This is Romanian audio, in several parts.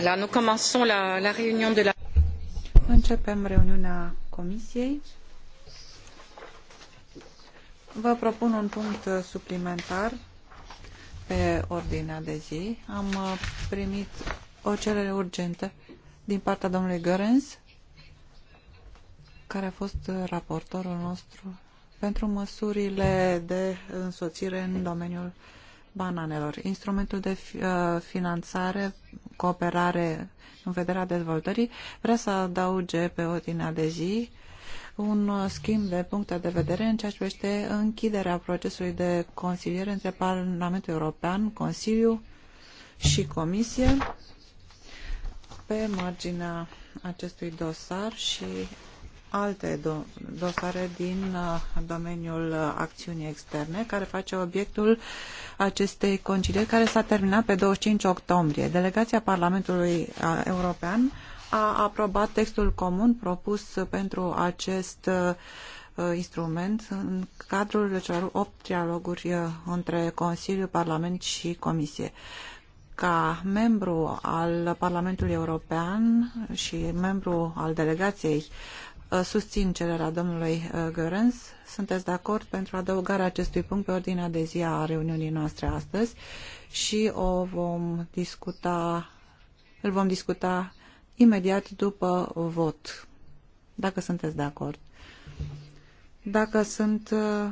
la, Începem reuniunea comisiei. Vă propun un punct suplimentar pe ordinea de zi. Am uh, primit o cerere urgentă din partea domnului Gărens, care a fost raportorul nostru pentru măsurile de însoțire în domeniul bananelor. Instrumentul de uh, finanțare, cooperare în vederea dezvoltării, vrea să adauge pe ordinea de zi un schimb de puncte de vedere în ceea ce privește închiderea procesului de consiliere între Parlamentul European, Consiliu și Comisie pe marginea acestui dosar și alte dosare din uh, domeniul acțiunii externe, care face obiectul acestei concilieri, care s-a terminat pe 25 octombrie. Delegația Parlamentului uh, European a aprobat textul comun propus pentru acest uh, instrument în cadrul celor 8 trialoguri între Consiliu, Parlament și Comisie ca membru al Parlamentului European și membru al delegației Uh, susțin cererea domnului uh, Görens. Sunteți de acord pentru adăugarea acestui punct pe ordinea de zi a reuniunii noastre astăzi și o vom discuta, îl vom discuta imediat după vot, dacă sunteți de acord. Dacă sunt uh,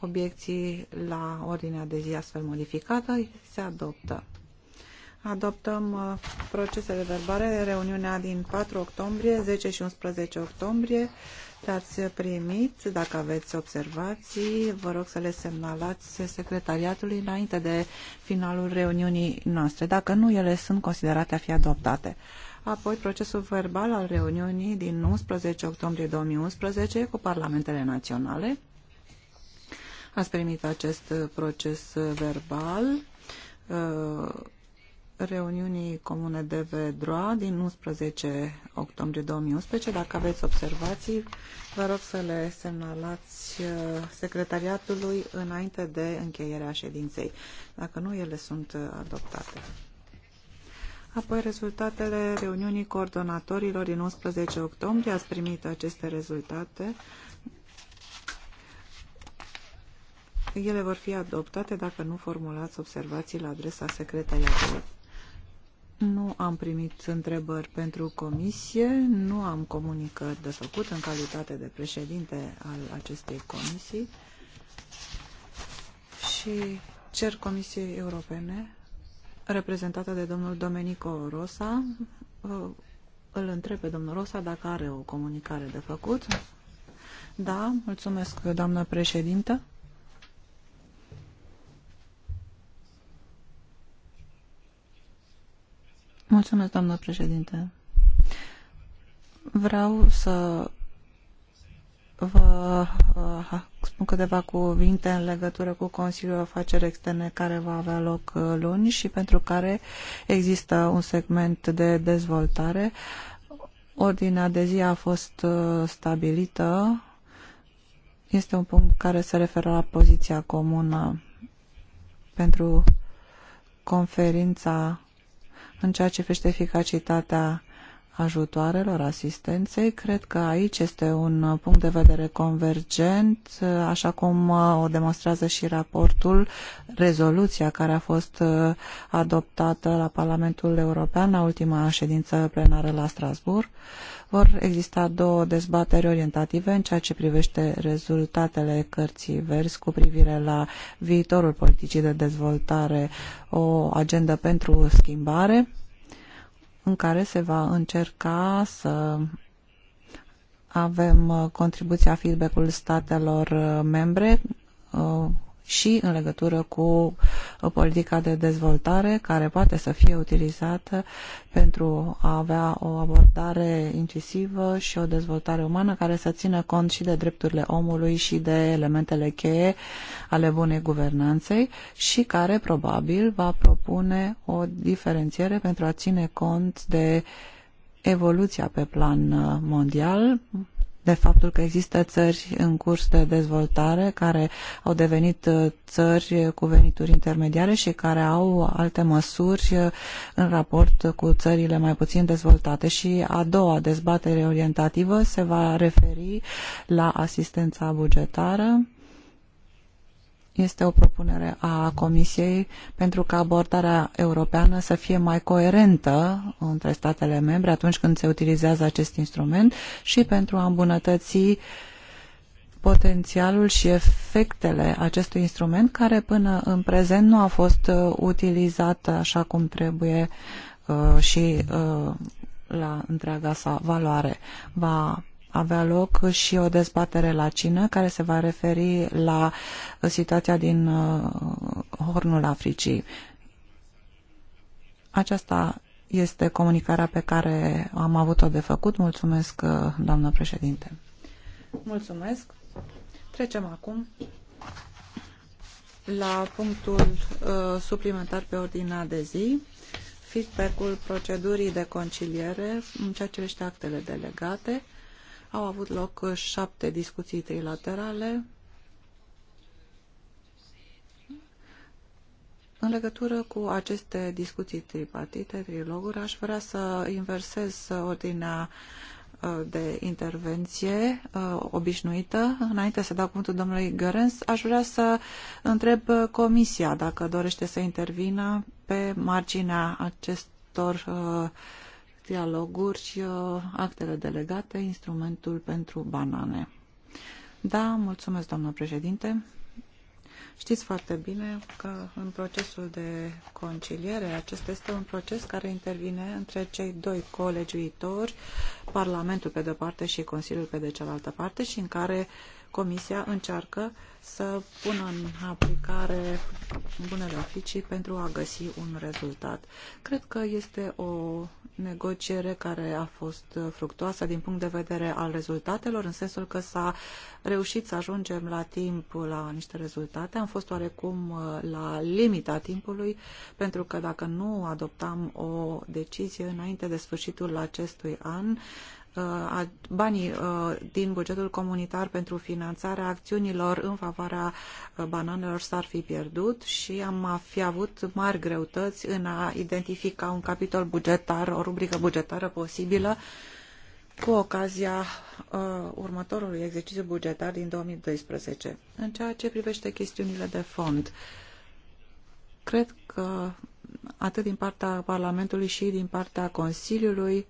obiecții la ordinea de zi astfel modificată, se adoptă adoptăm uh, procesele verbale de reuniunea din 4 octombrie, 10 și 11 octombrie. Le-ați primit, dacă aveți observații, vă rog să le semnalați secretariatului înainte de finalul reuniunii noastre. Dacă nu, ele sunt considerate a fi adoptate. Apoi procesul verbal al reuniunii din 11 octombrie 2011 cu parlamentele naționale. Ați primit acest uh, proces uh, verbal reuniunii comune de VEDROA din 11 octombrie 2011. Dacă aveți observații, vă rog să le semnalați uh, secretariatului înainte de încheierea ședinței. Dacă nu, ele sunt uh, adoptate. Apoi rezultatele reuniunii coordonatorilor din 11 octombrie. Ați primit aceste rezultate. Ele vor fi adoptate dacă nu formulați observații la adresa secretariatului. Nu am primit întrebări pentru comisie, nu am comunicări de făcut în calitate de președinte al acestei comisii și cer Comisiei Europene, reprezentată de domnul Domenico Rosa, îl întreb pe domnul Rosa dacă are o comunicare de făcut. Da, mulțumesc, doamnă președintă. Mulțumesc, doamnă președinte. Vreau să vă uh, spun câteva cuvinte în legătură cu Consiliul Afaceri Externe care va avea loc uh, luni și pentru care există un segment de dezvoltare. Ordinea de zi a fost uh, stabilită. Este un punct care se referă la poziția comună pentru conferința în ceea ce privete eficacitatea ajutoarelor, asistenței. Cred că aici este un punct de vedere convergent, așa cum uh, o demonstrează și raportul, rezoluția care a fost uh, adoptată la Parlamentul European la ultima ședință plenară la Strasbourg. Vor exista două dezbateri orientative în ceea ce privește rezultatele cărții verzi cu privire la viitorul politicii de dezvoltare, o agendă pentru schimbare în care se va încerca să avem uh, contribuția feedback-ul statelor uh, membre uh, și în legătură cu uh, politica de dezvoltare care poate să fie utilizată pentru a avea o abordare incisivă și o dezvoltare umană care să țină cont și de drepturile omului și de elementele cheie ale bunei guvernanței și care probabil va propune o diferențiere pentru a ține cont de evoluția pe plan uh, mondial, de faptul că există țări în curs de dezvoltare care au devenit uh, țări cu venituri intermediare și care au alte măsuri uh, în raport cu țările mai puțin dezvoltate. Și a doua dezbatere orientativă se va referi la asistența bugetară este o propunere a Comisiei pentru ca abordarea europeană să fie mai coerentă între statele membre atunci când se utilizează acest instrument și pentru a îmbunătăți potențialul și efectele acestui instrument care până în prezent nu a fost uh, utilizat așa cum trebuie uh, și uh, la întreaga sa valoare. Va avea loc și o dezbatere la cină care se va referi la situația din uh, Hornul Africii. Aceasta este comunicarea pe care am avut-o de făcut. Mulțumesc, uh, doamnă președinte. Mulțumesc. Trecem acum la punctul uh, suplimentar pe ordinea de zi, feedback-ul procedurii de conciliere în ceea ce este actele delegate. Au avut loc uh, șapte discuții trilaterale În legătură cu aceste discuții tripartite, triloguri, aș vrea să inversez ordinea uh, de intervenție uh, obișnuită. Înainte să dau cuvântul domnului Gărens, aș vrea să întreb Comisia dacă dorește să intervină pe marginea acestor uh, trialoguri, uh, actele delegate, instrumentul pentru banane. Da, mulțumesc, doamnă președinte. Știți foarte bine că în procesul de conciliere, acesta este un proces care intervine între cei doi colegiuitori, Parlamentul pe de-o parte și Consiliul pe de cealaltă parte, și în care uh, Comisia încearcă să pună în aplicare bunele oficii pentru a găsi un rezultat. Cred că este o negociere care a fost fructoasă din punct de vedere al rezultatelor, în sensul că s-a reușit să ajungem la timp la niște rezultate. Am fost oarecum uh, la limita timpului, pentru că dacă nu adoptam o decizie înainte de sfârșitul acestui an, Uh, banii uh, din bugetul comunitar pentru finanțarea acțiunilor în favoarea uh, bananelor s-ar fi pierdut și am fi avut mari greutăți în a identifica un capitol bugetar, o rubrică bugetară posibilă cu ocazia uh, următorului exercițiu bugetar din 2012. În ceea ce privește chestiunile de fond, cred că atât din partea Parlamentului și din partea Consiliului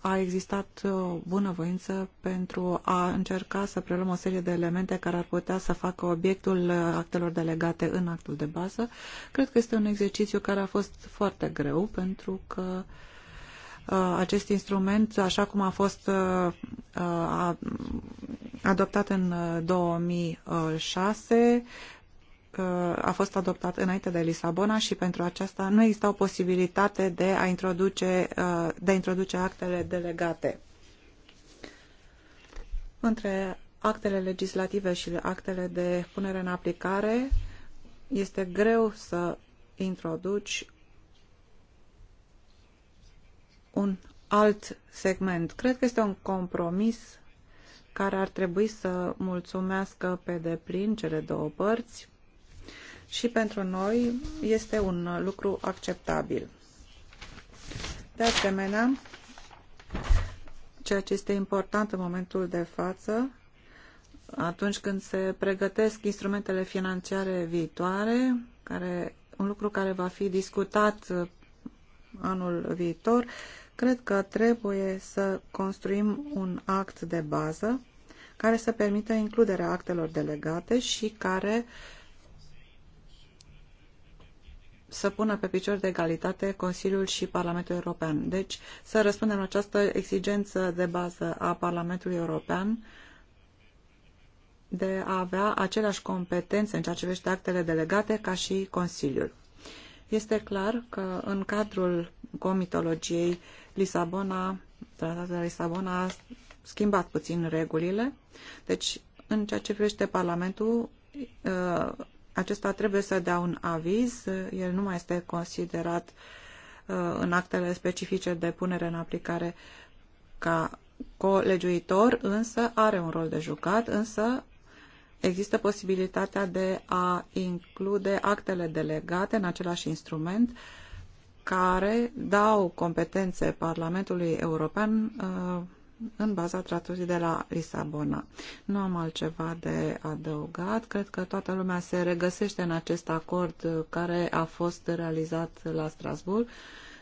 a existat uh, bunăvoință pentru a încerca să preluăm o serie de elemente care ar putea să facă obiectul uh, actelor delegate în actul de bază. Cred că este un exercițiu care a fost foarte greu pentru că uh, acest instrument, așa cum a fost adoptat în 2006, a fost adoptat înainte de Lisabona și pentru aceasta nu exista o posibilitate de a introduce, uh, de a introduce actele delegate. Între actele legislative și actele de punere în aplicare este greu să introduci un alt segment. Cred că este un compromis care ar trebui să mulțumească pe deplin cele două părți și pentru noi este un lucru acceptabil. De asemenea, ceea ce este important în momentul de față, atunci când se pregătesc instrumentele financiare viitoare, care, un lucru care va fi discutat uh, anul viitor, cred că trebuie să construim un act de bază care să permită includerea actelor delegate și care uh, să pună pe picior de egalitate Consiliul și Parlamentul European. Deci să răspundem la această exigență de bază a Parlamentului European de a avea aceleași competențe în ceea ce privește actele delegate ca și Consiliul. Este clar că în cadrul comitologiei Lisabona, tratatul de Lisabona a schimbat puțin regulile, deci în ceea ce privește Parlamentul, uh, acesta trebuie să dea un aviz, el nu mai este considerat uh, în actele specifice de punere în aplicare ca colegiuitor, însă are un rol de jucat, însă există posibilitatea de a include actele delegate în același instrument care dau competențe Parlamentului European uh, în baza tratului de la Lisabona. Nu am altceva de adăugat. Cred că toată lumea se regăsește în acest acord care a fost realizat la Strasburg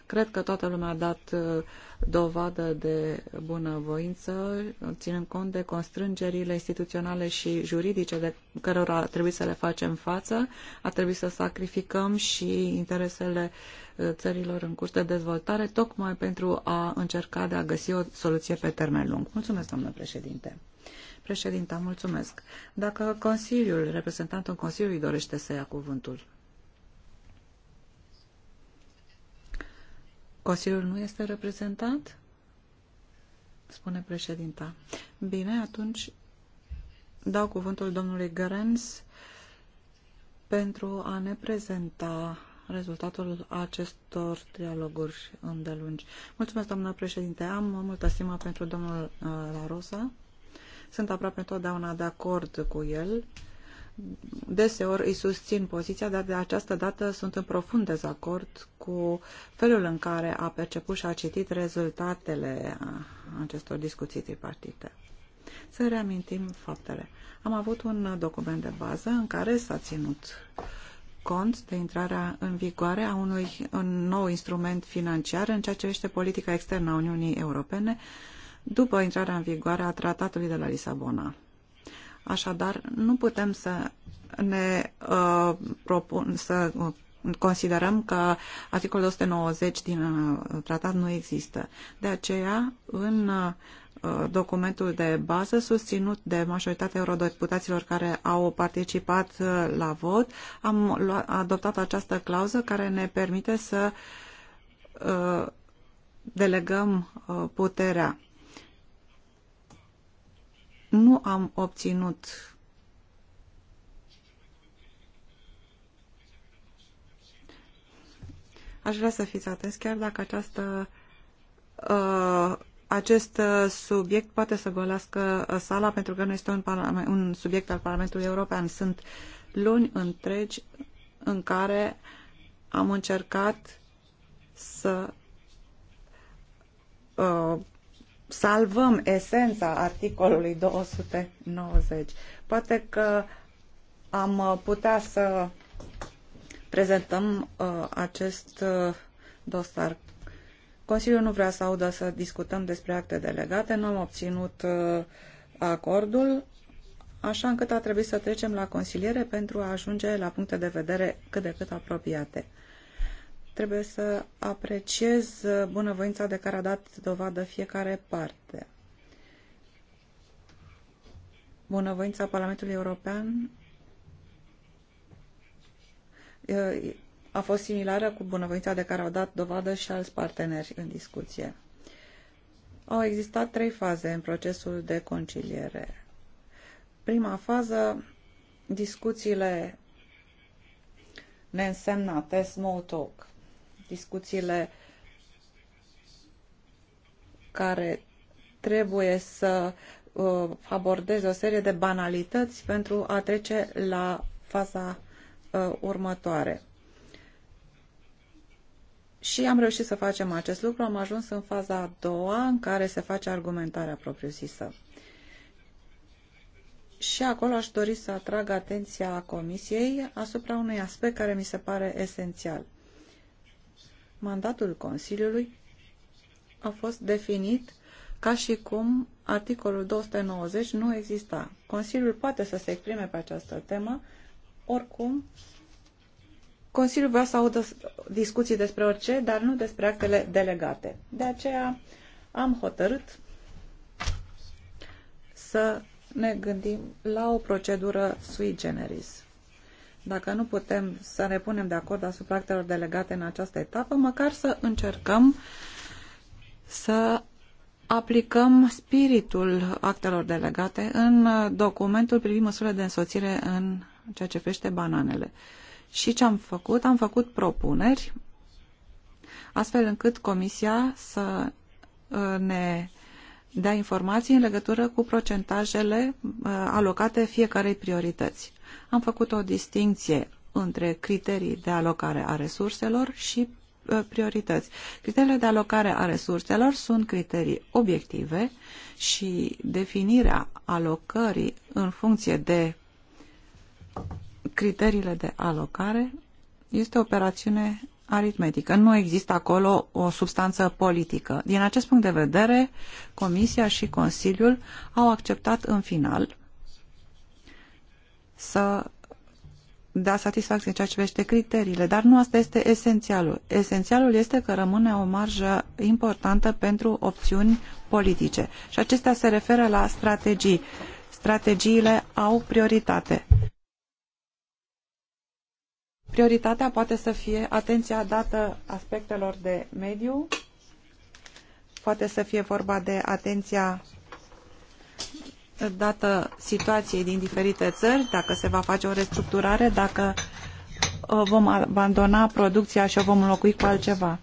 Cred că toată lumea a dat uh, dovadă de bunăvoință, ținând cont de constrângerile instituționale și juridice de cărora trebuie să le facem față. A trebuit să sacrificăm și interesele uh, țărilor în curs de dezvoltare, tocmai pentru a încerca de a găsi o soluție pe termen lung. Mulțumesc, doamnă președinte. Președinta, mulțumesc. Dacă Consiliul, reprezentantul Consiliului dorește să ia cuvântul. Consiliul nu este reprezentat? Spune președinta. Bine, atunci dau cuvântul domnului Gărens pentru a ne prezenta rezultatul acestor dialoguri îndelungi. Mulțumesc, doamna președinte. Am multă stimă pentru domnul uh, La Rosa. Sunt aproape întotdeauna de acord cu el. Deseori îi susțin poziția, dar de această dată sunt în profund dezacord cu felul în care a perceput și a citit rezultatele acestor discuții tripartite. Să reamintim faptele. Am avut un document de bază în care s-a ținut cont de intrarea în vigoare a unui un nou instrument financiar în ceea ce este politica externă a Uniunii Europene după intrarea în vigoare a Tratatului de la Lisabona. Așadar, nu putem să ne uh, propun să considerăm că articolul 190 din uh, tratat nu există. De aceea, în uh, documentul de bază susținut de majoritatea eurodeputaților care au participat uh, la vot, am adoptat această clauză care ne permite să delegăm puterea nu am obținut Aș vrea să fiți atenți, chiar dacă această, uh, acest uh, subiect poate să golească uh, sala, pentru că nu este un, un subiect al Parlamentului European. Sunt luni întregi în care am încercat să uh, salvăm esența articolului 290. Poate că am uh, putea să prezentăm uh, acest uh, dosar. Consiliul nu vrea să audă să discutăm despre acte delegate, nu am obținut uh, acordul, așa încât a trebuit să trecem la consiliere pentru a ajunge la puncte de vedere cât de cât apropiate. Trebuie să apreciez uh, bunăvoința de care a dat dovadă fiecare parte. Bunăvoința Parlamentului European uh, a fost similară cu bunăvoința de care au dat dovadă și alți parteneri în discuție. Au existat trei faze în procesul de conciliere. Prima fază, discuțiile neînsemnate, small talk discuțiile care trebuie să uh, abordeze o serie de banalități pentru a trece la faza uh, următoare. Și am reușit să facem acest lucru, am ajuns în faza a doua în care se face argumentarea propriu-zisă. Și acolo aș dori să atrag atenția Comisiei asupra unui aspect care mi se pare esențial mandatul Consiliului a fost definit ca și cum articolul 290 nu exista. Consiliul poate să se exprime pe această temă, oricum Consiliul vrea să audă discuții despre orice, dar nu despre actele delegate. De aceea am hotărât să ne gândim la o procedură sui generis dacă nu putem să ne punem de acord asupra actelor delegate în această etapă, măcar să încercăm să aplicăm spiritul actelor delegate în documentul privind măsurile de însoțire în ceea ce privește bananele. Și ce am făcut? Am făcut propuneri astfel încât Comisia să uh, ne dea informații în legătură cu procentajele uh, alocate fiecarei priorități am făcut o distinție între criterii de alocare a resurselor și uh, priorități. Criteriile de alocare a resurselor sunt criterii obiective și definirea alocării în funcție de criteriile de alocare este o operațiune aritmetică. Nu există acolo o substanță politică. Din acest punct de vedere, Comisia și Consiliul au acceptat în final să dea satisfacție în ceea ce vește criteriile, dar nu asta este esențialul. Esențialul este că rămâne o marjă importantă pentru opțiuni politice și acestea se referă la strategii. Strategiile au prioritate. Prioritatea poate să fie atenția dată aspectelor de mediu, poate să fie vorba de atenția dată situației din diferite țări, dacă se va face o restructurare, dacă uh, vom abandona producția și o vom înlocui cu altceva.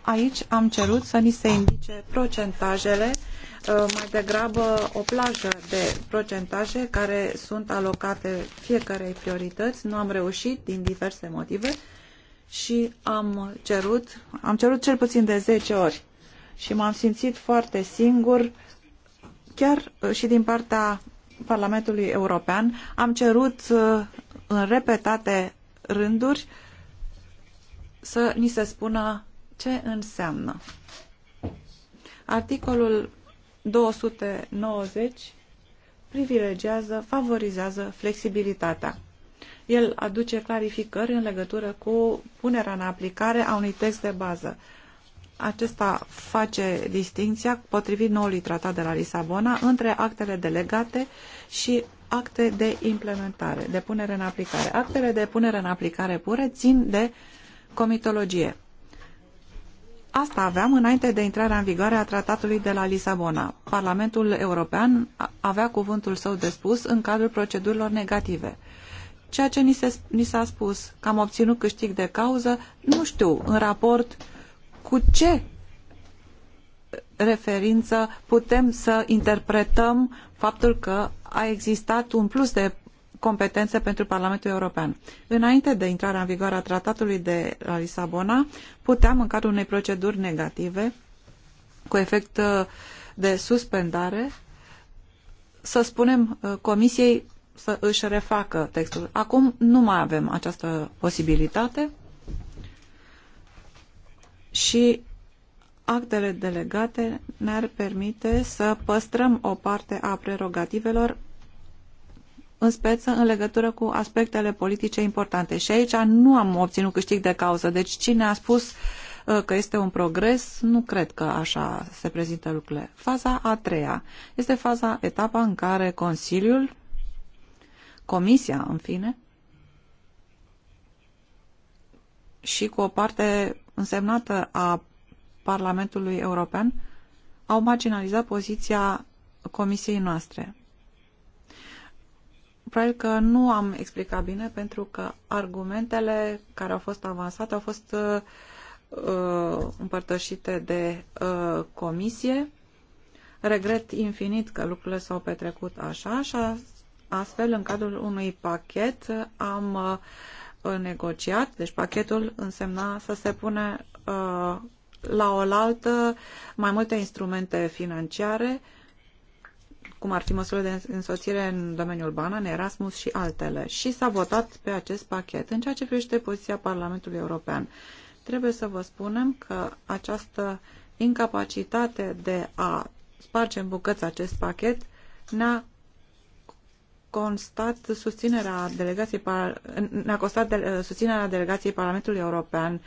Aici am cerut să ni se indice procentajele, uh, mai degrabă o plajă de procentaje care sunt alocate fiecarei priorități. Nu am reușit din diverse motive și am cerut, am cerut cel puțin de zece ori și m-am simțit foarte singur Chiar uh, și din partea Parlamentului European am cerut uh, în repetate rânduri să ni se spună ce înseamnă. Articolul 290 privilegiază, favorizează flexibilitatea. El aduce clarificări în legătură cu punerea în aplicare a unui text de bază. Acesta face distinția, potrivit noului tratat de la Lisabona, între actele delegate și acte de implementare, de punere în aplicare. Actele de punere în aplicare pure țin de comitologie. Asta aveam înainte de intrarea în vigoare a tratatului de la Lisabona. Parlamentul European avea cuvântul său de spus în cadrul procedurilor negative. Ceea ce ni, s-a spus că am obținut câștig de cauză, nu știu, în raport uh, cu ce referință putem să interpretăm faptul că a existat un plus de competențe pentru Parlamentul European. Înainte de intrarea în vigoare a tratatului de la Lisabona, puteam, în cadrul unei proceduri negative, cu efect uh, de suspendare, să spunem uh, Comisiei să își refacă textul. Acum nu mai avem această posibilitate și actele delegate ne-ar permite să păstrăm o parte a prerogativelor în speță în legătură cu aspectele politice importante. Și aici nu am obținut câștig de cauză. Deci cine a spus uh, că este un progres, nu cred că așa se prezintă lucrurile. Faza a treia este faza, etapa în care Consiliul, Comisia, în fine, și cu o parte însemnată a Parlamentului European au marginalizat poziția comisiei noastre. Probabil că nu am explicat bine pentru că argumentele care au fost avansate au fost uh, împărtășite de uh, comisie. Regret infinit că lucrurile s-au petrecut așa și astfel în cadrul unui pachet am uh, Uh, negociat, deci pachetul însemna să se pune uh, la oaltă mai multe instrumente financiare, cum ar fi măsurile de însoțire în domeniul banan, Erasmus și altele. Și s-a votat pe acest pachet. În ceea ce privește poziția Parlamentului European, trebuie să vă spunem că această incapacitate de a sparge în bucăți acest pachet ne-a constat susținerea delegației, ne-a costat de, susținerea delegației Parlamentului European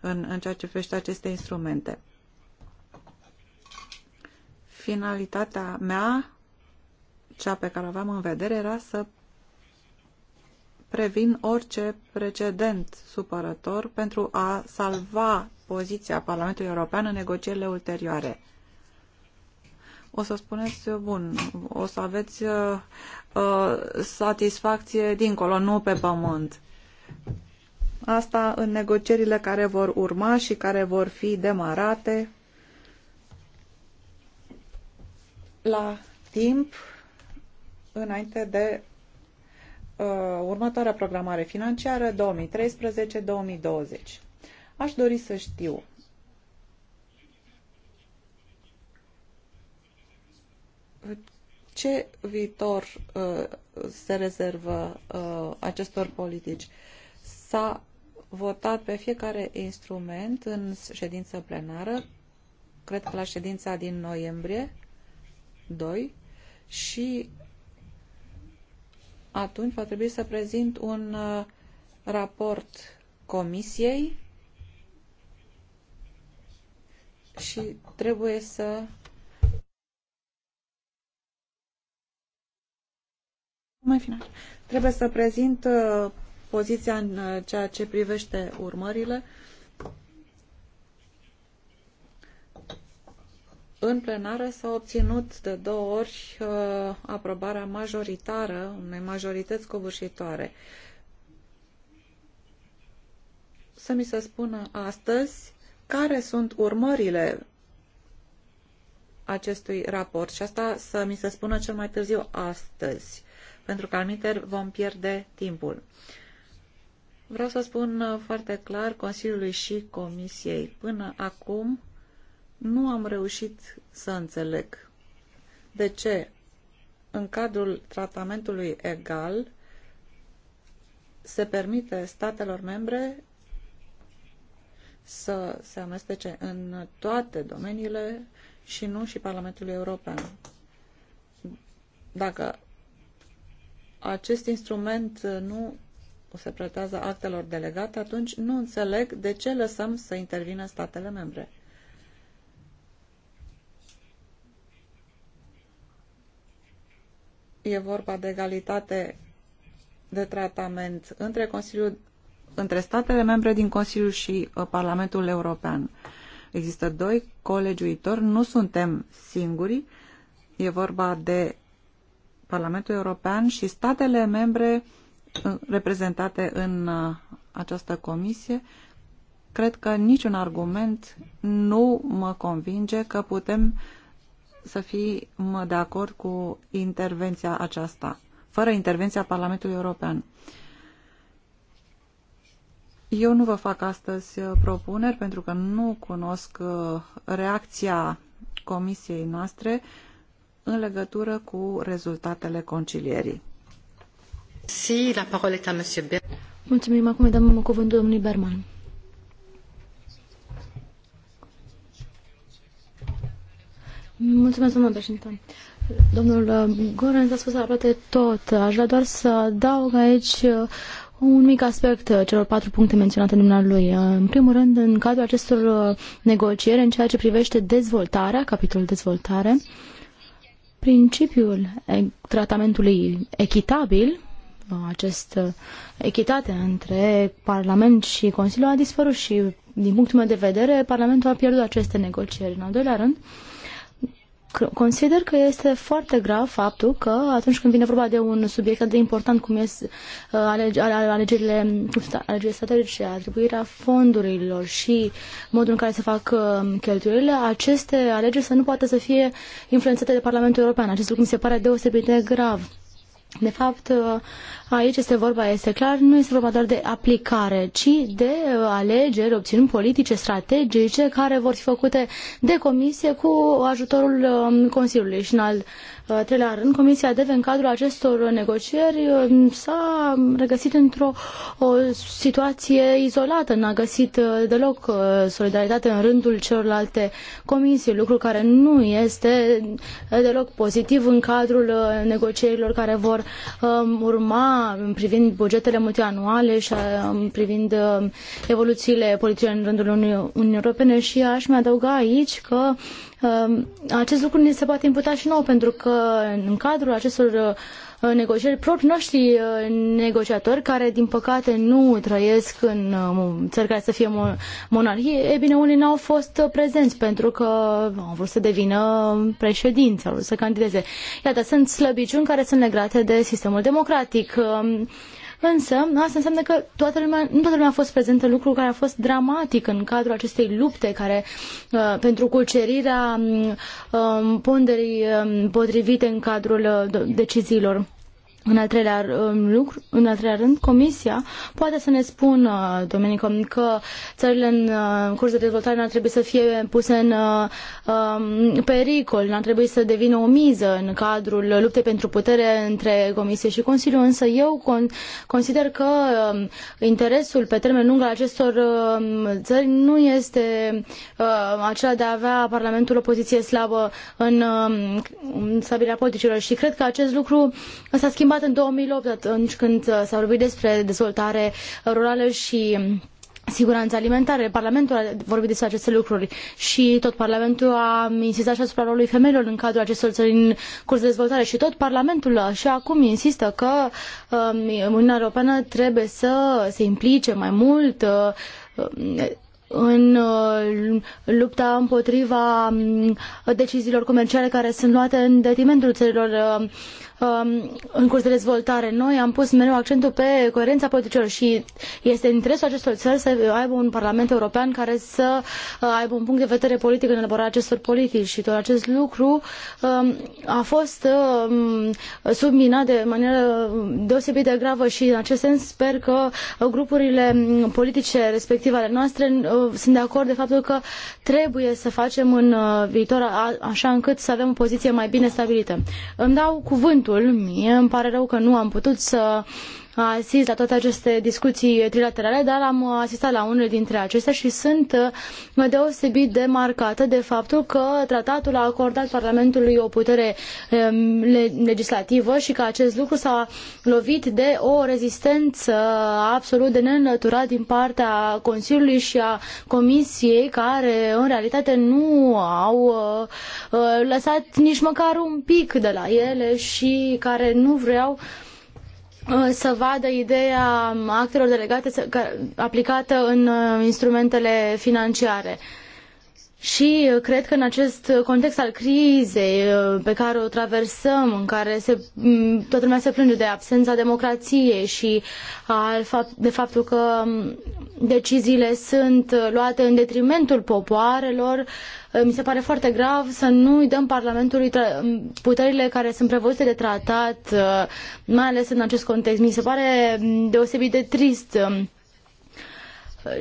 în, în ceea ce privește aceste instrumente. Finalitatea mea, cea pe care o aveam în vedere, era să previn orice precedent supărător pentru a salva poziția Parlamentului European în negocierile ulterioare o să spuneți, bun, o să aveți uh, uh, satisfacție dincolo, nu pe pământ. Asta în negocierile care vor urma și care vor fi demarate la timp înainte de uh, următoarea programare financiară 2013-2020. Aș dori să știu ce viitor uh, se rezervă uh, acestor politici? S-a votat pe fiecare instrument în ședință plenară, cred că la ședința din noiembrie 2 și atunci va trebui să prezint un uh, raport comisiei și trebuie să Mai final. Trebuie să prezint uh, poziția în uh, ceea ce privește urmările. În plenară s-a obținut de două ori uh, aprobarea majoritară, unei majorități covârșitoare. Să mi se spună astăzi care sunt urmările acestui raport și asta să mi se spună cel mai târziu astăzi pentru că alminter vom pierde timpul. Vreau să spun uh, foarte clar Consiliului și Comisiei. Până acum nu am reușit să înțeleg de ce în cadrul tratamentului egal se permite statelor membre să se amestece în toate domeniile și nu și Parlamentul European. Dacă acest instrument uh, nu se pretează actelor delegate, atunci nu înțeleg de ce lăsăm să intervină statele membre. E vorba de egalitate de tratament între, Consiliul, între statele membre din Consiliu și uh, Parlamentul European. Există doi colegiuitori, nu suntem singuri. E vorba de Parlamentul European și statele membre uh, reprezentate în uh, această comisie, cred că niciun argument nu mă convinge că putem să fim de acord cu intervenția aceasta, fără intervenția Parlamentului European. Eu nu vă fac astăzi uh, propuneri pentru că nu cunosc reacția comisiei noastre, în legătură cu rezultatele concilierii. Si, la parole est à monsieur Ber Mulțumim. Acum îi dăm cuvântul domnului Berman. Mulțumesc, domnule președinte. Domnul uh, Goren a spus aproape tot. Aș vrea doar să adaug aici uh, un mic aspect uh, celor patru puncte menționate dumnealui. În primul rând, în cadrul acestor negocieri, în ceea ce privește dezvoltarea, capitolul dezvoltare, Principiul tratamentului echitabil, această uh, echitate între Parlament și Consiliu a dispărut și, din punctul meu de vedere, Parlamentul a pierdut aceste negocieri. În al doilea rând, uh, Consider că este foarte grav faptul că atunci când vine vorba de un subiect atât de important cum este uh, alegerile, alegerile strategice, atribuirea fondurilor și modul în care se fac uh, cheltuielile, aceste alegeri să nu poată să fie influențate de Parlamentul European. Acest lucru mi se pare deosebit de grav. De fapt, aici este vorba, este clar, nu este vorba doar de aplicare, ci de uh, alegeri, opțiuni politice, strategice, care vor fi făcute de comisie cu ajutorul um, Consiliului. Și în al treilea rând, Comisia DEVE în cadrul acestor negocieri uh, s-a regăsit într-o situație izolată, n-a găsit uh, deloc uh, solidaritate în rândul celorlalte comisii, lucru care nu este deloc pozitiv în cadrul negocierilor care vor um, urma privind bugetele multianuale și privind evoluțiile politice în rândul Uniunii Europene și aș mai adăuga aici că Um, acest lucru ne se poate imputa și nouă, pentru că în cadrul acestor uh, negocieri, proprii noștri uh, negociatori, care din păcate nu trăiesc în uh, țări care să fie monarhie, e bine, unii n-au fost prezenți pentru că au vrut să devină președinți, au vrut să candideze. Iată, sunt slăbiciuni care sunt legate de sistemul democratic. Um, Însă, asta înseamnă că toată lumea, nu toată lumea a fost prezentă, lucru care a fost dramatic în cadrul acestei lupte care uh, pentru cucerirea um, um, ponderii um, potrivite în cadrul uh, deciziilor în al, treilea um, lucru, în al treilea rând, Comisia poate să ne spună, Domenico, că țările uh, în curs de dezvoltare nu ar trebui să fie puse în uh, um, pericol, nu ar trebui să devină o miză în cadrul luptei pentru putere între Comisie și Consiliu, însă eu consider că um, interesul pe termen lung al acestor um, țări nu este um, acela de a avea Parlamentul o poziție slabă în, în stabilirea politicilor și cred că acest lucru s-a schimbat schimbat în 2008 atunci când uh, s-a vorbit despre dezvoltare rurală și siguranța alimentară. Parlamentul a vorbit despre aceste lucruri și tot Parlamentul a insistat și asupra rolului femeilor în cadrul acestor țări în curs de dezvoltare și tot Parlamentul și acum insistă că um, Uniunea Europeană trebuie să se implice mai mult uh, în uh, lupta împotriva um, deciziilor comerciale care sunt luate în detrimentul țărilor Um, în curs de dezvoltare. Noi am pus mereu accentul pe coerența politicilor și este interesul acestor țări să aibă un Parlament European care să uh, aibă un punct de vedere politic în elaborarea acestor politici și tot acest lucru um, a fost um, subminat de manieră deosebit de gravă și în acest sens sper că grupurile politice respective ale noastre uh, sunt de acord de faptul că trebuie să facem în uh, viitor așa încât să avem o poziție mai bine stabilită. Îmi dau cuvântul totul. Mie îmi pare rău că nu am putut să asist la toate aceste discuții trilaterale, dar am asistat la unele dintre acestea și sunt uh, deosebit de marcată de faptul că tratatul a acordat Parlamentului o putere um, legislativă și că acest lucru s-a lovit de o rezistență absolut de neînlăturat din partea Consiliului și a Comisiei, care în realitate nu au uh, uh, lăsat nici măcar un pic de la ele și care nu vreau Uh, să vadă ideea actelor delegate aplicată în uh, instrumentele financiare. Și uh, cred că în acest context al crizei uh, pe care o traversăm, în care se, mm, toată lumea se plânge de absența democrației și de faptul că mm, deciziile sunt uh, luate în detrimentul popoarelor, mi se pare foarte grav să nu îi dăm Parlamentului mm, puterile care sunt prevăzute de tratat, mai ales în acest context. Mi se pare deosebit de trist um,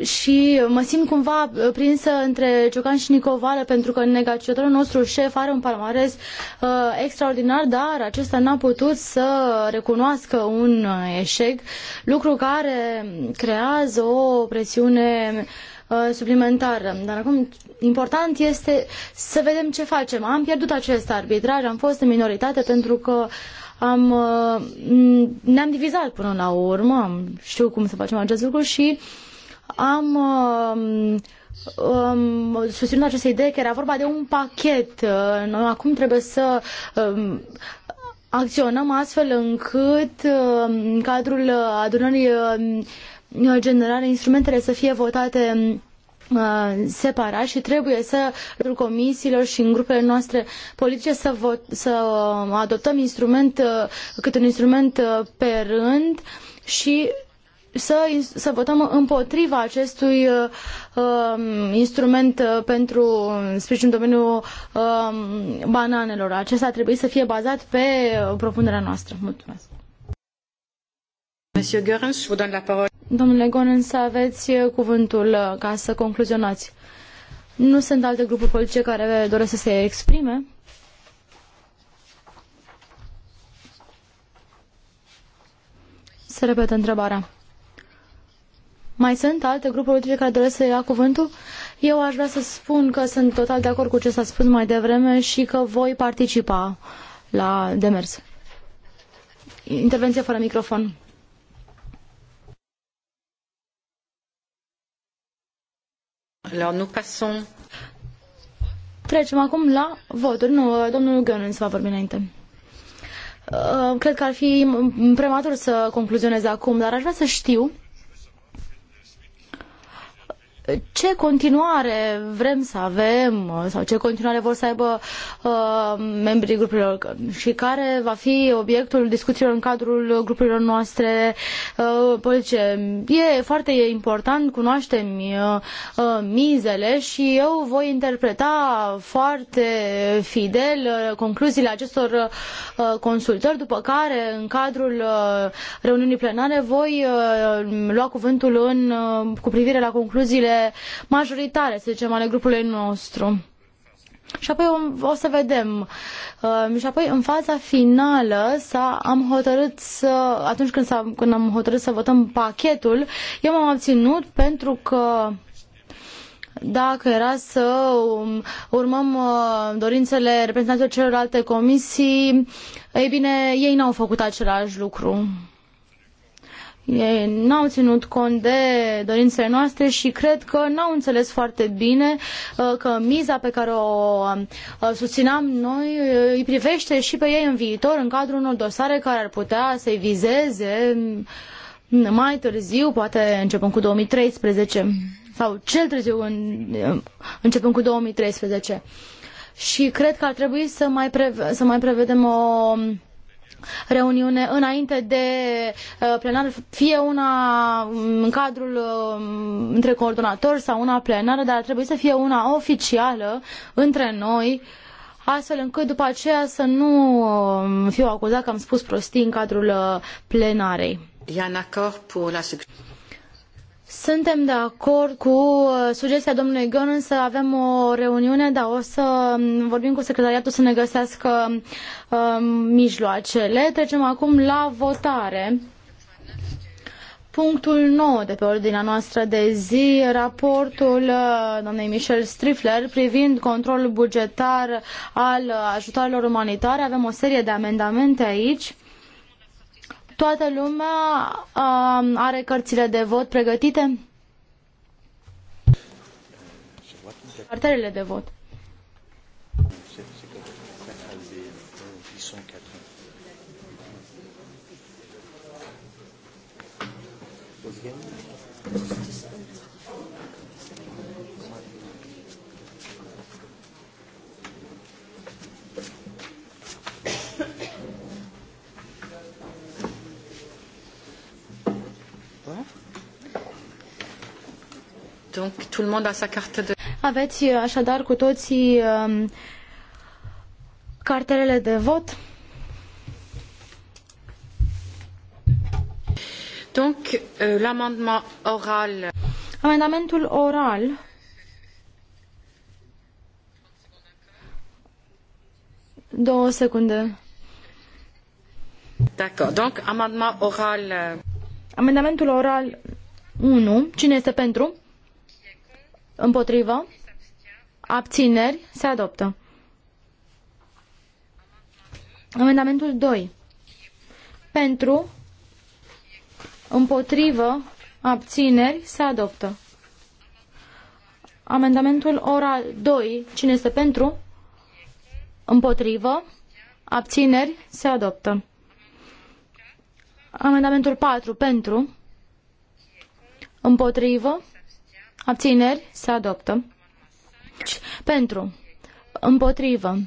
și mă simt cumva uh, prinsă între Ciocan și Nicovală pentru că negociatorul nostru șef are un palmares uh, extraordinar, dar acesta n-a putut să recunoască un uh, eșec, lucru care creează o presiune uh, suplimentară. Dar acum important este să vedem ce facem. Am pierdut acest arbitraj, am fost în minoritate pentru că am, uh, ne-am divizat până la urmă, știu cum să facem acest lucru și uh, am um, um, susținut această idee că era vorba de un pachet. Noi acum trebuie să um, acționăm astfel încât um, în cadrul adunării um, generale instrumentele să fie votate separat și trebuie să în comisiilor și în grupele noastre politice să, vot, să adoptăm instrument uh, cât un instrument uh, pe rând și să, să votăm împotriva acestui uh, um, instrument uh, pentru sprijin în domeniul uh, bananelor. Acesta trebuie să fie bazat pe uh, propunerea noastră. Mulțumesc. Domnule Görens, vă la Domnule Gonens, aveți uh, cuvântul ca să concluzionați. Nu sunt alte grupuri politice care doresc să se exprime. Să repet întrebarea. Mai sunt alte grupuri politice care doresc să ia cuvântul? Eu aș vrea să spun că sunt total de acord cu ce s-a spus mai devreme și că voi participa la demers. Intervenție fără microfon. Alors, nous passons... Trecem acum la voturi. Nu, domnul Gönens va vorbi înainte. Uh, cred că ar fi prematur să concluzionez acum, dar aș vrea să știu ce continuare vrem să avem uh, sau ce continuare vor să aibă uh, membrii grupurilor și care va fi obiectul discuțiilor în cadrul grupurilor noastre uh, politice. E foarte important, cunoaștem uh, uh mizele și eu voi interpreta foarte fidel uh, concluziile acestor uh, consultări, după care în cadrul uh, reuniunii plenare voi uh, lua cuvântul în, uh, cu privire la concluziile poziție majoritare, să zicem, ale grupului nostru. Și apoi o, să vedem. Uh, și apoi în faza finală s-a, am hotărât să, atunci când, s-a, când am hotărât să votăm pachetul, eu m-am abținut pentru că dacă era să um, urmăm uh, dorințele reprezentanților celorlalte comisii, ei bine, ei n-au făcut același lucru n-au ținut cont de dorințele noastre și cred că n-au înțeles foarte bine uh, că miza pe care o uh, susțineam noi uh, îi privește și pe ei în viitor în cadrul unor dosare care ar putea să-i vizeze mm, mai târziu, poate începând cu 2013 sau cel târziu în, începând cu 2013. Și cred că ar trebui să mai, preve- să mai prevedem o reuniune înainte de uh, plenar, fie una mm, în cadrul um, între coordonatori sau una plenară, dar ar trebui să fie una oficială între noi, astfel încât după aceea să nu um, fiu acuzat că am spus prostii în cadrul uh, plenarei. Suntem de acord cu uh, sugestia domnului Gonen să avem o reuniune, dar o să um, vorbim cu secretariatul să ne găsească um, mijloacele. Trecem acum la votare. Punctul 9 de pe ordinea noastră de zi, raportul uh, doamnei Michel Strifler privind controlul bugetar al ajutoarelor umanitare. Avem o serie de amendamente aici. Toată lumea uh, are cărțile de vot pregătite? Cartelele de vot. Donc, tout le monde a sa carte de... Aveți uh, așadar cu toții um, cartelele de vot. Donc, euh, l'amendement oral. Amendamentul oral. Două secunde. D'accord. Donc, amendement oral. Euh, Amendamentul oral 1. Cine este pentru? Împotrivă? Abțineri? Se adoptă. Amendamentul 2. Pentru? Împotrivă? Abțineri? Se adoptă. Amendamentul oral 2. Cine este pentru? Împotrivă? Abțineri? Se adoptă. Amendamentul 4. Pentru? Împotrivă? Abțineri? Se adoptă. Deci, pentru. Împotrivă.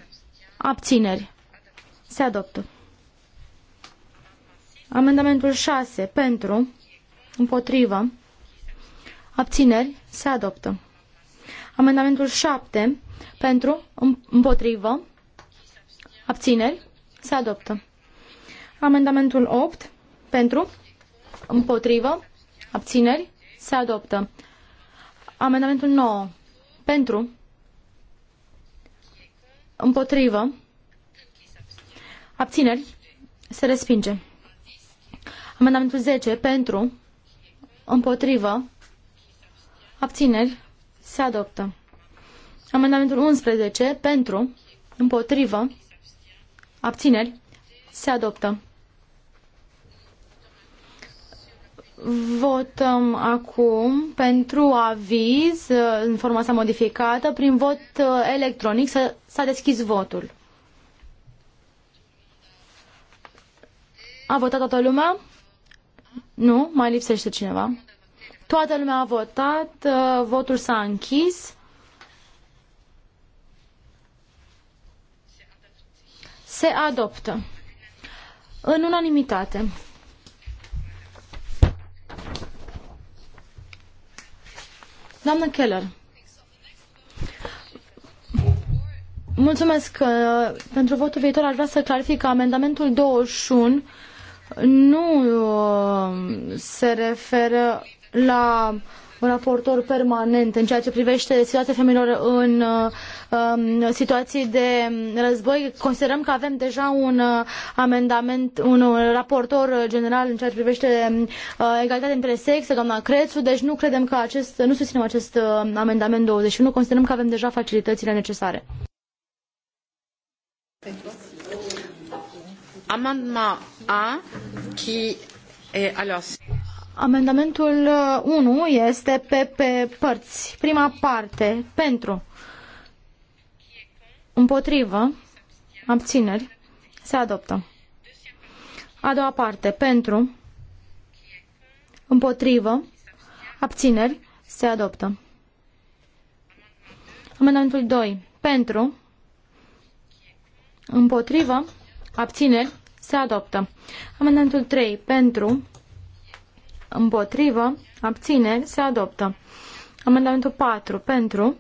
Abțineri. Se adoptă. Amendamentul 6. Pentru. Împotrivă. Abțineri. Se adoptă. Amendamentul 7. Pentru. Împotrivă. Abțineri. Se adoptă. Amendamentul 8. Pentru. Împotrivă. Abțineri. Se adoptă. Amendamentul 9. Pentru. Împotrivă. Abțineri. Se respinge. Amendamentul 10. Pentru. Împotrivă. Abțineri. Se adoptă. Amendamentul 11. Pentru. Împotrivă. Abțineri. Se adoptă. Votăm acum pentru aviz uh, în forma sa modificată prin vot uh, electronic. S-a deschis votul. A votat toată lumea? Nu? Mai lipsește cineva? Toată lumea a votat, uh, votul s-a închis. Se adoptă. În unanimitate. Doamnă Keller, mulțumesc uh, pentru votul viitor. Aș vrea să clarific că amendamentul 21 nu uh, se referă la uh, un raportor permanent în ceea ce privește situația femeilor în um, situații de război. Considerăm că avem deja un uh, amendament, un uh, raportor general în ceea ce privește uh, egalitatea între sexe, doamna Crețu, deci nu credem că acest, nu susținem acest uh, amendament 21, considerăm că avem deja facilitățile necesare. Amendement A qui est alors Amendamentul 1 uh, este pe, pe părți. Prima parte, pentru, împotrivă, abțineri, se adoptă. A doua parte, pentru, împotrivă, abțineri, se adoptă. Amendamentul 2, pentru, împotrivă, abțineri, se adoptă. Amendamentul 3, pentru, împotrivă, abțineri, se adoptă. Amendamentul 4 pentru,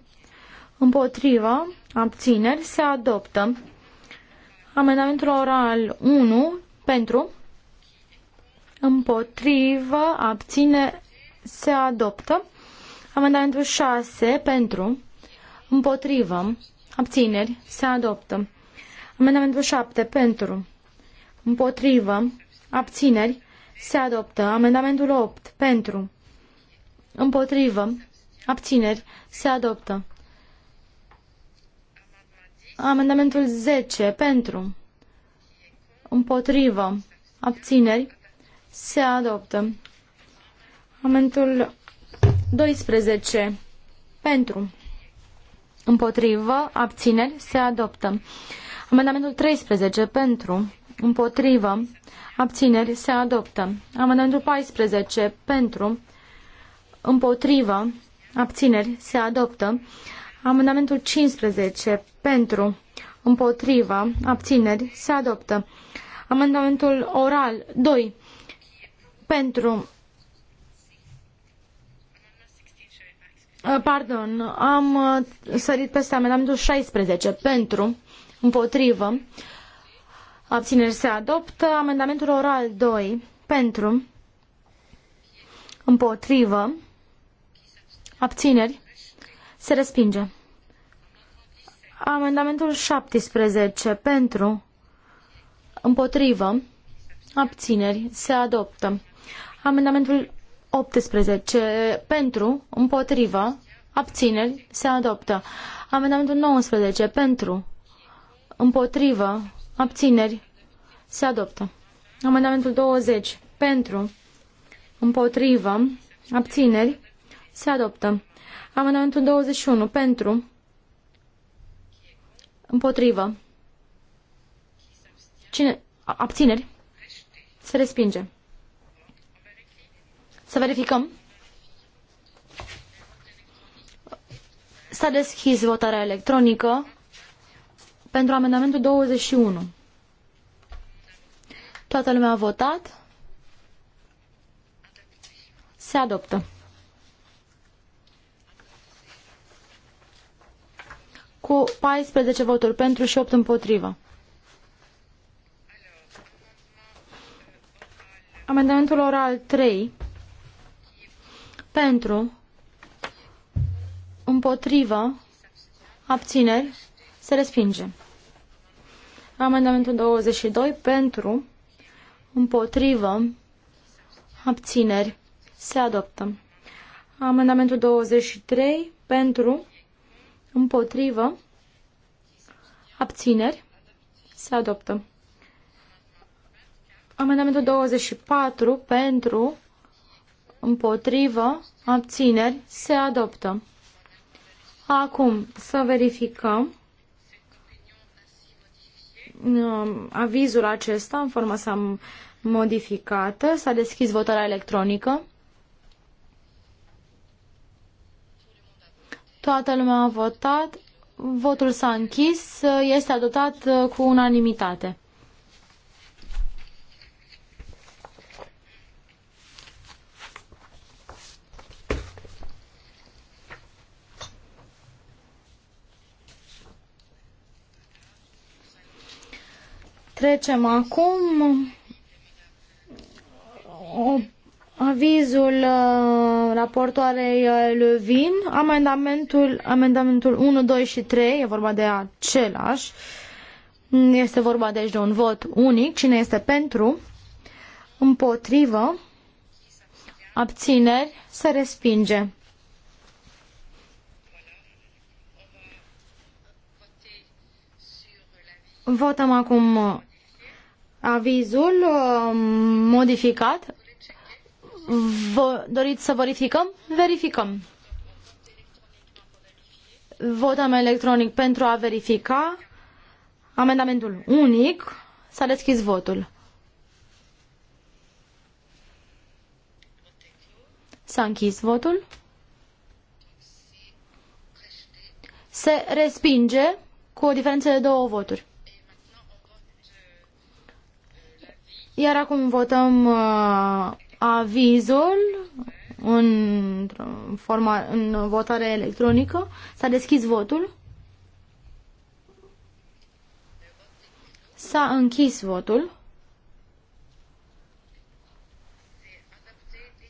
împotrivă, abțineri, se adoptă. Amendamentul oral 1 pentru, împotrivă, abține, se adoptă. Amendamentul 6 pentru, împotrivă, abțineri, se adoptă. Amendamentul 7 pentru, împotrivă, abțineri, se adoptă. Amendamentul 8. Pentru. Împotrivă. Abțineri. Se adoptă. Amendamentul 10. Pentru. Împotrivă. Abțineri. Se adoptă. Amendamentul 12. Pentru. Împotrivă. Abțineri. Se adoptă. Amendamentul 13. Pentru împotrivă, abțineri, se adoptă. Amendamentul 14, pentru, împotrivă, abțineri, se adoptă. Amendamentul 15, pentru, împotrivă, abțineri, se adoptă. Amendamentul oral 2, pentru, Pardon, am uh, sărit peste amendamentul 16 pentru, împotrivă, Abțineri se adoptă. Amendamentul oral 2. Pentru. Împotrivă. Abțineri. Se respinge. Amendamentul 17. Pentru. Împotrivă. Abțineri. Se adoptă. Amendamentul 18. Pentru. Împotrivă. Abțineri. Se adoptă. Amendamentul 19. Pentru. Împotrivă. Abțineri. Se adoptă. Amendamentul 20. Pentru. Împotrivă. Abțineri. Se adoptă. Amendamentul 21. Pentru. Împotrivă. Cine? Abțineri. Se respinge. Să verificăm. S-a deschis votarea electronică pentru amendamentul 21. Toată lumea a votat. Se adoptă. Cu 14 voturi pentru și 8 împotrivă. Amendamentul oral 3 pentru împotrivă abțineri se respinge. Amendamentul 22 pentru, împotrivă, abțineri, se adoptă. Amendamentul 23 pentru, împotrivă, abțineri, se adoptă. Amendamentul 24 pentru, împotrivă, abțineri, se adoptă. Acum să verificăm Um, avizul acesta, în forma sa modificată, s-a deschis votarea electronică. Toată lumea a votat, votul s-a închis, este adoptat uh, cu unanimitate. Trecem acum o, avizul uh, raportoarei uh, Levin, amendamentul, amendamentul 1, 2 și 3, e vorba de același. Este vorba deci de un vot unic. Cine este pentru? Împotrivă? Abțineri? Se respinge. Votăm acum Avizul uh, modificat. Vă doriți să verificăm? Verificăm. Votăm electronic pentru a verifica amendamentul unic. S-a deschis votul. S-a închis votul. Se respinge cu o diferență de două voturi. Iar acum votăm uh, avizul în, forma, în votare electronică. S-a deschis votul. S-a închis votul.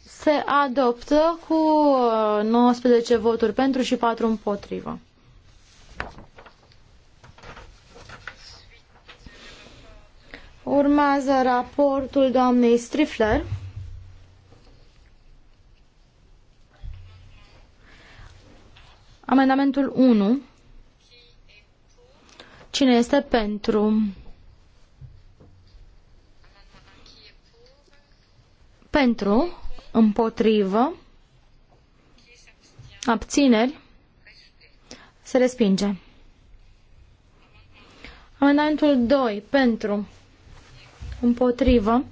Se adoptă cu 19 uh, voturi pentru și 4 împotrivă. Urmează raportul doamnei Strifler. Amendamentul 1. Cine este pentru? Pentru, împotrivă, abțineri, se respinge. Amendamentul 2. Pentru împotrivă,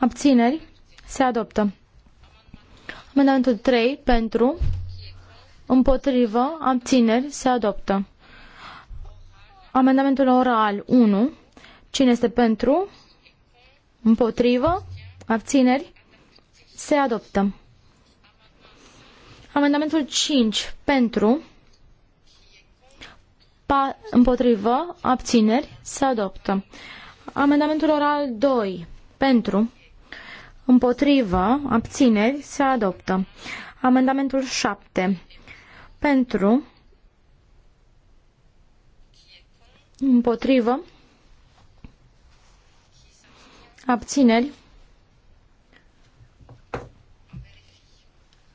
abțineri, se adoptă. Amendamentul 3 pentru, împotrivă, abțineri, se adoptă. Amendamentul oral 1, cine este pentru, împotrivă, abțineri, se adoptă. Amendamentul 5 pentru, pa, împotrivă, abțineri, se adoptă. Amendamentul oral 2. Pentru. Împotrivă. Abțineri. Se adoptă. Amendamentul 7. Pentru. Împotrivă. Abțineri.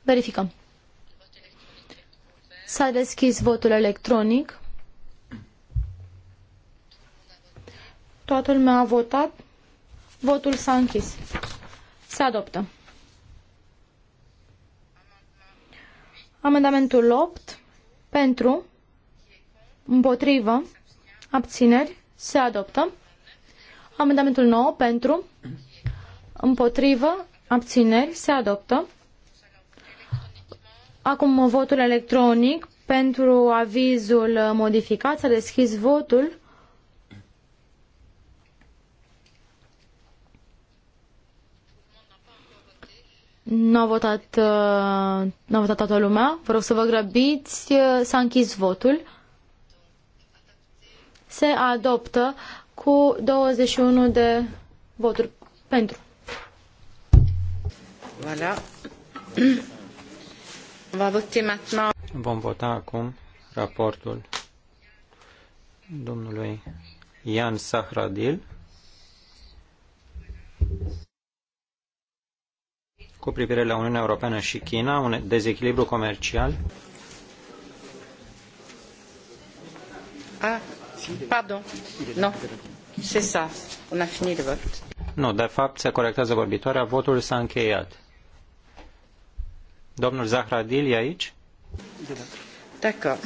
Verificăm. S-a deschis votul electronic. Toată lumea a votat. Votul s-a închis. Se adoptă. Amendamentul 8 pentru, împotrivă, abțineri, se adoptă. Amendamentul 9 pentru, împotrivă, abțineri, se adoptă. Acum votul electronic pentru avizul modificat. S-a deschis votul. Nu a votat, uh, nu a votat toată lumea. Vă rog să vă grăbiți. Uh, s-a închis votul. Se adoptă cu 21 de voturi pentru. Voilà. Va vota maintenant. Vom vota acum raportul domnului Ian Sahradil. cu privire la Uniunea Europeană și China, un dezechilibru comercial? Ah, pardon. nu, c'est ça. On a fini le vote. Nu, de fapt se corectează vorbitoarea, votul s-a încheiat. Domnul Zahradil e aici? D'accord.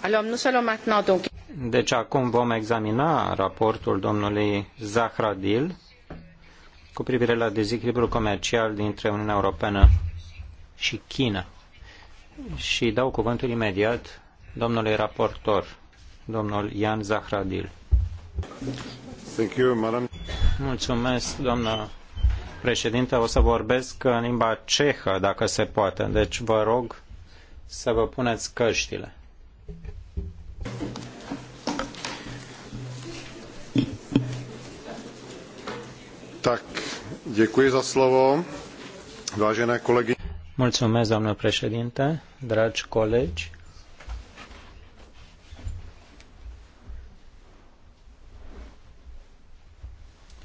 Alors, nous allons maintenant donc... Deci acum vom examina raportul domnului Zahradil cu privire la dezechilibrul comercial dintre Uniunea Europeană și China. Și dau cuvântul imediat domnului raportor, domnul Ian Zahradil. Thank you, madam. Mulțumesc, doamnă președinte. O să vorbesc în limba cehă, dacă se poate. Deci vă rog să vă puneți căștile. Tak, Děkuji za slovo. Vážené kolegyně. Mulțumesc, doamnă președinte, dragi colegi.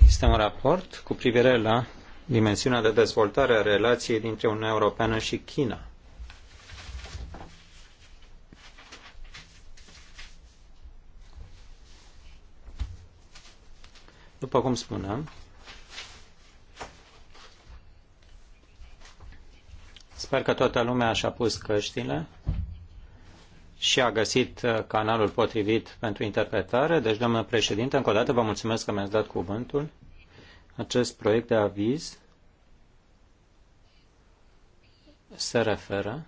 Este un raport cu privire la dimensiunea de dezvoltare a relației dintre Uniunea Europeană și China. După cum spuneam, Sper că toată lumea și-a pus căștile și a găsit uh, canalul potrivit pentru interpretare. Deci, domnule președinte, încă o dată vă mulțumesc că mi-ați dat cuvântul. Acest proiect de aviz se referă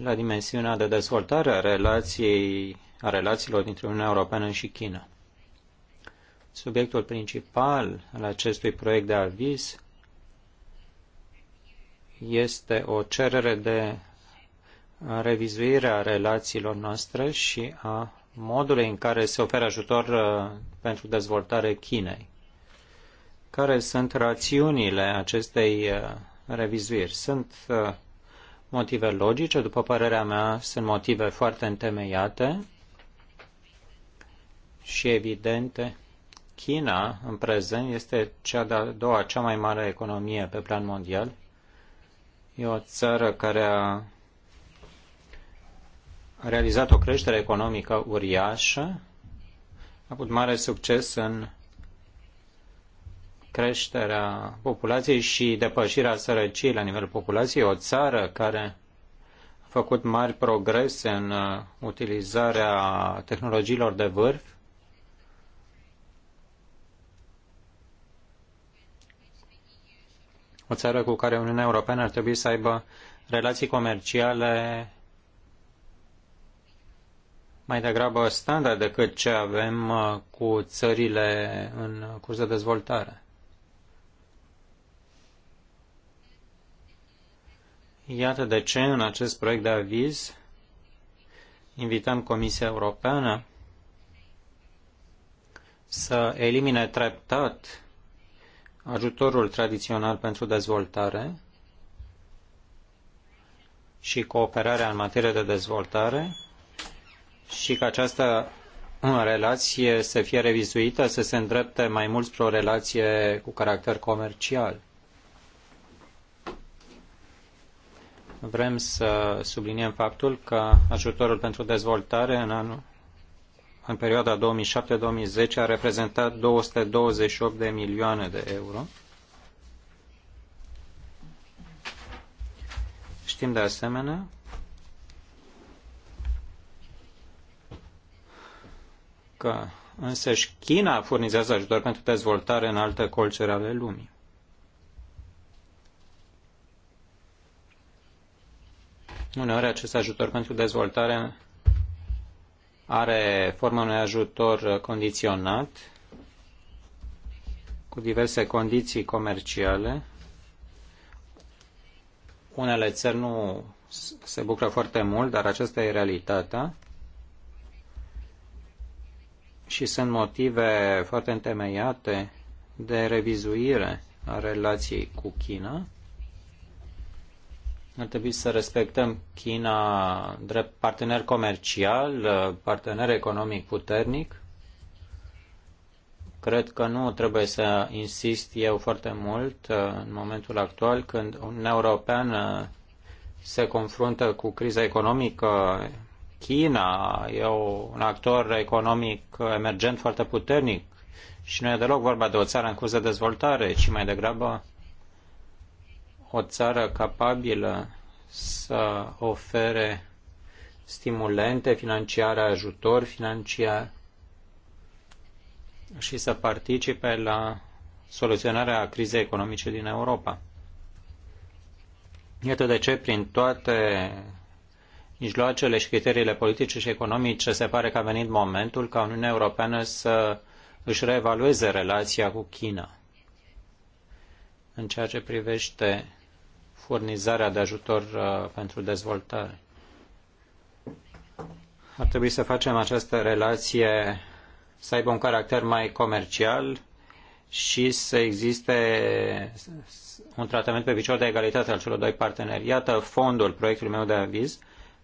la dimensiunea de dezvoltare a, relației, a relațiilor dintre Uniunea Europeană și China. Subiectul principal al acestui proiect de aviz este o cerere de revizuire a relațiilor noastre și a modului în care se oferă ajutor uh, pentru dezvoltare Chinei. Care sunt rațiunile acestei uh, revizuiri? Sunt uh, motive logice, după părerea mea, sunt motive foarte întemeiate și evidente. China, în prezent, este cea de-a doua, cea mai mare economie pe plan mondial E o țară care a realizat o creștere economică uriașă, a avut mare succes în creșterea populației și depășirea sărăciei la nivelul populației, o țară care a făcut mari progrese în uh, utilizarea tehnologiilor de vârf o țară cu care Uniunea Europeană ar trebui să aibă relații comerciale mai degrabă standard decât ce avem uh, cu țările în curs de dezvoltare. Iată de ce în acest proiect de aviz invităm Comisia Europeană să elimine treptat ajutorul tradițional pentru dezvoltare și cooperarea în materie de dezvoltare și că această relație să fie revizuită, să se îndrepte mai mult spre o relație cu caracter comercial. Vrem să subliniem faptul că ajutorul pentru dezvoltare în anul în perioada 2007-2010 a reprezentat 228 de milioane de euro. Știm de asemenea că însăși China furnizează ajutor pentru dezvoltare în alte colțuri ale lumii. Uneori acest ajutor pentru dezvoltare are forma unui ajutor condiționat cu diverse condiții comerciale. Unele țări nu se bucură foarte mult, dar aceasta e realitatea. Și sunt motive foarte întemeiate de revizuire a relației cu China ar trebui să respectăm China drept partener comercial, partener economic puternic. Cred că nu trebuie să insist eu foarte mult uh, în momentul actual când Uniunea Europeană uh, se confruntă cu criza economică. China e un actor economic uh, emergent foarte puternic și nu e deloc vorba de o țară în curs de dezvoltare, ci mai degrabă o țară capabilă să ofere stimulente financiare, ajutor financiar și să participe la soluționarea crizei economice din Europa. Iată de ce prin toate mijloacele și criteriile politice și economice se pare că a venit momentul ca Uniunea Europeană să își reevalueze relația cu China în ceea ce privește furnizarea de ajutor uh, pentru dezvoltare. Ar trebui să facem această relație să aibă un caracter mai comercial și să existe un tratament pe picior de egalitate al celor doi parteneri. Iată fondul proiectului meu de aviz.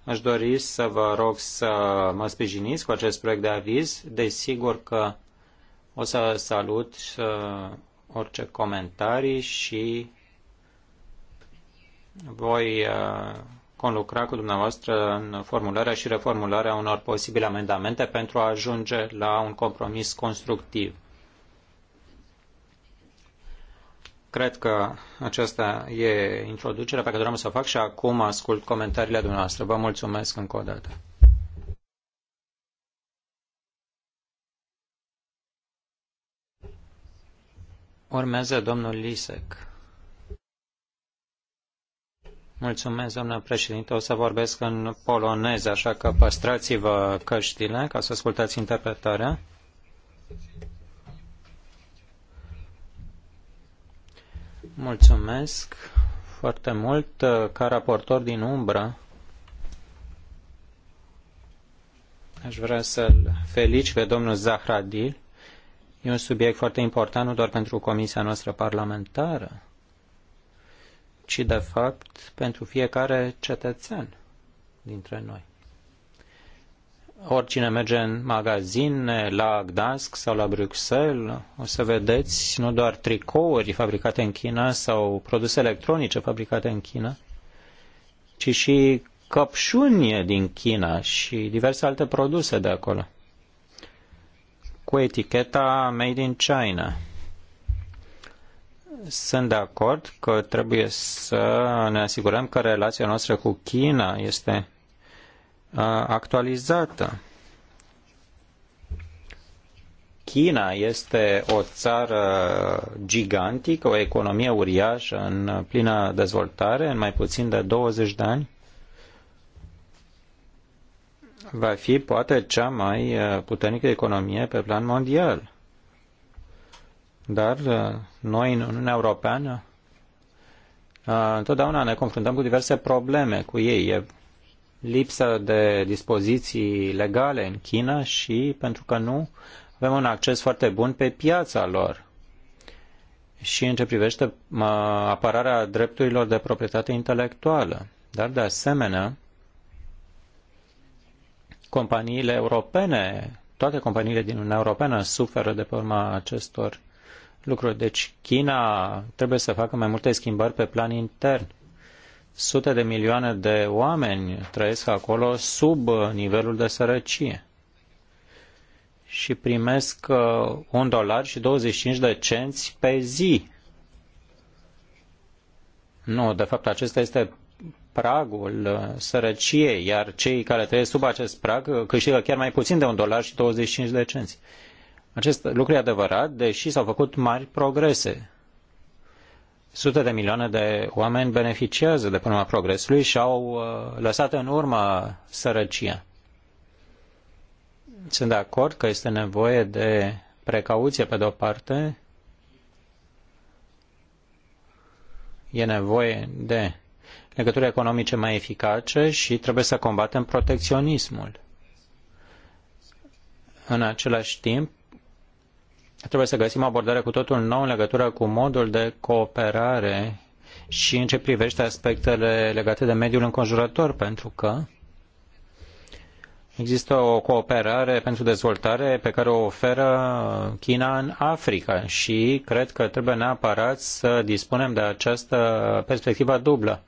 Aș dori să vă rog să mă sprijiniți cu acest proiect de aviz. Desigur că o să salut uh, orice comentarii și voi uh, conlucra cu dumneavoastră în formularea și reformularea unor posibile amendamente pentru a ajunge la un compromis constructiv. Cred că aceasta e introducerea pe care doream să o fac și acum ascult comentariile dumneavoastră. Vă mulțumesc încă o dată. Urmează domnul Lisek. Mulțumesc, doamnă președinte. O să vorbesc în polonez, așa că păstrați-vă căștile ca să ascultați interpretarea. Mulțumesc foarte mult ca raportor din umbră. Aș vrea să-l felici pe domnul Zahradil. E un subiect foarte important, nu doar pentru Comisia noastră parlamentară, ci de fapt pentru fiecare cetățean dintre noi. Oricine merge în magazine, la Gdansk sau la Bruxelles, o să vedeți nu doar tricouri fabricate în China sau produse electronice fabricate în China, ci și căpșuni din China și diverse alte produse de acolo, cu eticheta Made in China sunt de acord că trebuie să ne asigurăm că relația noastră cu China este actualizată. China este o țară gigantică, o economie uriașă în plină dezvoltare, în mai puțin de 20 de ani. Va fi poate cea mai puternică economie pe plan mondial. Dar uh, noi în Uniunea Europeană uh, întotdeauna ne confruntăm cu diverse probleme cu ei. E lipsă de dispoziții legale în China și pentru că nu avem un acces foarte bun pe piața lor și în ce privește uh, apărarea drepturilor de proprietate intelectuală. Dar, de asemenea, companiile europene, toate companiile din Uniunea Europeană suferă de pe urma acestor lucruri. Deci China trebuie să facă mai multe schimbări pe plan intern. Sute de milioane de oameni trăiesc acolo sub nivelul de sărăcie și primesc uh, un dolar și 25 de cenți pe zi. Nu, de fapt acesta este pragul uh, sărăciei, iar cei care trăiesc sub acest prag uh, câștigă chiar mai puțin de un dolar și 25 de cenți. Acest lucru e adevărat, deși s-au făcut mari progrese. Sute de milioane de oameni beneficiază de până progresului și au uh, lăsat în urmă sărăcia. Sunt de acord că este nevoie de precauție pe de-o parte, e nevoie de legături economice mai eficace și trebuie să combatem protecționismul. În același timp, Trebuie să găsim abordare cu totul nou în legătură cu modul de cooperare și în ce privește aspectele legate de mediul înconjurător, pentru că există o cooperare pentru dezvoltare pe care o oferă China în Africa și cred că trebuie neapărat să dispunem de această perspectivă dublă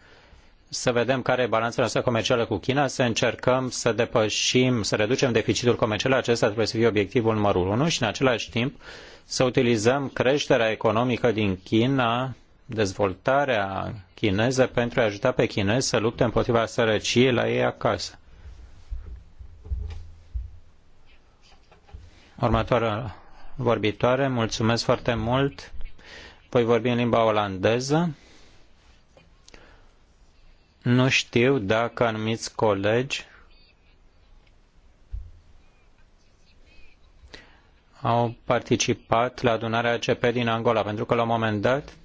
să vedem care e balanța noastră comercială cu China, să încercăm să depășim, să reducem deficitul comercial. Acesta trebuie să fie obiectivul numărul unu și în același timp să utilizăm creșterea economică din China, dezvoltarea chineză pentru a ajuta pe chinezi să lupte împotriva sărăciei la ei acasă. Următoarea vorbitoare, mulțumesc foarte mult. Voi vorbi în limba olandeză. Nu știu dacă anumiți colegi au participat la adunarea ACP din Angola, pentru că la un moment dat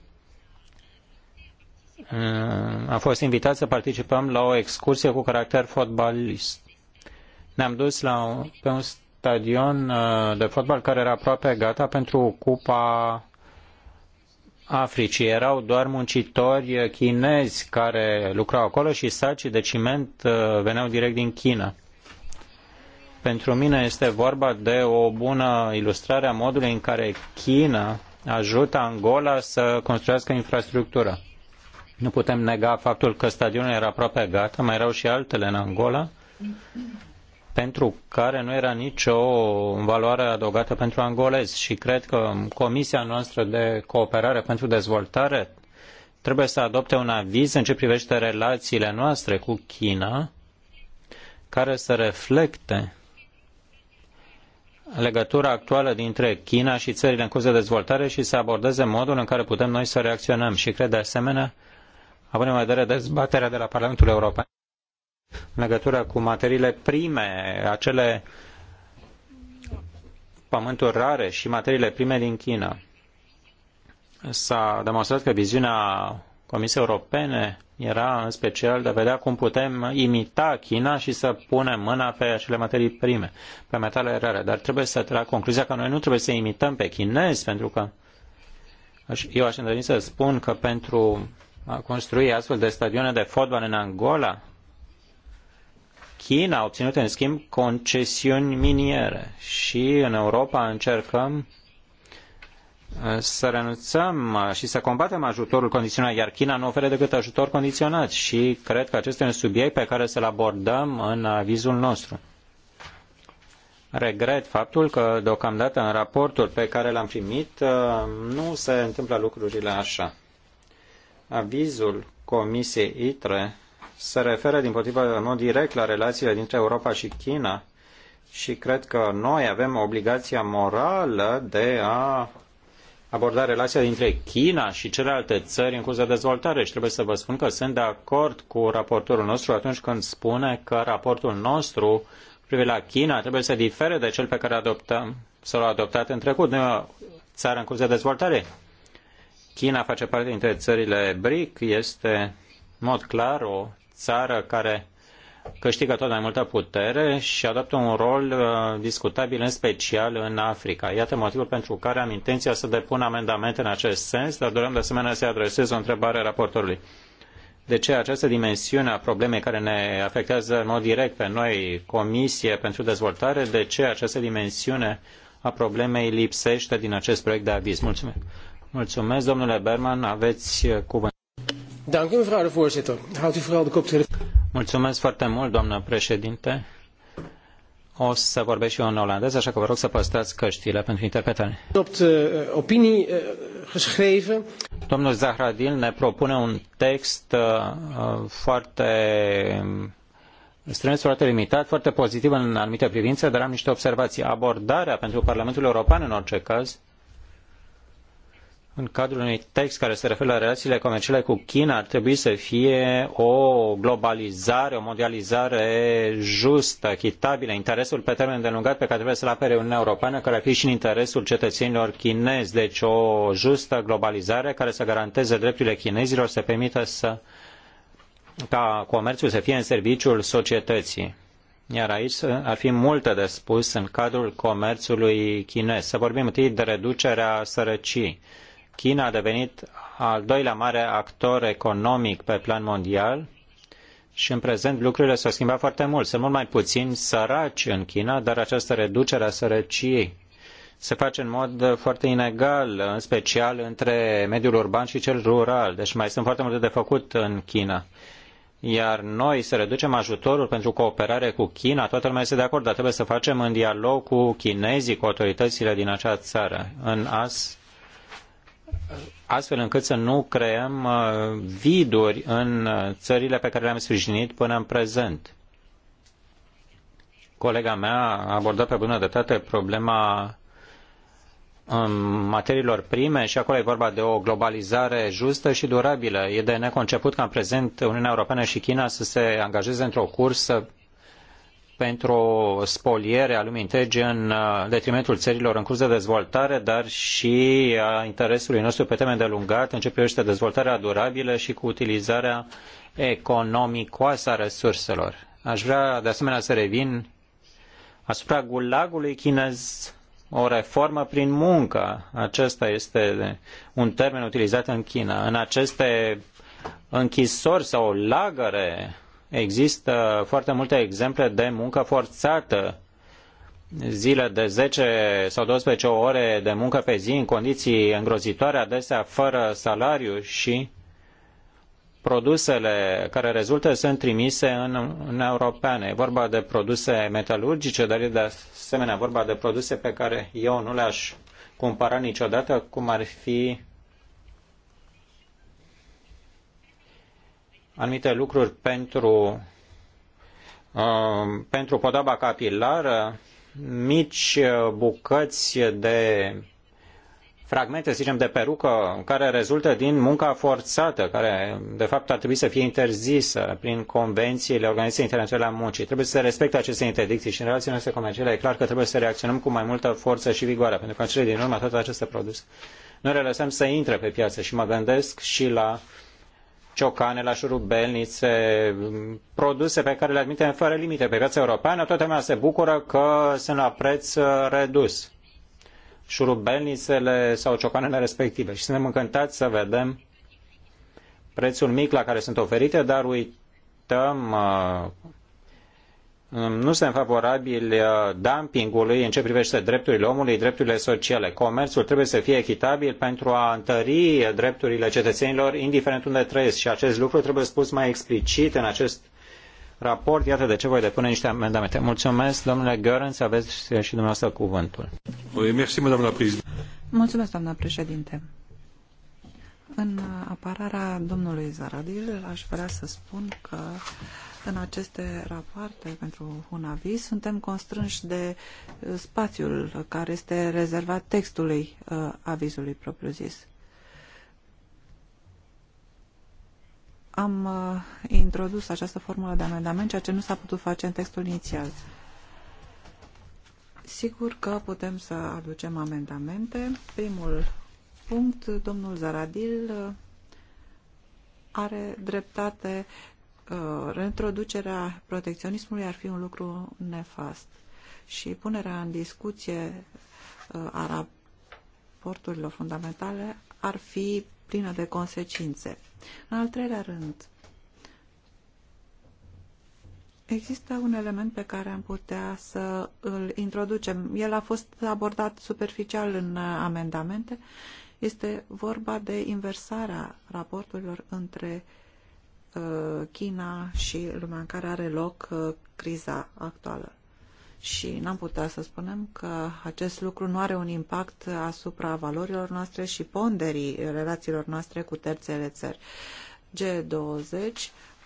uh, am fost invitat să participăm la o excursie cu caracter fotbalist. Ne-am dus la, pe un stadion uh, de fotbal care era aproape gata pentru Cupa Africii. Erau doar muncitori chinezi care lucrau acolo și sacii de ciment uh, veneau direct din China. Pentru mine este vorba de o bună ilustrare a modului în care China ajută Angola să construiască infrastructura. Nu putem nega faptul că stadionul era aproape gata, mai erau și altele în Angola pentru care nu era nicio valoare adăugată pentru angolezi și cred că Comisia noastră de cooperare pentru dezvoltare trebuie să adopte un aviz în ce privește relațiile noastre cu China care să reflecte legătura actuală dintre China și țările în curs de dezvoltare și să abordeze modul în care putem noi să reacționăm. Și cred de asemenea, având în vedere dezbaterea de la Parlamentul European, în legătură cu materiile prime, acele pământuri rare și materiile prime din China. S-a demonstrat că viziunea Comisiei Europene era în special de a vedea cum putem imita China și să punem mâna pe acele materii prime, pe metale rare. Dar trebuie să trag concluzia că noi nu trebuie să imităm pe chinezi, pentru că eu aș îndrăzni să spun că pentru a construi astfel de stadioane de fotbal în Angola, China a obținut în schimb concesiuni miniere și în Europa încercăm uh, să renunțăm uh, și să combatem ajutorul condiționat, iar China nu oferă decât ajutor condiționat și cred că acesta este un subiect pe care să-l abordăm în avizul nostru. Regret faptul că deocamdată în raportul pe care l-am primit uh, nu se întâmplă lucrurile așa. Avizul Comisiei ITRE se referă din potrivă în mod direct la relațiile dintre Europa și China și cred că noi avem obligația morală de a aborda relația dintre China și celelalte țări în curs de dezvoltare și trebuie să vă spun că sunt de acord cu raportorul nostru atunci când spune că raportul nostru privind la China trebuie să difere de cel pe care adoptăm, l a adoptat în trecut. Nu e o țară în curs de dezvoltare. China face parte dintre țările BRIC, este mod clar o țară care câștigă tot mai multă putere și adoptă un rol uh, discutabil în special în Africa. Iată motivul pentru care am intenția să depun amendamente în acest sens, dar doream de asemenea să adresez o întrebare raportorului. De ce această dimensiune a problemei care ne afectează în mod direct pe noi, Comisie pentru Dezvoltare, de ce această dimensiune a problemei lipsește din acest proiect de aviz? Mulțumesc. Mulțumesc, domnule Berman, aveți cuvânt. Dank u, mevrouw de voorzitter. Houdt u vooral de koptelefoon. Mulțumesc foarte mult, doamnă președinte. O să vorbesc și eu în olandez, așa că vă rog să păstrați căștile pentru interpretare. Uh, opinii uh, geschreven. Domnul Zahradil ne propune un text uh, foarte strâns, foarte limitat, foarte pozitiv în anumite privințe, dar am niște observații. Abordarea pentru Parlamentul European, în orice caz, în cadrul unui text care se referă la relațiile comerciale cu China ar trebui să fie o globalizare, o mondializare justă, echitabilă, interesul pe termen îndelungat pe care trebuie să-l apere Uniunea Europeană, care ar fi și în interesul cetățenilor chinezi, deci o justă globalizare care să garanteze drepturile chinezilor, să permită să ca comerțul să fie în serviciul societății. Iar aici ar fi multe de spus în cadrul comerțului chinez. Să vorbim întâi de reducerea sărăciei China a devenit al doilea mare actor economic pe plan mondial și în prezent lucrurile s-au schimbat foarte mult. Sunt mult mai puțini săraci în China, dar această reducere a sărăciei se face în mod foarte inegal, în special între mediul urban și cel rural. Deci mai sunt foarte multe de făcut în China. Iar noi să reducem ajutorul pentru cooperare cu China, toată lumea este de acord, dar trebuie să facem în dialog cu chinezii, cu autoritățile din acea țară. În, as, astfel încât să nu creăm uh, viduri în uh, țările pe care le-am sprijinit până în prezent. Colega mea a abordat pe bună dreptate problema um, materiilor prime și acolo e vorba de o globalizare justă și durabilă. E de neconceput ca în prezent Uniunea Europeană și China să se angajeze într-o cursă pentru o spoliere a lumii întregi în uh, detrimentul țărilor în curs de dezvoltare, dar și a interesului nostru pe termen de lungat în ce privește dezvoltarea durabilă și cu utilizarea economicoasă a resurselor. Aș vrea de asemenea să revin asupra gulagului chinez o reformă prin muncă. Acesta este un termen utilizat în China. În aceste închisori sau lagăre Există foarte multe exemple de muncă forțată, zile de 10 sau 12 ore de muncă pe zi în condiții îngrozitoare, adesea fără salariu și produsele care rezultă sunt trimise în Uniunea Europeană. E vorba de produse metalurgice, dar e de asemenea vorba de produse pe care eu nu le-aș cumpăra niciodată, cum ar fi anumite lucruri pentru, uh, pentru podaba capilară, mici bucăți de fragmente, să zicem, de perucă care rezultă din munca forțată, care de fapt ar trebui să fie interzisă prin convențiile Organizației Internaționale a Muncii. Trebuie să se respecte aceste interdicții și în relațiile noastre comerciale e clar că trebuie să reacționăm cu mai multă forță și vigoare, pentru că în cele din urmă toate aceste produse nu le lăsăm să intre pe piață și mă gândesc și la uh, ciocane, la șurubelnițe, produse pe care le admitem fără limite pe piața europeană, toată lumea se bucură că sunt la preț uh, redus. Șurubelnițele sau ciocanele respective. Și suntem încântați să vedem prețul mic la care sunt oferite, dar uităm uh, Mm, nu suntem favorabili uh, dumpingului în ce privește drepturile omului, drepturile sociale. Comerțul trebuie să fie echitabil pentru a întări drepturile cetățenilor, indiferent unde trăiesc. Și acest lucru trebuie spus mai explicit în acest raport. Iată de ce voi depune niște amendamente. Mulțumesc, domnule să aveți și dumneavoastră cuvântul. Mulțumesc, doamna președinte. În apărarea domnului Zaradil, aș vrea să spun că în aceste rapoarte pentru un aviz suntem constrânși de uh, spațiul care este rezervat textului uh, avizului propriu-zis. Am uh, introdus această formulă de amendament, ceea ce nu s-a putut face în textul inițial. Sigur că putem să aducem amendamente. Primul punct, domnul Zaradil are dreptate reintroducerea protecționismului ar fi un lucru nefast și punerea în discuție uh, a raporturilor fundamentale ar fi plină de consecințe. În al treilea rând, Există un element pe care am putea să îl introducem. El a fost abordat superficial în uh, amendamente. Este vorba de inversarea raporturilor între Uh, China și lumea în care are loc uh, criza actuală. Și n-am putea să spunem că acest lucru nu are un impact asupra valorilor noastre și ponderii relațiilor noastre cu terțele țări. G20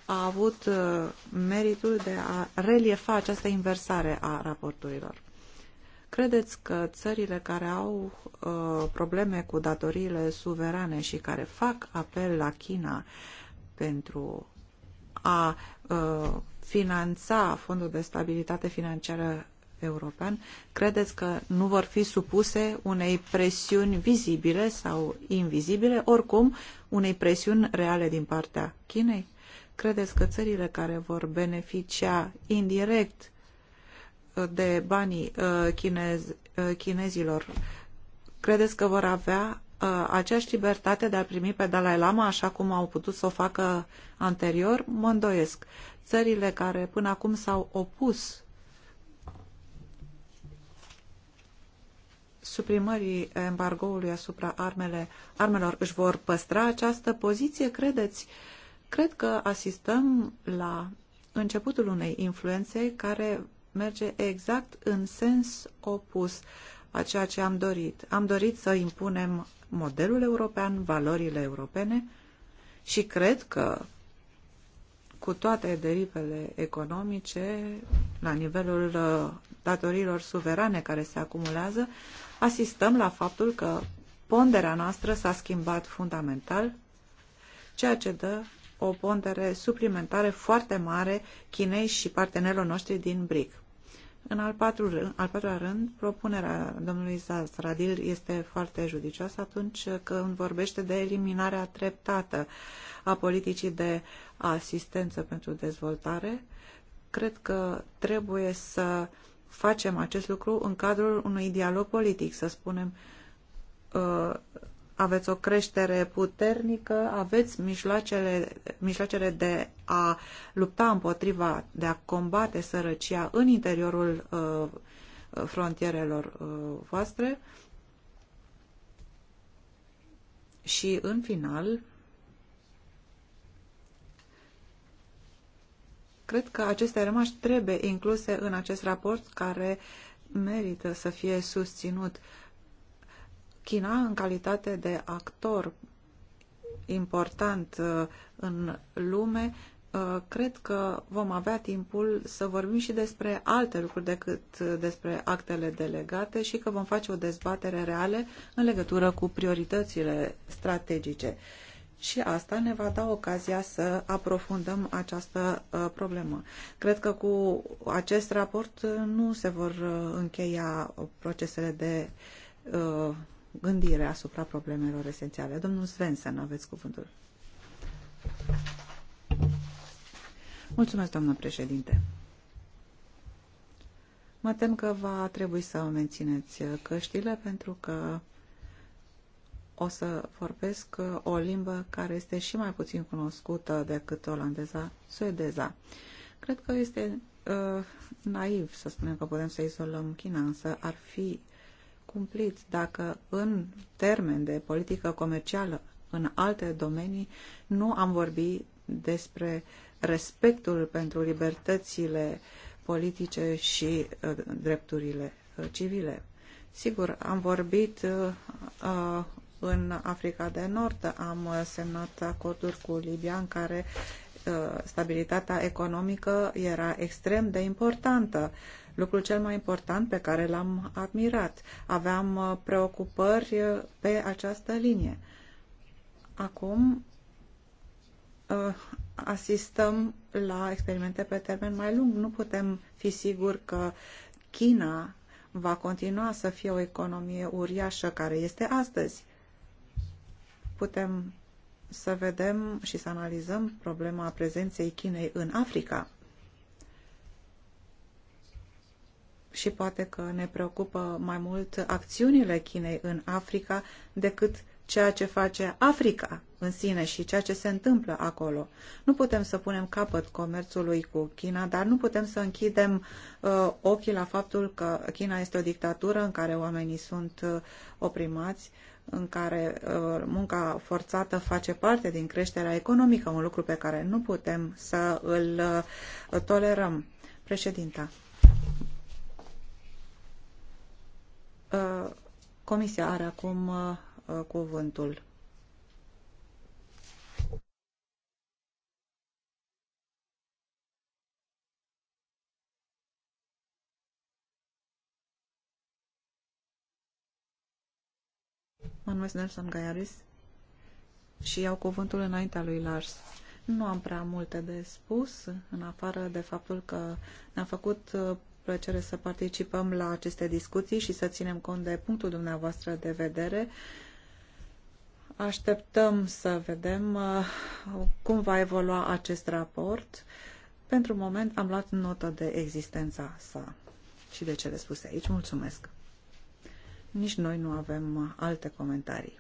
a avut uh, meritul de a reliefa această inversare a raporturilor. Credeți că țările care au uh, probleme cu datoriile suverane și care fac apel la China pentru a uh, finanța fondul de stabilitate financiară european, credeți că nu vor fi supuse unei presiuni vizibile sau invizibile, oricum unei presiuni reale din partea Chinei? Credeți că țările care vor beneficia indirect uh, de banii uh, chinez, uh, chinezilor, credeți că vor avea Uh, aceeași libertate de a primi pe Dalai Lama așa cum au putut să o facă anterior, mă îndoiesc. Țările care până acum s-au opus suprimării embargoului asupra armele, armelor își vor păstra această poziție, credeți? Cred că asistăm la începutul unei influențe care merge exact în sens opus a ceea ce am dorit. Am dorit să impunem modelul european, valorile europene și cred că cu toate derivele economice, la nivelul uh, datorilor suverane care se acumulează, asistăm la faptul că ponderea noastră s-a schimbat fundamental, ceea ce dă o pondere suplimentare foarte mare Chinei și partenerilor noștri din BRIC. În al, patru, al patrulea rând, propunerea domnului Sradil este foarte judicioasă atunci când vorbește de eliminarea treptată a politicii de asistență pentru dezvoltare. Cred că trebuie să facem acest lucru în cadrul unui dialog politic, să spunem uh, aveți o creștere puternică, aveți mijloacele, mijloacele de a lupta împotriva, de a combate sărăcia în interiorul uh, frontierelor uh, voastre. Și în final, cred că aceste rămași trebuie incluse în acest raport care merită să fie susținut uh, China, în calitate de actor important uh, în lume, uh, cred că vom avea timpul să vorbim și despre alte lucruri decât uh, despre actele delegate și că vom face o dezbatere reală în legătură cu prioritățile strategice. Și asta ne va da ocazia să aprofundăm această problemă. Cred că cu acest raport nu se vor încheia procesele de gândire asupra problemelor esențiale. Domnul Svensson, aveți cuvântul. Mulțumesc, doamnă președinte. Mă tem că va trebui să mențineți căștile pentru că o să vorbesc o limbă care este și mai puțin cunoscută decât olandeza, suedeza. Cred că este uh, naiv să spunem că putem să izolăm China, însă ar fi cumplit. Dacă în termen de politică comercială, în alte domenii, nu am vorbit despre respectul pentru libertățile politice și uh, drepturile uh, civile. Sigur, am vorbit uh, uh în Africa de Nord, am semnat acorduri cu Libia în care uh, stabilitatea economică era extrem de importantă Lucrul cel mai important pe care l-am admirat. Aveam uh, preocupări uh, pe această linie. Acum uh, asistăm la experimente pe termen mai lung. Nu putem fi siguri că China va continua să fie o economie uriașă care este astăzi. Putem să vedem și să analizăm problema prezenței Chinei în Africa. și poate că ne preocupă mai mult acțiunile Chinei în Africa decât ceea ce face Africa în sine și ceea ce se întâmplă acolo. Nu putem să punem capăt comerțului cu China, dar nu putem să închidem uh, ochii la faptul că China este o dictatură în care oamenii sunt uh, oprimați, în care uh, munca forțată face parte din creșterea economică, un lucru pe care nu putem să îl uh, tolerăm. Președinta. Uh, comisia are acum uh, uh, cuvântul. Mă numesc Nelson Gaiaris și iau cuvântul înaintea lui Lars. Nu am prea multe de spus, în afară de faptul că ne a făcut plăcere să participăm la aceste discuții și să ținem cont de punctul dumneavoastră de vedere. Așteptăm să vedem uh, cum va evolua acest raport. Pentru moment am luat notă de existența sa și de cele spuse aici. Mulțumesc! Nici noi nu avem uh, alte comentarii.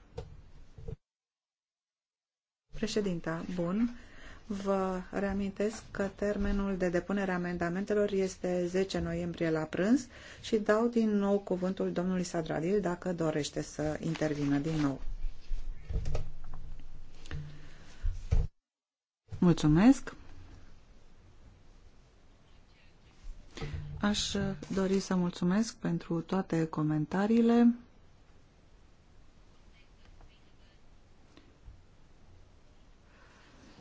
Președinta, bun. Vă reamintesc că termenul de depunere a amendamentelor este 10 noiembrie la prânz și dau din nou cuvântul domnului Sadradil dacă dorește să intervină din nou. Mulțumesc. Aș dori să mulțumesc pentru toate comentariile.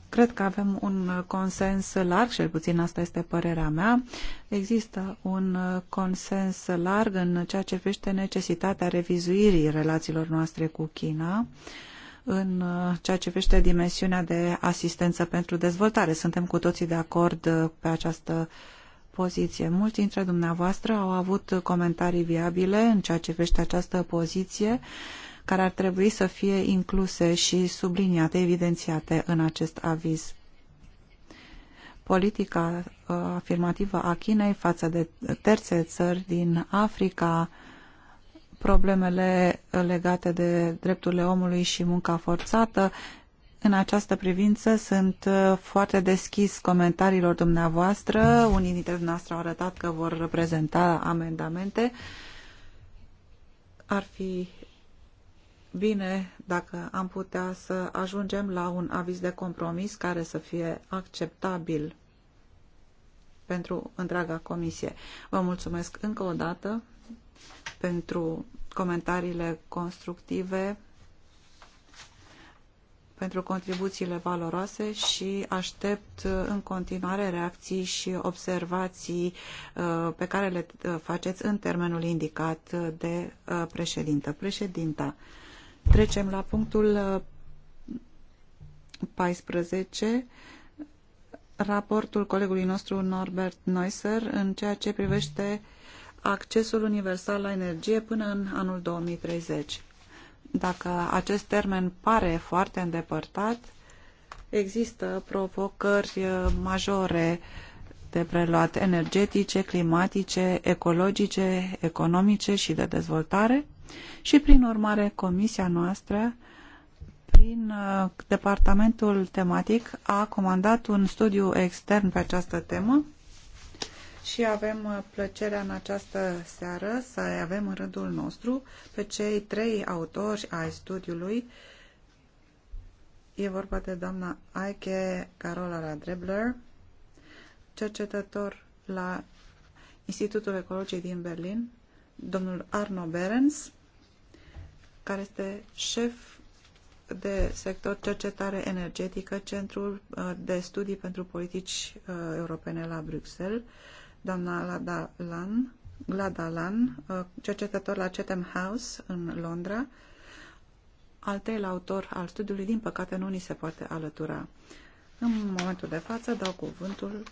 Cred că avem un consens larg, cel puțin asta este părerea mea. Există un consens larg în ceea ce privește necesitatea revizuirii relațiilor noastre cu China în ceea ce privește dimensiunea de asistență pentru dezvoltare. Suntem cu toții de acord pe această poziție. Mulți dintre dumneavoastră au avut comentarii viabile în ceea ce privește această poziție care ar trebui să fie incluse și subliniate, evidențiate în acest aviz. Politica uh, afirmativă a Chinei față de terțe țări din Africa, problemele legate de drepturile omului și munca forțată, în această privință sunt uh, foarte deschis comentariilor dumneavoastră. Unii dintre dumneavoastră au arătat că vor prezenta amendamente. Ar fi bine dacă am putea să ajungem la un aviz de compromis care să fie acceptabil pentru întreaga comisie. Vă mulțumesc încă o dată pentru comentariile constructive, pentru contribuțiile valoroase și aștept în continuare reacții și observații uh, pe care le uh, faceți în termenul indicat de uh, președintă. Președinta, Trecem la punctul 14 uh, raportul colegului nostru Norbert Neusser în ceea ce privește accesul universal la energie până în anul 2030. Dacă acest termen pare foarte îndepărtat, există provocări uh, majore uh, de preluat energetice, climatice, ecologice, economice și de dezvoltare și, prin urmare, comisia noastră, prin uh, departamentul tematic, a comandat un studiu extern pe această temă și avem uh, plăcerea în această seară să avem în rândul nostru pe cei trei autori ai studiului. E vorba de doamna Aike Carola Radrebler, cercetător la Institutul Ecologiei din Berlin, domnul Arno Berens, care este șef de sector cercetare energetică, Centrul uh, de Studii pentru Politici uh, Europene la Bruxelles, doamna Lada Lan, Glada Lan, uh, cercetător la Chatham House în Londra, al treilea autor al studiului, din păcate nu ni se poate alătura. În momentul de față dau cuvântul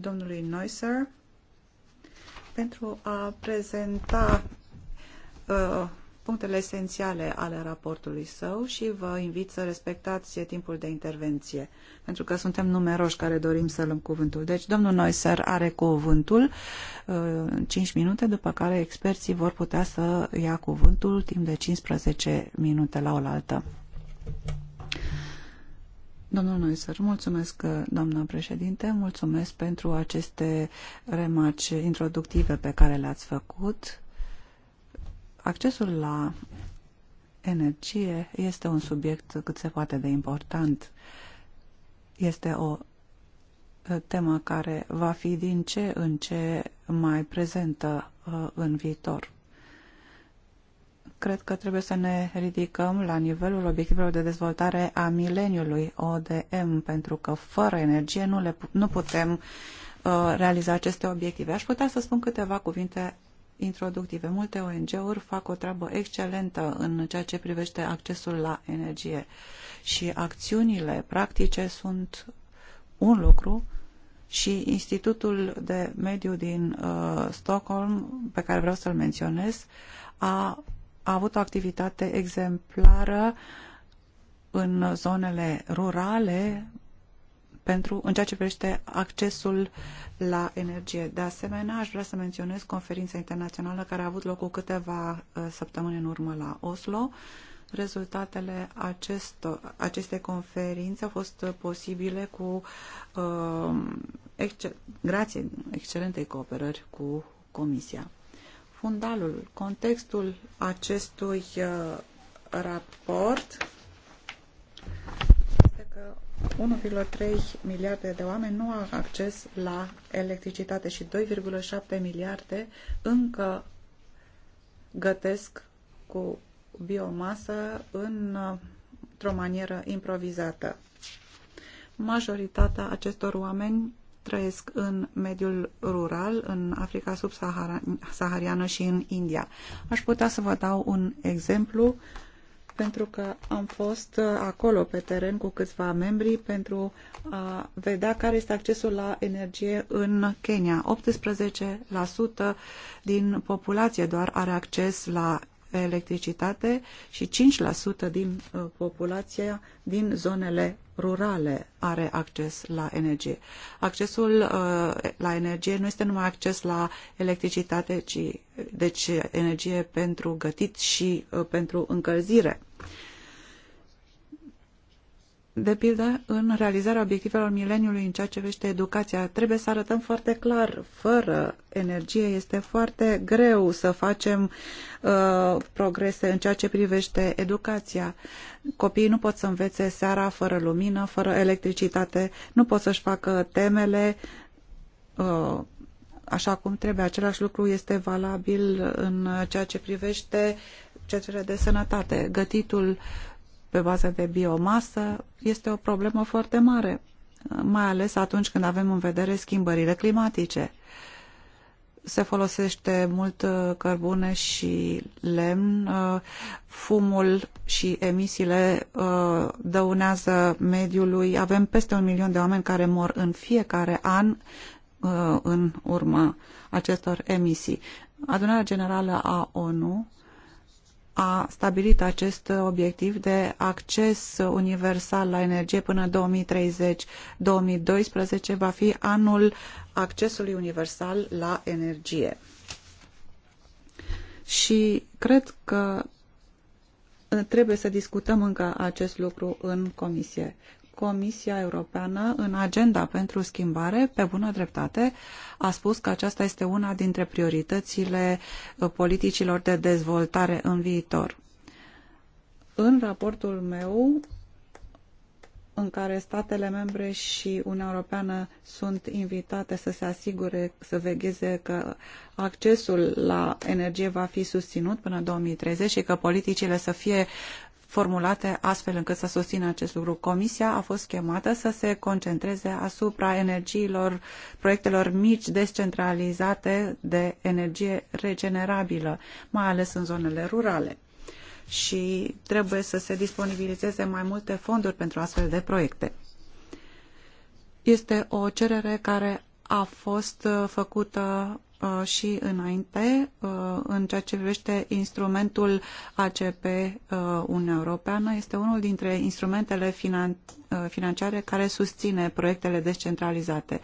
domnului Neusser pentru a prezenta uh, punctele esențiale ale raportului său și vă invit să respectați timpul de intervenție, pentru că suntem numeroși care dorim să luăm cuvântul. Deci, domnul Neusser are cuvântul uh, 5 minute, după care experții vor putea să ia cuvântul timp de 15 minute la oaltă. Domnul Neusser, mulțumesc, uh, doamna președinte, mulțumesc pentru aceste remarci introductive pe care le-ați făcut. Accesul la energie este un subiect cât se poate de important. Este o uh, temă care va fi din ce în ce mai prezentă uh, în viitor cred că trebuie să ne ridicăm la nivelul obiectivelor de dezvoltare a mileniului ODM, pentru că fără energie nu, le, nu putem uh, realiza aceste obiective. Aș putea să spun câteva cuvinte introductive. Multe ONG-uri fac o treabă excelentă în ceea ce privește accesul la energie și acțiunile practice sunt un lucru și Institutul de Mediu din uh, Stockholm, pe care vreau să-l menționez, a a avut o activitate exemplară în zonele rurale pentru, în ceea ce privește accesul la energie. De asemenea, aș vrea să menționez conferința internațională care a avut loc cu câteva uh, săptămâni în urmă la Oslo. Rezultatele acestor, acestei conferințe au fost posibile cu uh, exce grație excelentei cooperări cu Comisia fundalul, contextul acestui uh, raport este că 1,3 miliarde de oameni nu au acces la electricitate și 2,7 miliarde încă gătesc cu biomasă uh, într-o manieră improvizată. Majoritatea acestor oameni trăiesc în mediul rural, în Africa subsahariană și în India. Aș putea să vă dau un exemplu pentru că am fost uh, acolo pe teren cu câțiva membri pentru a vedea care este accesul la energie în Kenya. 18% din populație doar are acces la electricitate și 5% din uh, populația din zonele rurale are acces la energie. Accesul uh, la energie nu este numai acces la electricitate, ci deci energie pentru gătit și uh, pentru încălzire. Uh, de pildă, în realizarea obiectivelor mileniului în ceea ce vește educația, trebuie să arătăm foarte clar, fără energie este foarte greu să facem uh, progrese în ceea ce privește educația. Copiii nu pot să învețe seara fără lumină, fără electricitate, nu pot să-și facă temele uh, așa cum trebuie. Același lucru este valabil în ceea ce privește cercerea de sănătate. Gătitul uh, pe bază de biomasă este o problemă foarte mare, mai ales atunci când avem în vedere schimbările climatice. Se folosește mult uh, cărbune și lemn, uh, fumul și emisiile uh, dăunează mediului. Avem peste un milion de oameni care mor în fiecare an în urma acestor emisii. Adunarea Generală a ONU a stabilit acest obiectiv de acces universal la energie până 2030. 2012 va fi anul accesului universal la energie. Și cred că trebuie să discutăm încă acest lucru în comisie. Comisia Europeană în agenda pentru schimbare, pe bună dreptate, a spus că aceasta este una dintre prioritățile uh, politicilor de dezvoltare în viitor. În raportul meu, în care statele membre și Uniunea Europeană sunt invitate să se asigure, să vegheze că accesul la energie va fi susținut până în 2030 și că politicile să fie formulate astfel încât să susțină acest lucru. Comisia a fost chemată să se concentreze asupra energiilor, proiectelor mici descentralizate de energie regenerabilă, mai ales în zonele rurale. Și trebuie să se disponibilizeze mai multe fonduri pentru astfel de proiecte. Este o cerere care a fost făcută Uh, și înainte uh, în ceea ce privește instrumentul ACP uh, Uniunea Europeană. Este unul dintre instrumentele financiare care susține proiectele descentralizate.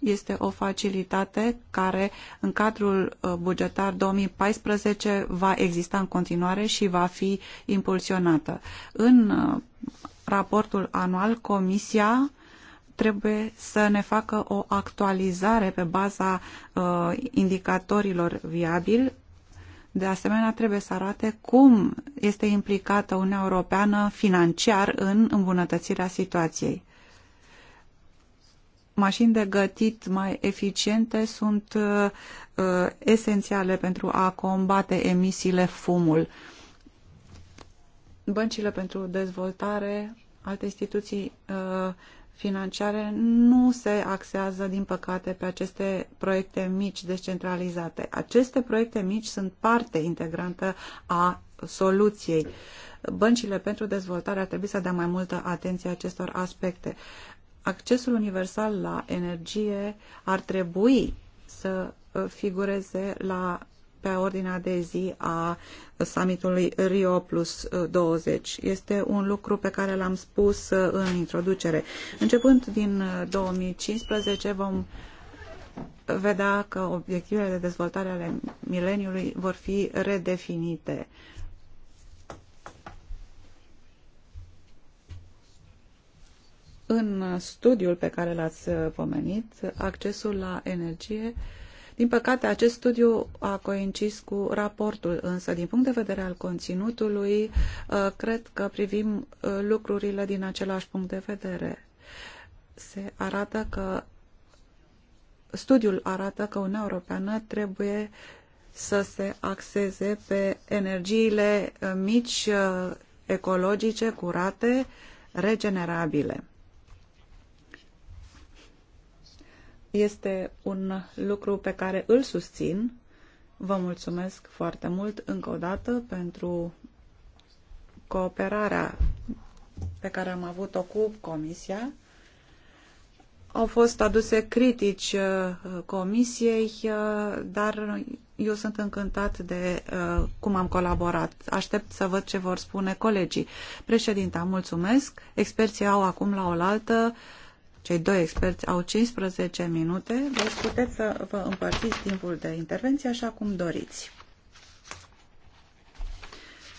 Este o facilitate care în cadrul bugetar 2014 va exista în continuare și va fi impulsionată. În raportul anual, Comisia trebuie să ne facă o actualizare pe baza uh, indicatorilor viabili. De asemenea, trebuie să arate cum este implicată Uniunea Europeană financiar în îmbunătățirea situației. Mașini de gătit mai eficiente sunt uh, uh esențiale pentru a combate emisiile fumul. Băncile pentru dezvoltare, alte instituții uh, financiare nu se axează, din păcate, pe aceste proiecte mici descentralizate. Aceste proiecte mici sunt parte integrantă a soluției. Băncile pentru dezvoltare ar trebui să dea mai multă atenție acestor aspecte. Accesul universal la energie ar trebui să uh, figureze la pe ordinea de zi a summitului Rio plus 20. Uh, este un lucru pe care l-am spus uh, în introducere. Începând din 2015 uh, vom vedea că obiectivele de dezvoltare ale mileniului vor fi redefinite. În studiul pe care l-ați pomenit, accesul la energie uh, din păcate, acest studiu a coincis cu raportul, însă din punct de vedere al conținutului, uh, cred că privim uh, lucrurile din același punct de vedere. Se arată că studiul arată că Uniunea Europeană trebuie să se axeze pe energiile uh, mici, ecologice, curate, regenerabile. Este un lucru pe care îl susțin. Vă mulțumesc foarte mult încă o dată pentru cooperarea pe care am avut-o cu Comisia. Au fost aduse critici uh, Comisiei, uh, dar eu sunt încântat de uh, cum am colaborat. Aștept să văd ce vor spune colegii. Președinta, mulțumesc. Experții au acum la oaltă cei doi experți au 15 minute, deci puteți să vă împărțiți timpul de intervenție așa cum doriți.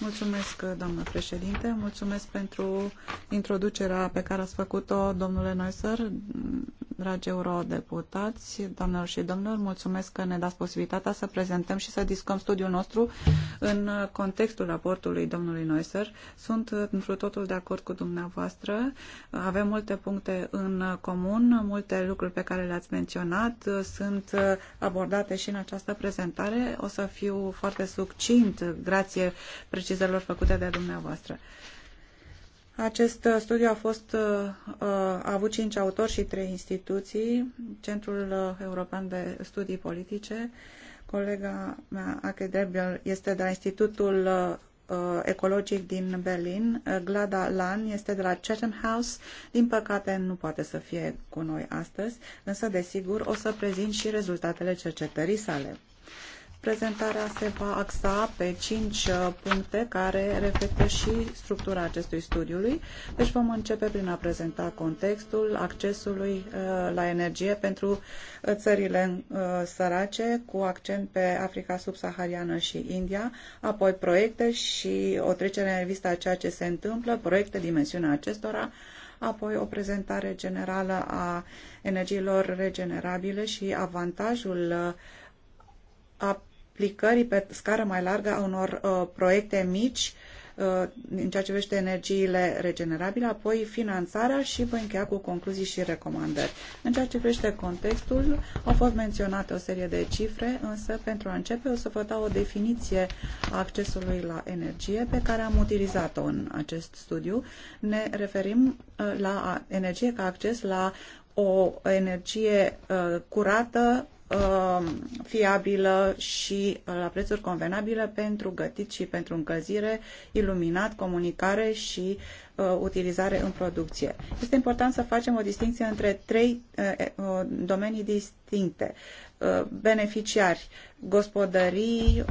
Mulțumesc, doamnă președinte, mulțumesc pentru introducerea pe care ați făcut-o, domnule Neusser, dragi eurodeputați, doamnelor și domnilor, mulțumesc că ne dați posibilitatea să prezentăm și să discutăm studiul nostru în contextul raportului domnului Neusser. Sunt întru totul de acord cu dumneavoastră, avem multe puncte în comun, multe lucruri pe care le-ați menționat sunt abordate și în această prezentare. O să fiu foarte succint, grație președinte precizărilor făcute de dumneavoastră. Acest uh, studiu a fost uh, uh, a avut cinci autori și trei instituții, Centrul European de Studii Politice, colega mea, Ake Drebel, este de la Institutul Ecologic din Berlin, Glada Lan este de la Chatham House, din păcate nu poate să fie cu noi astăzi, însă desigur o să prezint și rezultatele cercetării sale. Prezentarea se va axa pe cinci uh, puncte care reflectă și structura acestui studiului. Deci vom începe prin a prezenta contextul accesului uh, la energie pentru uh, țările sărace, cu accent pe Africa subsahariană și India, apoi proiecte și o trecere în revistă a ceea ce se întâmplă, proiecte, dimensiunea acestora, apoi o prezentare generală a energiilor regenerabile și avantajul a aplicării pe scară mai largă a unor uh, proiecte mici uh, în ceea ce vește energiile regenerabile, apoi finanțarea și voi încheia cu concluzii și recomandări. În ceea ce privește contextul, au fost menționate o serie de cifre, însă pentru a începe o să vă dau o definiție a accesului la energie pe care am utilizat-o în acest studiu. Ne referim uh, la energie ca acces la o energie curată, Um, fiabilă și uh, la prețuri convenabile pentru gătit și pentru încălzire, iluminat, comunicare și uh, utilizare în producție. Este important să facem o distinție între trei uh, domenii distincte. Beneficiari, gospodării,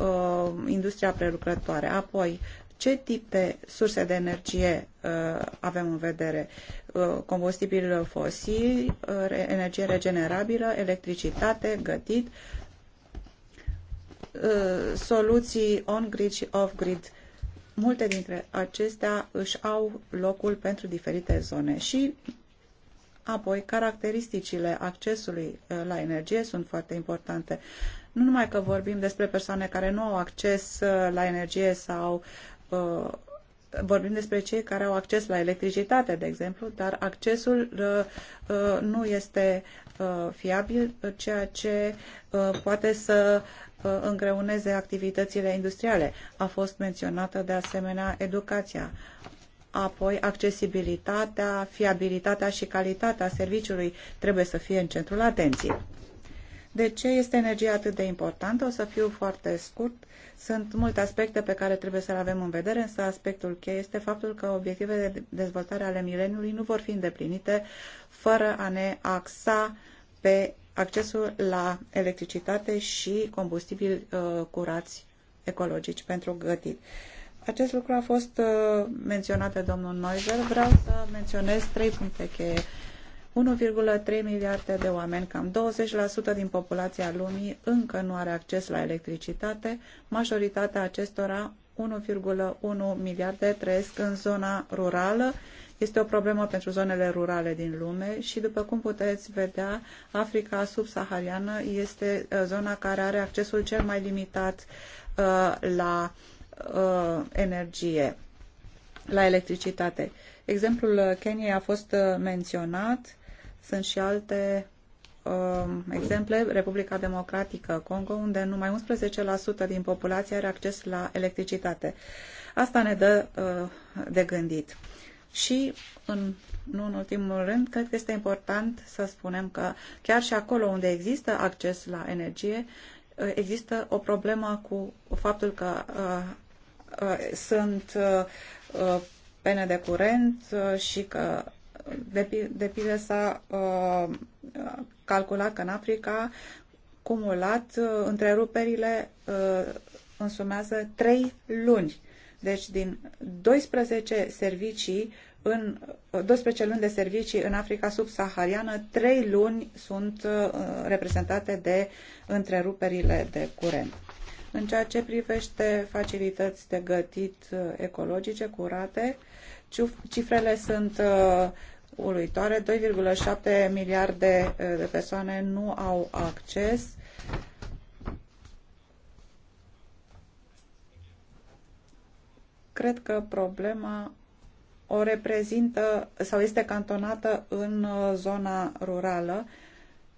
industria prelucrătoare, apoi ce tip de surse de energie uh, avem în vedere? Uh, combustibil fosil, uh, energie regenerabilă, electricitate, gătit, uh, soluții on-grid și off-grid. Multe dintre acestea își au locul pentru diferite zone și Apoi, caracteristicile accesului uh, la energie sunt foarte importante. Nu numai că vorbim despre persoane care nu au acces uh, la energie sau Uh, vorbim despre cei care au acces la electricitate, de exemplu, dar accesul uh, uh, nu este fiabil, ceea ce poate să îngreuneze activitățile industriale. A fost menționată de asemenea educația, apoi accesibilitatea, fiabilitatea și calitatea serviciului trebuie să fie în centrul atenției. De ce este energia atât de importantă? O să fiu foarte scurt sunt multe aspecte pe care trebuie să le avem în vedere, însă aspectul cheie este faptul că obiectivele de dezvoltare ale mileniului nu vor fi îndeplinite fără a ne axa pe accesul la electricitate și combustibili uh, curați ecologici pentru gătit. Acest lucru a fost uh, menționat de domnul Neuser. Vreau să menționez trei puncte cheie. Uh, 1,3 miliarde de oameni, cam 20% din populația lumii, încă nu are acces la electricitate. Majoritatea acestora, 1,1 miliarde, trăiesc în zona rurală. Este o problemă pentru zonele rurale din lume și, după cum puteți vedea, Africa subsahariană este uh, zona care are accesul cel mai limitat uh, la uh, energie, la electricitate. Uh, Exemplul uh, Keniei a fost uh, menționat, sunt și alte uh, exemple, Republica Democratică Congo, unde numai 11% din populație are acces la electricitate. Asta ne dă uh, de gândit. Și, în, nu în ultimul rând, cred că este important să spunem că chiar și acolo unde există acces la energie, uh, există o problemă cu faptul că uh, uh, sunt uh, pene de curent uh, și că de pildă s-a uh, calculat că în Africa cumulat uh, întreruperile uh, însumează 3 luni. Deci din 12 servicii în 12 uh, luni de servicii în Africa subsahariană, 3 luni sunt uh, reprezentate de întreruperile de curent. În ceea ce privește facilități de gătit uh, ecologice, curate, cifrele sunt uh, uluitoare. 2,7 miliarde uh, de persoane nu au acces cred că problema o reprezintă sau este cantonată în zona rurală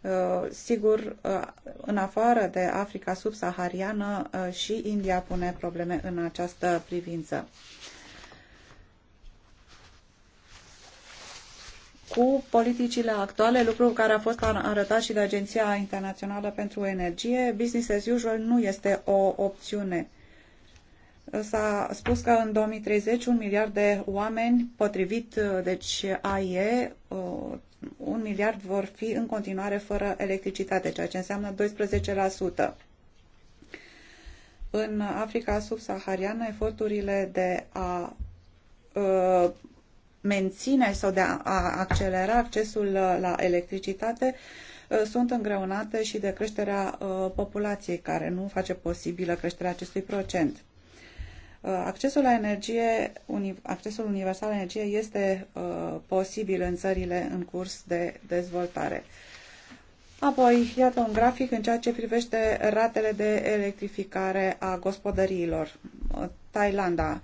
Uh, sigur, uh, în afară de Africa subsahariană uh, și India pune probleme în această privință. cu politicile actuale, lucru care a fost arătat și de Agenția Internațională pentru Energie, business as usual nu este o opțiune. S-a spus că în 2030 un miliard de oameni, potrivit deci AIE, un miliard vor fi în continuare fără electricitate, ceea ce înseamnă 12%. În Africa subsahariană, eforturile de a ă, menține sau de a accelera accesul la electricitate ă, sunt îngreunate și de creșterea ă, populației, care nu face posibilă creșterea acestui procent. Uh, accesul la energie, accesul universal la energie este uh, posibil în țările în curs de dezvoltare. Apoi, iată un grafic în ceea ce privește ratele de electrificare a gospodăriilor. Uh, Thailanda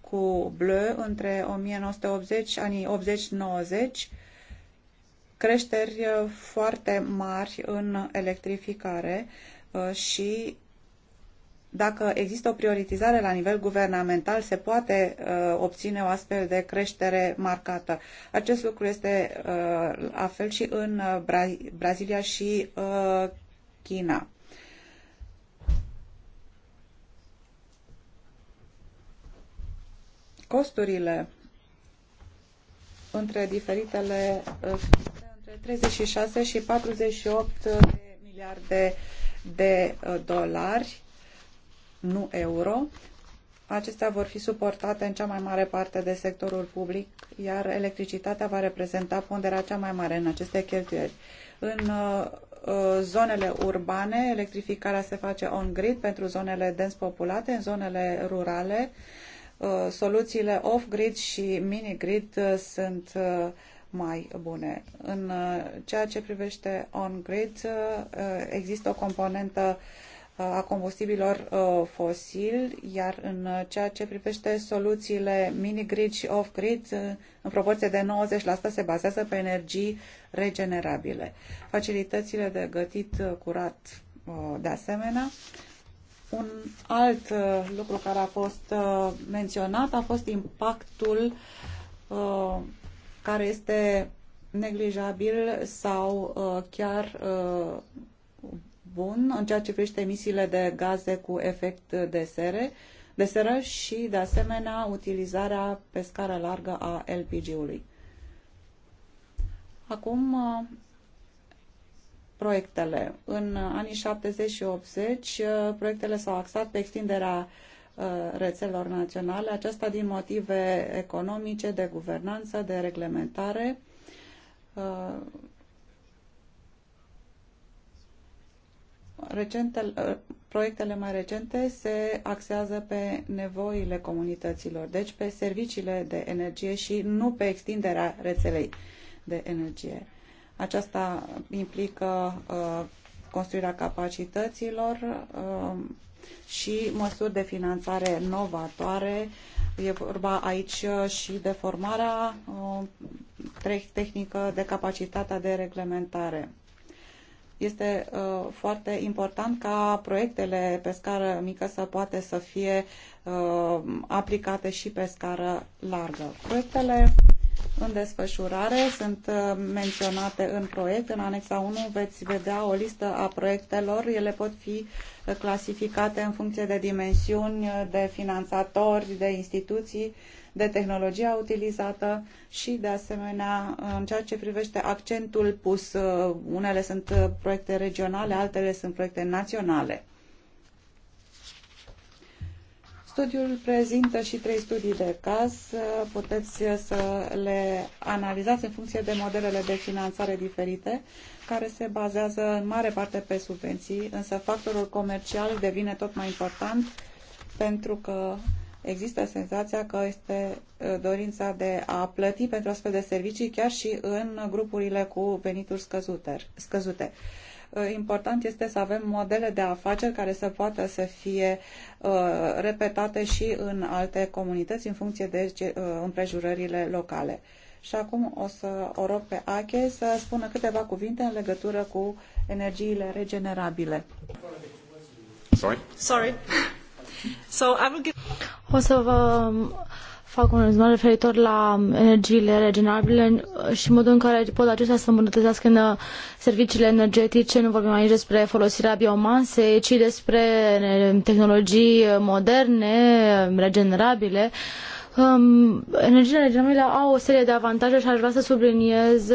cu bleu între 1980 anii 80-90 creșteri foarte mari în electrificare și dacă există o prioritizare la nivel guvernamental, se poate uh, obține o astfel de creștere marcată. Acest lucru este uh, la fel și în uh, Bra Brazilia și uh, China. Costurile între diferitele uh, între 36 și 48 de miliarde de uh, dolari nu euro. Acestea vor fi suportate în cea mai mare parte de sectorul public, iar electricitatea va reprezenta ponderea cea mai mare în aceste cheltuieli. În uh, uh, zonele urbane, electrificarea se face on-grid pentru zonele dens populate, în zonele rurale, uh, soluțiile off-grid și mini-grid sunt mai bune. În ceea ce privește on-grid, există o componentă a combustibilor uh, fosili, iar în uh, ceea ce privește soluțiile mini-grid și off-grid, uh, în proporție de 90% se bazează pe energii regenerabile. Facilitățile de gătit curat, de asemenea, un alt lucru care a fost menționat a fost impactul care este neglijabil sau chiar bun în ceea ce privește emisiile de gaze cu efect de sere, de seră și, de asemenea, utilizarea pe scară largă a LPG-ului. Acum, uh, proiectele. În anii 70 și 80, uh, proiectele s-au axat pe extinderea uh, rețelelor naționale, aceasta din motive economice, de guvernanță, de reglementare, recentele, uh, proiectele mai recente se axează pe nevoile comunităților, deci pe serviciile de energie și nu pe extinderea rețelei de energie. Aceasta implică uh, construirea capacităților uh, și măsuri de finanțare novatoare. E vorba aici uh, și de formarea uh, tehnică, de capacitatea de reglementare este uh, foarte important ca proiectele pe scară mică să poate să fie uh, aplicate și pe scară largă. Proiectele în desfășurare sunt uh, menționate în proiect. În anexa 1 veți vedea o listă a proiectelor. Ele pot fi uh, clasificate în funcție de dimensiuni, de finanțatori, de instituții de tehnologia utilizată și, de asemenea, în ceea ce privește accentul pus, uh, unele sunt proiecte regionale, altele sunt proiecte naționale. Studiul prezintă și trei studii de caz. Uh, puteți uh, să le analizați în funcție de modelele de finanțare diferite, care se bazează în mare parte pe subvenții, însă factorul comercial devine tot mai important pentru că există senzația că este uh, dorința de a plăti pentru astfel de servicii chiar și în grupurile cu venituri scăzute. Uh, important este să avem modele de afaceri care să poată să fie uh, repetate și în alte comunități în funcție de împrejurările locale. Și acum o să o rog pe Ache să spună câteva cuvinte în legătură cu energiile regenerabile. Sorry. Sorry. So I will give... O să vă um, fac un rezumat referitor la energiile regenerabile și modul în care pot acestea să îmbunătățească în uh, serviciile energetice. Nu vorbim aici despre folosirea biomasei, ci despre uh, tehnologii uh, moderne, regenerabile. Um, energiile regenerabile au o serie de avantaje și aș vrea să subliniez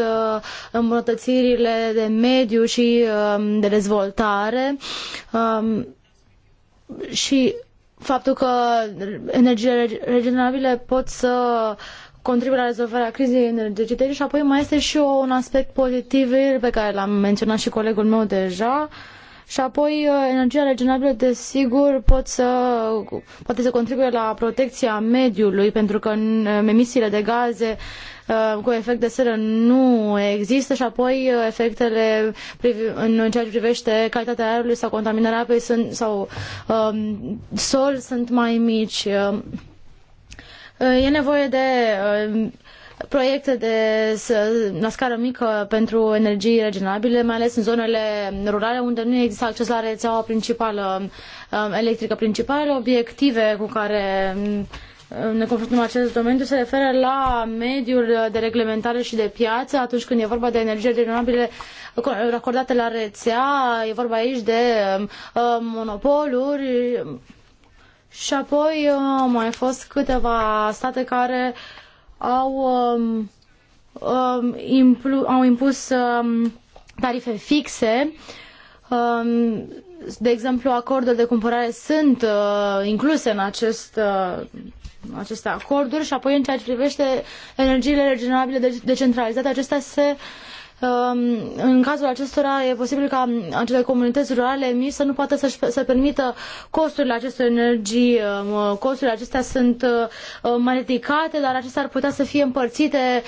îmbunătățirile de mediu și um, de dezvoltare. Um, și faptul că energiile regenerabile pot să contribuie la rezolvarea crizei energetice și apoi mai este și un aspect pozitiv pe care l-am menționat și colegul meu deja, uh, și apoi uh, energia regenerabilă, desigur, pot să, poate să contribuie la protecția mediului, pentru că uh, emisiile de gaze uh, cu efect de seră nu există și apoi efectele în ceea ce privește calitatea aerului sau contaminarea apei sunt, sau um, sol sunt mai mici. E nevoie de proiecte de la scară mică pentru energii regenerabile, mai ales în zonele rurale unde nu există acces la rețeaua principală um, electrică. Principalele obiective cu care um, ne confruntăm în acest domeniu se referă la mediul de reglementare și de piață atunci când e vorba de energie regenerabile racordate la rețea, e vorba aici de um, monopoluri și apoi uh, au mai fost câteva state care uh, au, um, um, implu, au impus um, tarife fixe. Um, de exemplu, acordul de cumpărare sunt uh, incluse în acest, uh, aceste acorduri și apoi în ceea ce privește energiile regenerabile de decentralizate, acestea se uh, Um, în cazul acestora e posibil ca acele comunități rurale mici să nu poată să, să permită costurile acestor energii. Um, costurile acestea sunt uh, mai ridicate, dar acestea ar putea să fie împărțite,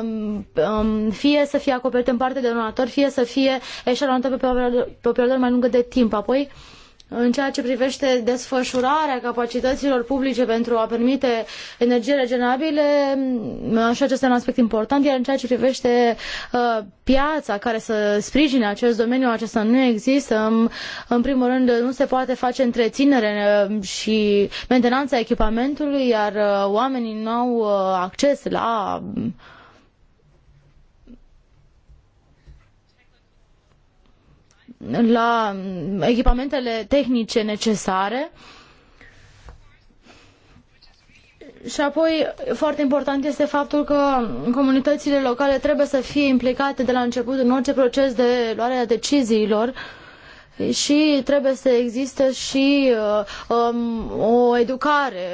um, fie să fie acoperite în parte de donatori, fie să fie eșalonate pe o perioadă mai lungă de timp. Apoi, în ceea ce privește desfășurarea capacităților publice pentru a permite energie regenerabile, și acesta e un aspect important, iar în ceea ce privește uh, piața care să sprijine acest domeniu, acesta nu există. În, în primul rând, nu se poate face întreținere uh, și mentenanța echipamentului, iar uh, oamenii nu au uh, acces la la echipamentele tehnice necesare. Și apoi, foarte important este faptul că comunitățile locale trebuie să fie implicate de la început în orice proces de luare a deciziilor și trebuie să existe și uh, um, o educare,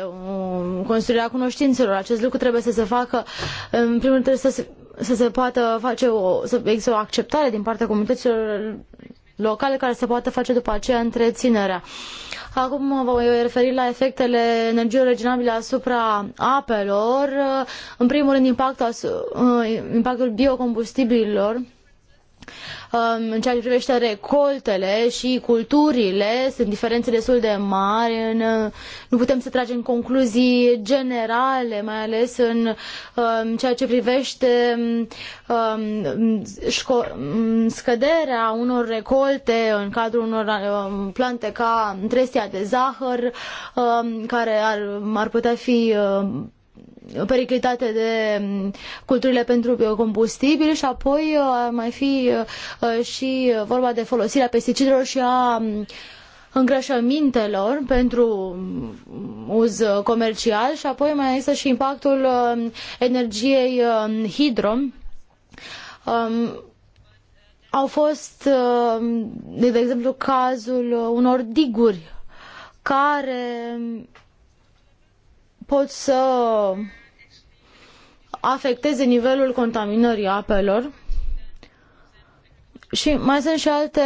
construirea cunoștințelor. Acest lucru trebuie să se facă, în primul rând trebuie să se, să se poată face o, să există o acceptare din partea comunităților locale care se poate face după aceea întreținerea. Acum mă voi referi la efectele energiei regenerabile asupra apelor. În primul rând, impactul, uh, impactul biocombustibililor Um, în ceea ce privește recoltele și culturile, sunt diferențe destul de mari. Uh, nu putem să tragem concluzii generale, mai ales în um, ceea ce privește um, scăderea unor recolte în cadrul unor plante ca trestia de zahăr, care ar, ar putea fi periclitate de mm, culturile pentru combustibil și apoi uh, ar mai fi uh, și vorba de folosirea pesticidelor și a mm, îngrășămintelor pentru mm, uz comercial și apoi mai este și impactul uh, energiei hidro. Um, au fost, de exemplu, cazul unor diguri care pot să afecteze nivelul contaminării apelor și mai sunt și alte,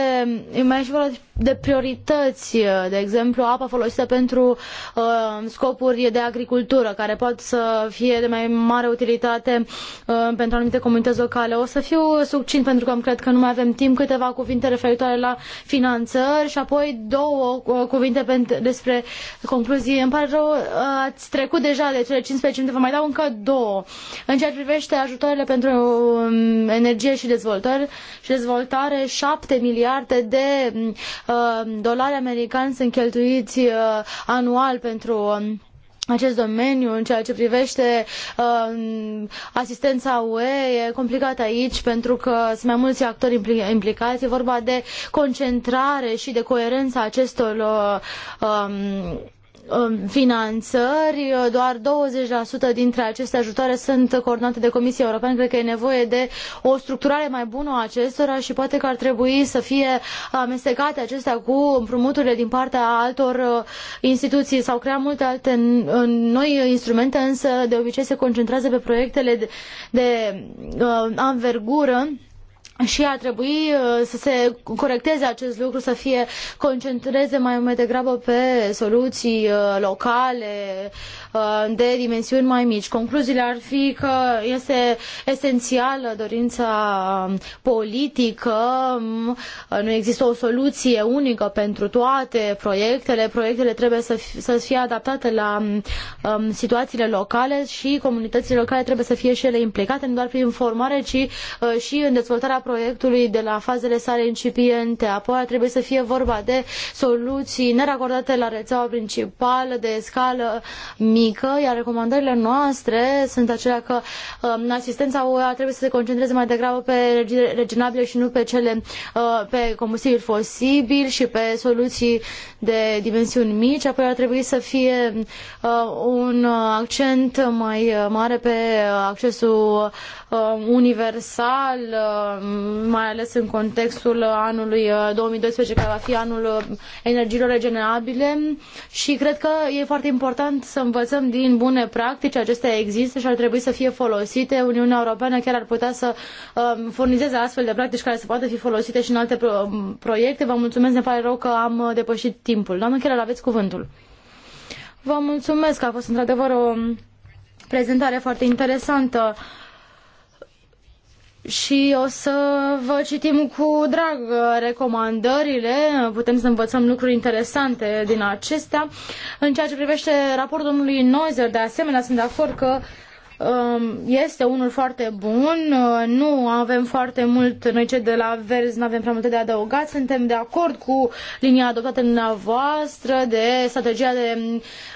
mai și vorba de priorități, uh, de exemplu apa folosită pentru uh, scopuri de agricultură, care pot să fie de mai mare utilitate uh, pentru anumite comunități locale. O să fiu succint pentru că cred că nu mai avem timp, câteva cuvinte referitoare la finanțări și apoi două uh, cuvinte despre concluzii. Îmi pare rău, ați trecut deja de cele 15 minute, vă mai dau încă două. În ceea ce privește ajutoarele pentru um, energie și dezvoltare și dezvoltare dezvoltare, 7 miliarde de uh, dolari americani sunt cheltuiți uh, anual pentru um, acest domeniu, în ceea ce privește uh, asistența UE, e complicat aici pentru că sunt mai mulți actori impli- implicați, e vorba de concentrare și de coerența acestor uh, um, Um, finanțări, uh, doar 20% dintre aceste ajutoare sunt coordonate de Comisia Europeană. Cred că e nevoie de o structurare mai bună a acestora și poate că ar trebui să fie amestecate acestea cu împrumuturile din partea altor uh, instituții. S-au creat multe alte uh, noi instrumente, însă de obicei se concentrează pe proiectele de, de anvergură și ar trebui uh, să se corecteze acest lucru, să fie concentreze mai, mai degrabă pe soluții uh, locale, Uh, de dimensiuni mai mici. Concluziile ar fi că este esențială dorința um, politică, um, uh, nu există o soluție unică pentru toate proiectele, proiectele trebuie să, să fie adaptate la um, situațiile locale și comunitățile locale trebuie să fie și ele implicate, nu doar prin informare, ci uh, și în dezvoltarea proiectului de la fazele sale incipiente. Apoi trebuie să fie vorba de soluții neracordate la rețeaua principală de scală mică mică, iar recomandările noastre sunt acelea că um, asistența UE trebuie să se concentreze mai degrabă pe regenerabile și nu pe cele uh, pe combustibil fosibil și pe soluții de dimensiuni mici, apoi ar trebui să fie uh, un accent mai uh, mare pe uh, accesul Uh, universal, uh, mai ales în contextul anului 2012, uh, care va fi anul energiilor regenerabile și cred că e foarte important să învățăm din bune practici, acestea există și ar trebui să fie folosite. Uniunea Europeană chiar ar putea să um, furnizeze astfel de practici care să poată fi folosite și în alte um, proiecte. Vă mulțumesc, ne pare rău că am depășit timpul. Doamnă Chiar, aveți cuvântul. Vă mulțumesc, a fost într-adevăr o prezentare foarte interesantă și o să vă citim cu drag recomandările, putem să învățăm lucruri interesante din acestea. În ceea ce privește raportul domnului Noizer, de asemenea, sunt de acord că Um, este unul foarte bun, uh, nu avem foarte mult, noi cei de la Verzi nu avem prea multe de adăugat, suntem de acord cu linia adoptată dumneavoastră de strategia de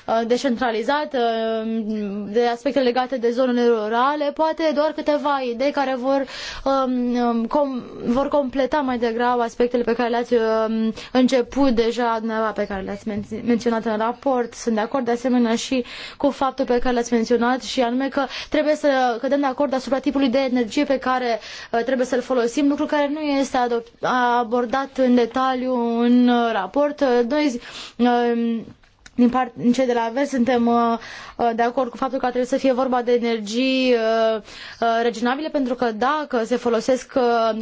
uh, decentralizată, um, de aspecte legate de zonele rurale, poate doar câteva idei care vor, um, com, vor completa mai degrabă aspectele pe care le-ați început deja, pe care le-ați menționat în raport. Sunt de acord de asemenea și cu faptul pe care l-ați menționat și anume că trebuie să cădem de acord asupra tipului de energie pe care uh, trebuie să-l folosim, lucru care nu este abordat în detaliu în uh, raport. Noi uh, din part, cei de la Vers suntem uh, uh, de acord cu faptul că trebuie să fie vorba de energii uh, regenerabile, pentru că dacă se folosesc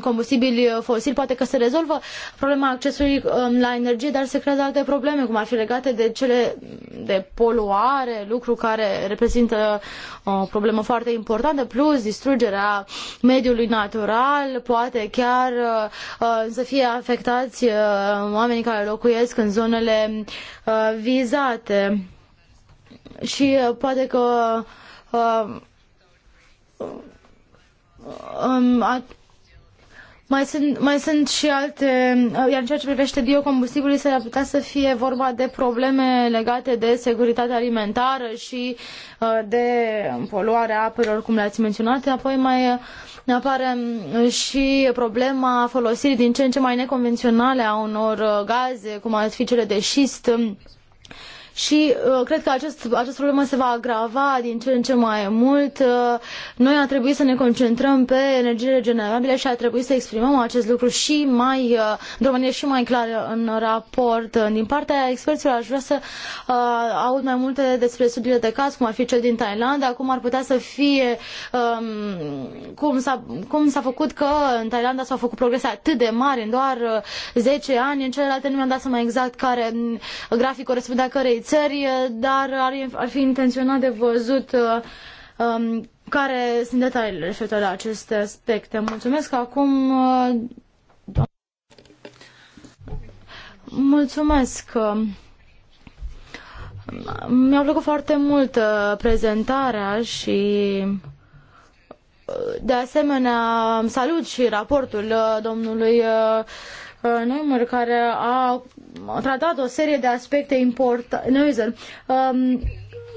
combustibili fosili, poate că se rezolvă problema accesului um, la energie, dar se creează alte probleme, cum ar fi legate de cele de poluare, lucru care reprezintă o problemă foarte importantă, plus distrugerea mediului natural, poate chiar să fie afectați oamenii care locuiesc în zonele vizate date și uh, poate că uh, um, a, mai sunt, mai sunt și alte, uh, iar în ceea ce privește biocombustibilii s-ar putea să fie vorba de probleme legate de securitatea alimentară și uh, de poluarea apelor, cum le-ați menționat. Apoi mai apare um, și problema folosirii din ce în ce mai neconvenționale a unor gaze, cum ar fi cele de șist, și uh, cred că acest, acest problemă se va agrava din ce în ce mai mult. Uh, noi ar trebui să ne concentrăm pe energiile regenerabile și ar trebui să exprimăm acest lucru și mai, uh, într-o manieră și mai clară în raport. Uh, din partea experților aș vrea să uh, aud mai multe despre studiile de caz, cum ar fi cel din Thailanda, cum ar putea să fie, um, cum, s-a, cum s-a făcut că în Thailanda s-au făcut progrese atât de mari în doar uh, 10 ani, în celelalte nu mi-am dat seama exact care mm, graficul răspundea cărei țări, uh, dar ar, ar fi intenționat de văzut uh, um, care sunt detaliile referitoare la aceste aspecte. Mulțumesc acum. Uh, mulțumesc. Mi-a plăcut foarte mult prezentarea și de asemenea salut și raportul domnului Uh, număr care a tratat o serie de aspecte importante, um,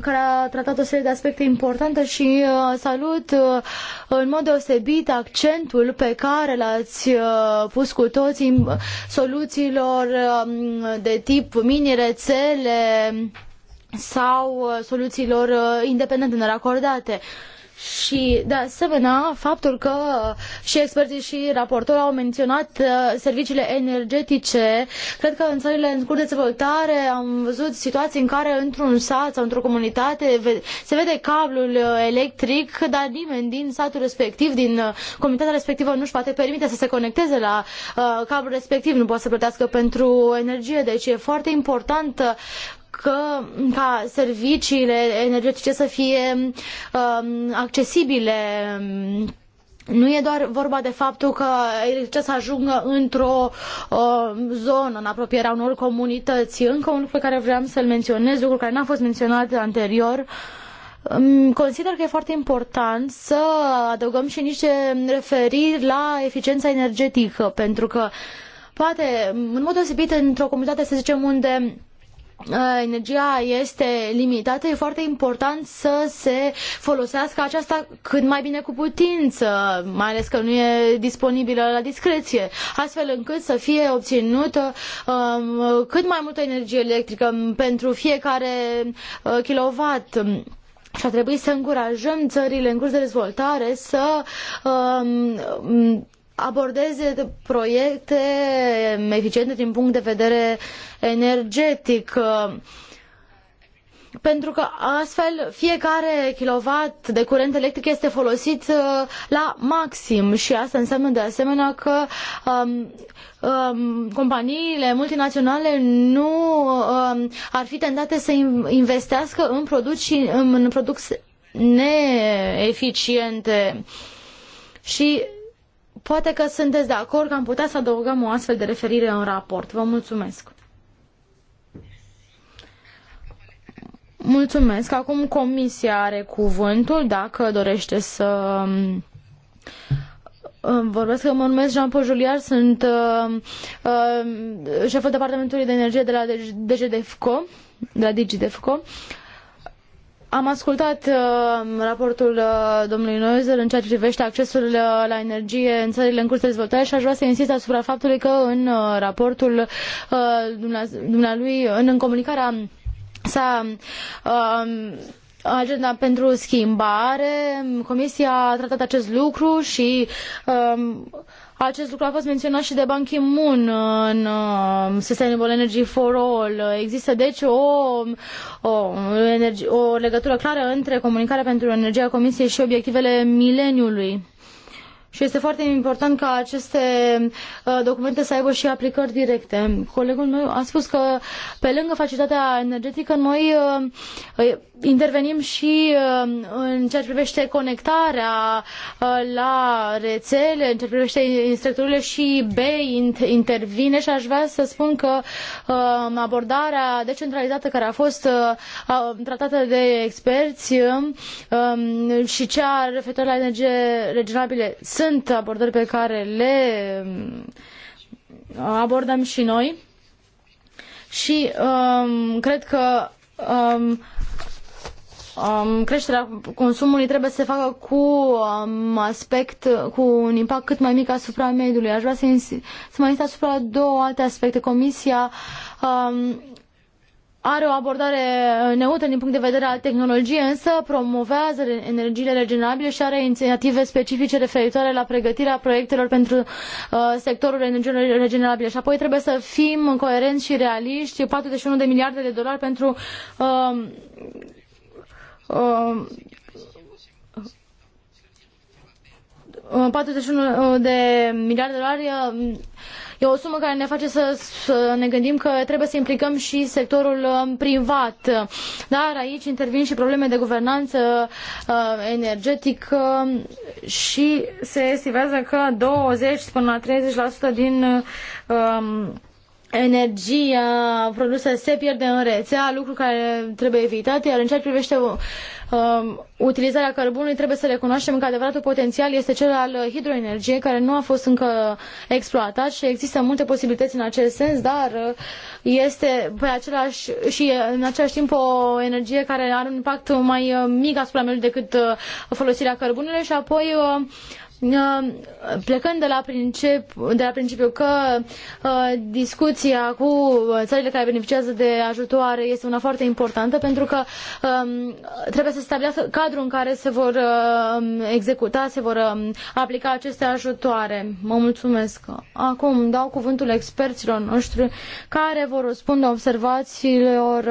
care a tratat o serie de aspecte importante și uh, salut uh, în mod deosebit accentul pe care l-ați pus cu toții soluțiilor um, de tip mini-rețele sau soluțiilor independente, acordate. Și, de asemenea, faptul că și experții și raportorul au menționat uh, serviciile energetice, cred că în țările în curs de dezvoltare am văzut situații în care într-un sat sau într-o comunitate se vede cablul uh, electric, dar nimeni din satul respectiv, din uh, comunitatea respectivă nu-și poate permite să se conecteze la cablul respectiv, nu poate să plătească pentru energie. Deci e foarte important că ca serviciile energetice să fie um, accesibile nu e doar vorba de faptul că ce să ajungă într-o uh, zonă, în apropierea unor comunități. Încă un lucru pe care vreau să-l menționez, lucru care n-a fost menționat anterior, um, Consider că e foarte important să adăugăm și niște referiri la eficiența energetică, pentru că poate, în mod deosebit, într-o comunitate, să zicem, unde Uh, energia este limitată, e foarte important să se folosească aceasta cât mai bine cu putință, mai ales că nu e disponibilă la discreție, astfel încât să fie obținută um, cât mai multă energie electrică pentru fiecare uh, kilowatt. Și a trebuit să încurajăm țările în curs de dezvoltare să um, abordeze proiecte eficiente din punct de vedere energetic uh, pentru că astfel fiecare kilowatt de curent electric este folosit uh, la maxim și asta înseamnă de asemenea că um, um, companiile multinaționale nu um, ar fi tentate să investească în, produci, în produse neeficiente și Poate că sunteți de acord că am putea să adăugăm o astfel de referire în raport. Vă mulțumesc. Mulțumesc. Acum comisia are cuvântul, dacă dorește să um, um, vorbesc, că mă numesc Jean-Paul Juliar, sunt uh, uh, șeful departamentului de energie de la DGDFCO, de la DGDFCO. Uh, am ascultat uh, raportul uh, domnului Noizer în ceea ce privește accesul uh, la energie în țările în curs de dezvoltare și aș vrea să insist asupra faptului că în uh, raportul uh, dumnealui, în, în comunicarea sa uh, agenda pentru schimbare, Comisia a tratat acest lucru și um, acest lucru a fost menționat și de Ban Ki-moon în um, Sustainable Energy for All. Există deci o, o, energi, o legătură clară între comunicarea pentru energia Comisiei și obiectivele mileniului. Și este foarte important ca aceste uh, documente să aibă și aplicări directe. Colegul meu a spus că pe lângă facilitatea energetică noi uh, intervenim și uh, în ceea ce privește conectarea uh, la rețele, în ceea ce privește instructorile și BEI intervine și aș vrea să spun că uh, abordarea decentralizată care a fost tratată de experți um, um, și cea referitoare la energie regenerabile sunt abordări pe care le um, abordăm și noi și um, cred că um, um, creșterea consumului trebuie să se facă cu um, aspect, cu un impact cât mai mic asupra mediului. Aș vrea să, să mai insist asupra două alte aspecte. Comisia um, are o abordare neutră din punct de vedere al tehnologiei, însă promovează energiile regenerabile și are inițiative specifice referitoare la pregătirea proiectelor pentru uh, sectorul energiilor regenerabile. Și apoi trebuie să fim coerenți și realiști, 41 de miliarde de dolari pentru uh, 41 uh, de miliarde de dolari uh, e o sumă care ne face să, să ne gândim că trebuie să implicăm și sectorul uh, privat. Dar aici intervin și probleme de guvernanță energetică și se estimează că 20 până la 30% din um, energia produsă se pierde în rețea, lucru care trebuie evitat, iar în ceea ce privește um, utilizarea cărbunului, trebuie să recunoaștem că adevăratul potențial este cel al hidroenergiei, care nu a fost încă exploatat și există multe posibilități în acest sens, dar este pe același, și în același timp o energie care are un impact mai mic asupra mediului decât uh, folosirea cărbunului și apoi uh, Ehm, plecând de la, principiu, de la principiu că ehm, discuția cu ehm, țările care beneficiază de ajutoare este una foarte importantă pentru că trebuie să stabilească cadrul în care se vor executa, se vor aplica aceste ajutoare. Mă mulțumesc. Acum dau cuvântul experților noștri care vor răspunde observațiilor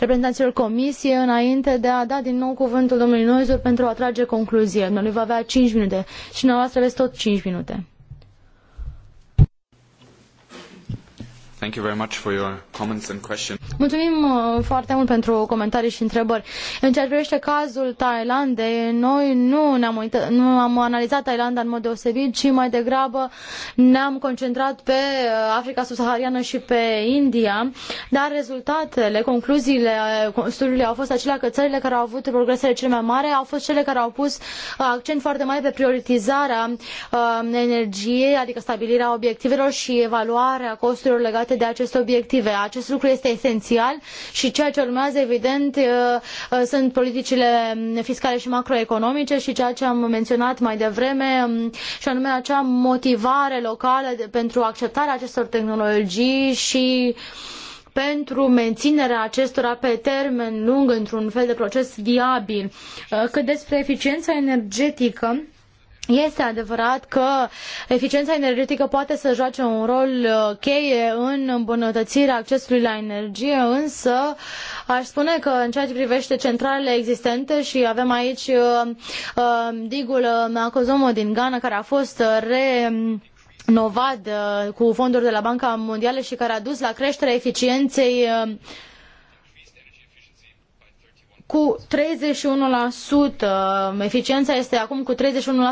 reprezentanților comisiei înainte de a da din nou cuvântul domnului Noizor pentru a trage concluzie. Noi va avea 5 minute și noastră aveți tot 5 minute. Thank you very much for your comments and Mulțumim uh, foarte mult pentru comentarii și întrebări. În ceea ce privește cazul Thailandei, noi nu, ne-am nu am analizat Thailanda în mod deosebit, ci mai degrabă ne-am concentrat pe uh, Africa subsahariană și pe India, dar rezultatele, concluziile uh, studiului au fost acelea că țările care au avut progresele cele mai mari au fost cele care au pus accent foarte mare pe prioritizarea energiei, adică stabilirea obiectivelor și evaluarea costurilor legate departe de aceste obiective. Acest lucru este esențial și ceea ce urmează, evident, uh, uh, sunt politicile mm, fiscale și macroeconomice și ceea ce am menționat mai devreme, mm, și anume acea motivare locală pentru acceptarea acestor tehnologii și pentru menținerea acestora pe termen lung într-un fel de proces viabil. Uh, cât despre eficiența energetică, este adevărat că eficiența energetică poate să joace un rol uh, cheie în îmbunătățirea accesului la energie, însă aș spune că în ceea ce privește centralele existente și avem aici uh, uh digul uh, Macozomo din Ghana care a fost re cu fonduri de la Banca Mondială și care a dus la creșterea eficienței uh, cu 31%. Eficiența este acum cu 31%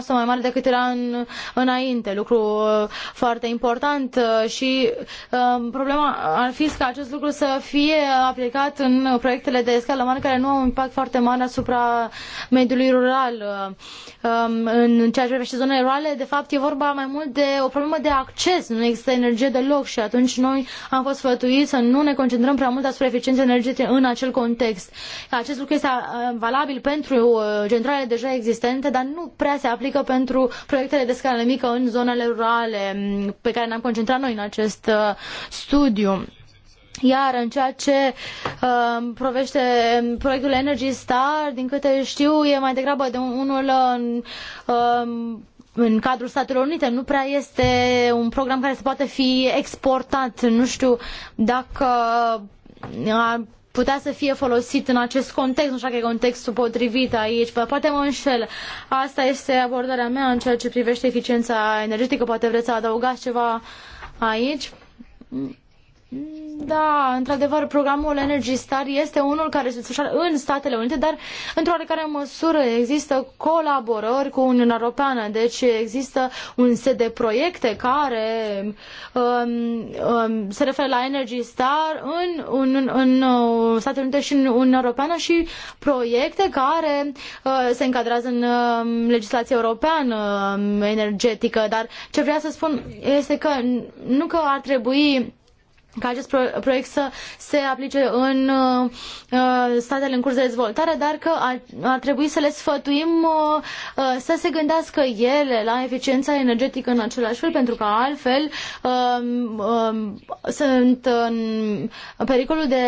mai mare decât era în, înainte, lucru uh, foarte important uh, și uh, problema ar fi ca acest lucru să fie aplicat în proiectele de scală mare care nu au un impact foarte mare asupra mediului rural. Um, în ceea ce privește zonele rurale, de fapt, e vorba mai mult de o problemă de acces. Nu există energie deloc și atunci noi am fost sfătuiți să nu ne concentrăm prea mult asupra eficienței energetice în acel context. Acest lucru că este uh, valabil pentru uh, centrale deja existente, dar nu prea se aplică pentru proiectele de scară mică în zonele rurale pe care ne-am concentrat noi în acest uh, studiu. Iar în ceea ce uh, provește um, proiectul Energy Star, din câte știu, e mai degrabă de unul în, uh, în cadrul Statelor Unite. Nu prea este un program care să poate fi exportat. Nu știu dacă ar putea să fie folosit în acest context, nu știu că e contextul potrivit aici, poate mă înșel. Asta este abordarea mea în ceea ce privește eficiența energetică, poate vreți să adăugați ceva aici. Da, într-adevăr, programul Energy Star este unul care se desfășoară în Statele Unite, dar într-o oarecare măsură există colaborări cu Uniunea Europeană, deci există un set de proiecte care um, um, se referă la Energy Star în, în, în, uh, în Statele Unite și în Uniunea Europeană și proiecte care uh, se încadrează în um, legislația europeană um, energetică, dar ce vreau să spun este că nu că ar trebui ca acest proiect să se aplice în uh, uh, statele în curs de dezvoltare, dar că ar, ar trebui să le sfătuim uh, să se gândească ele la eficiența energetică în același fel, pentru că altfel um, um, sunt în pericolul de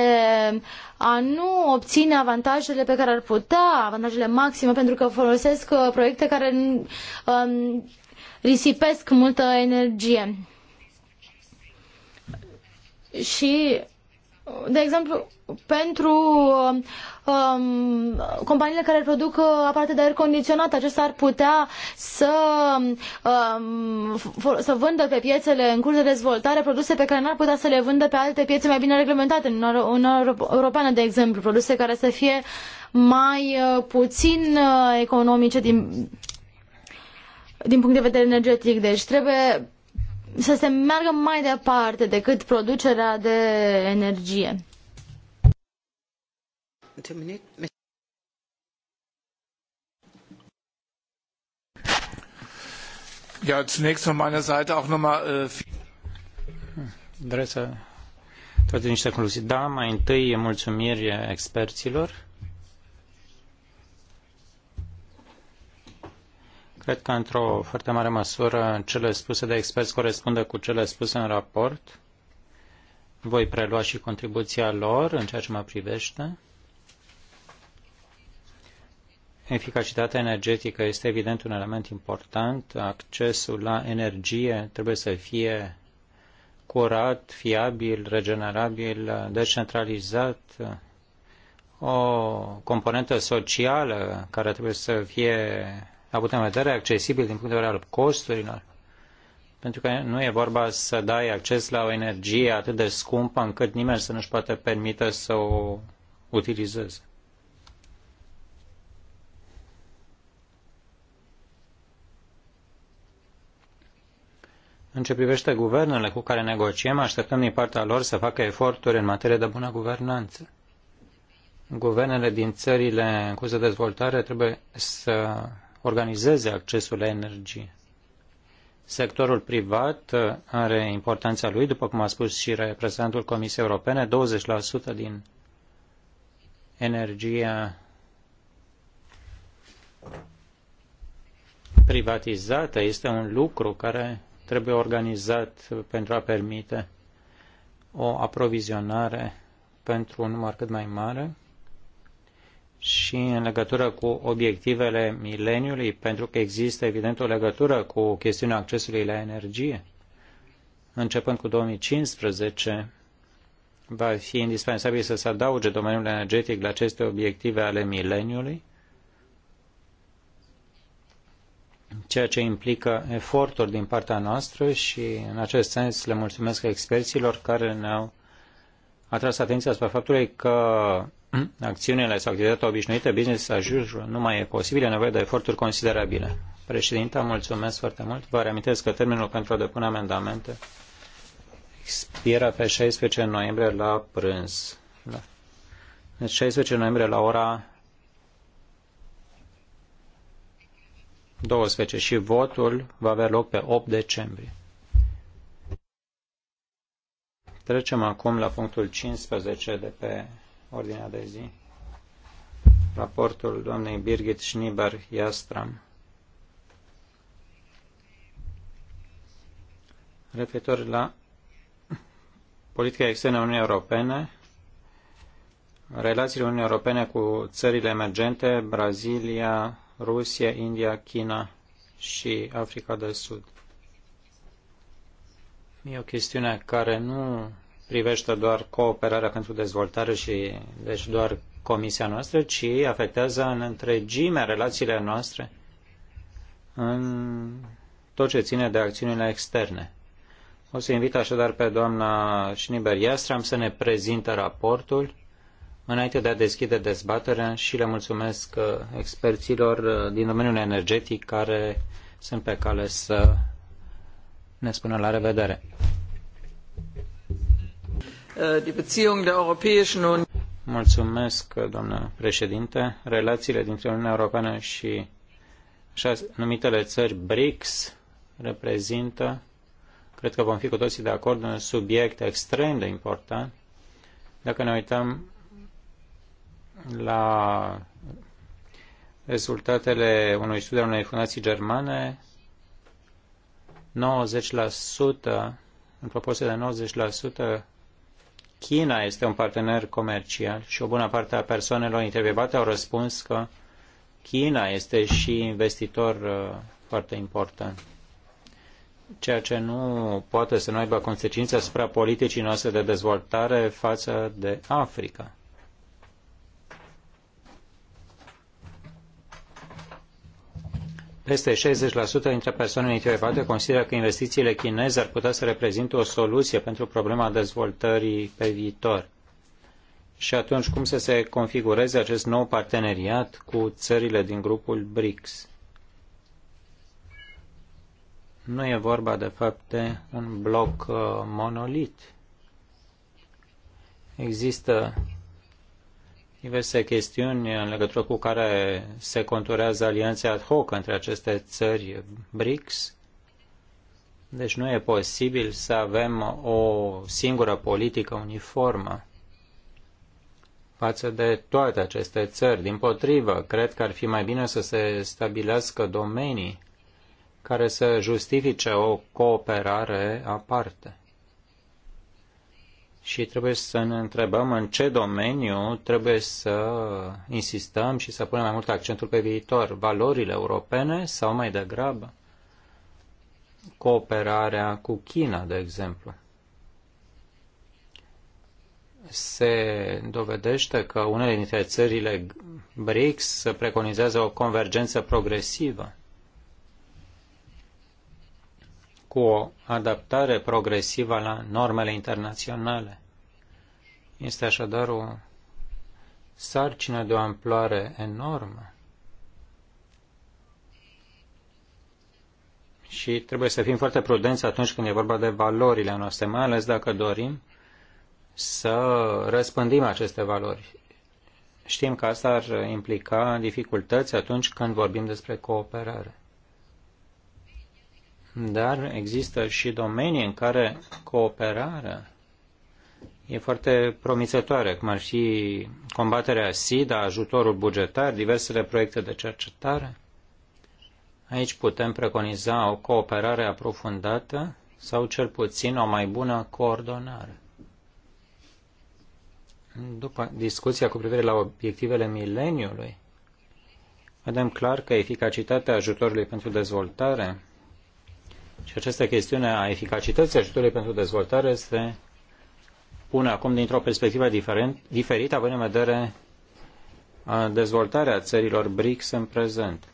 a nu obține avantajele pe care ar putea, avantajele maxime, pentru că folosesc proiecte care um, risipesc multă energie și de exemplu, pentru um, companiile care produc uh, aparate de aer condiționat, acesta ar putea să, um, să vândă pe piețele în curs de dezvoltare produse pe care n-ar putea să le vândă pe alte piețe mai bine reglementate, în Uniunea Europeană, de exemplu, produse care să fie mai uh, puțin uh, economice din, din punct de vedere energetic. Deci trebuie să se meargă mai departe decât producerea de energie. Ja, zunächst von meiner Seite auch nochmal. Vreți äh, să toate niște concluzii. Da, mai întâi mulțumiri experților Cred că, într-o foarte mare măsură, cele spuse de experți corespundă cu cele spuse în raport. Voi prelua și contribuția lor în ceea ce mă privește. Eficacitatea energetică este evident un element important. Accesul la energie trebuie să fie curat, fiabil, regenerabil, decentralizat, o componentă socială care trebuie să fie la putem vedere, accesibil din punct de vedere al costurilor, pentru că nu e vorba să dai acces la o energie atât de scumpă încât nimeni să nu-și poate permite să o utilizeze. În ce privește guvernele cu care negociem, așteptăm din partea lor să facă eforturi în materie de bună guvernanță. Guvernele din țările în curs de dezvoltare trebuie să organizeze accesul la energie. Sectorul privat uh, are importanța lui, după cum a spus și reprezentantul Comisiei Europene, 20% din energia privatizată este un lucru care trebuie organizat pentru a permite o aprovizionare pentru un număr cât mai mare și în legătură cu obiectivele mileniului, pentru că există evident o legătură cu chestiunea accesului la energie. Începând cu 2015, va fi indispensabil să se adauge domeniul energetic la aceste obiective ale mileniului, ceea ce implică eforturi din partea noastră și în acest sens le mulțumesc experților care ne-au atras atenția asupra faptului că Hmm? acțiunile sau activitatea obișnuită, business as usual, nu mai e posibil, e nevoie de eforturi considerabile. Președinte, mulțumesc foarte mult. Vă reamintesc că termenul pentru a depune amendamente expiră pe 16 noiembrie la prânz. Da. Deci 16 noiembrie la ora 12 și votul va avea loc pe 8 decembrie. Trecem acum la punctul 15 de pe ordinea de zi raportul doamnei Birgit Schnibar jastram referitor la politica externă a Uniunii Europene, relațiile Uniunii Europene cu țările emergente, Brazilia, Rusia, India, China și Africa de Sud. E o chestiune care nu privește doar cooperarea pentru dezvoltare și deci doar comisia noastră, ci afectează în întregime relațiile noastre în tot ce ține de acțiunile externe. O să invit așadar pe doamna Schniber Iastram să ne prezintă raportul înainte de a deschide dezbaterea și le mulțumesc uh, experților uh, din domeniul energetic care sunt pe cale să ne spună la revedere. Äh, die Mulțumesc, doamnă președinte. Relațiile dintre Uniunea Europeană și așa numitele țări BRICS reprezintă, cred că vom fi cu toții de acord, un subiect extrem de important. Dacă ne uităm la rezultatele unui studiu al unei fundații germane, 90%, în proporție de 90%, China este un partener comercial și o bună parte a persoanelor intervievate au răspuns că China este și investitor uh, foarte important ceea ce nu poate să nu aibă consecințe asupra politicii noastre de dezvoltare față de Africa. Peste 60% dintre persoanele întrebate consideră că investițiile chineze ar putea să reprezinte o soluție pentru problema dezvoltării pe viitor. Și atunci, cum să se configureze acest nou parteneriat cu țările din grupul BRICS? Nu e vorba, de fapt, de un bloc uh, monolit. Există diverse chestiuni în legătură cu care se conturează alianțe ad hoc între aceste țări BRICS. Deci nu e posibil să avem o singură politică uniformă față de toate aceste țări. Din potrivă, cred că ar fi mai bine să se stabilească domenii care să justifice o cooperare aparte și trebuie să ne întrebăm în ce domeniu trebuie să insistăm și să punem mai mult accentul pe viitor, valorile europene sau mai degrabă cooperarea cu China, de exemplu. Se dovedește că unele dintre țările BRICS preconizează o convergență progresivă cu o adaptare progresivă la normele internaționale. Este așadar o sarcină de o amploare enormă și trebuie să fim foarte prudenți atunci când e vorba de valorile noastre, mai ales dacă dorim să răspândim aceste valori. Știm că asta ar implica dificultăți atunci când vorbim despre cooperare dar există și domenii în care cooperarea e foarte promițătoare, cum ar fi combaterea SIDA, ajutorul bugetar, diversele proiecte de cercetare. Aici putem preconiza o cooperare aprofundată sau cel puțin o mai bună coordonare. După discuția cu privire la obiectivele mileniului, vedem clar că eficacitatea ajutorului pentru dezvoltare și această chestiune a eficacității ajutorului pentru dezvoltare se pune acum dintr-o perspectivă diferent, diferită, având în vedere dezvoltarea țărilor BRICS în prezent.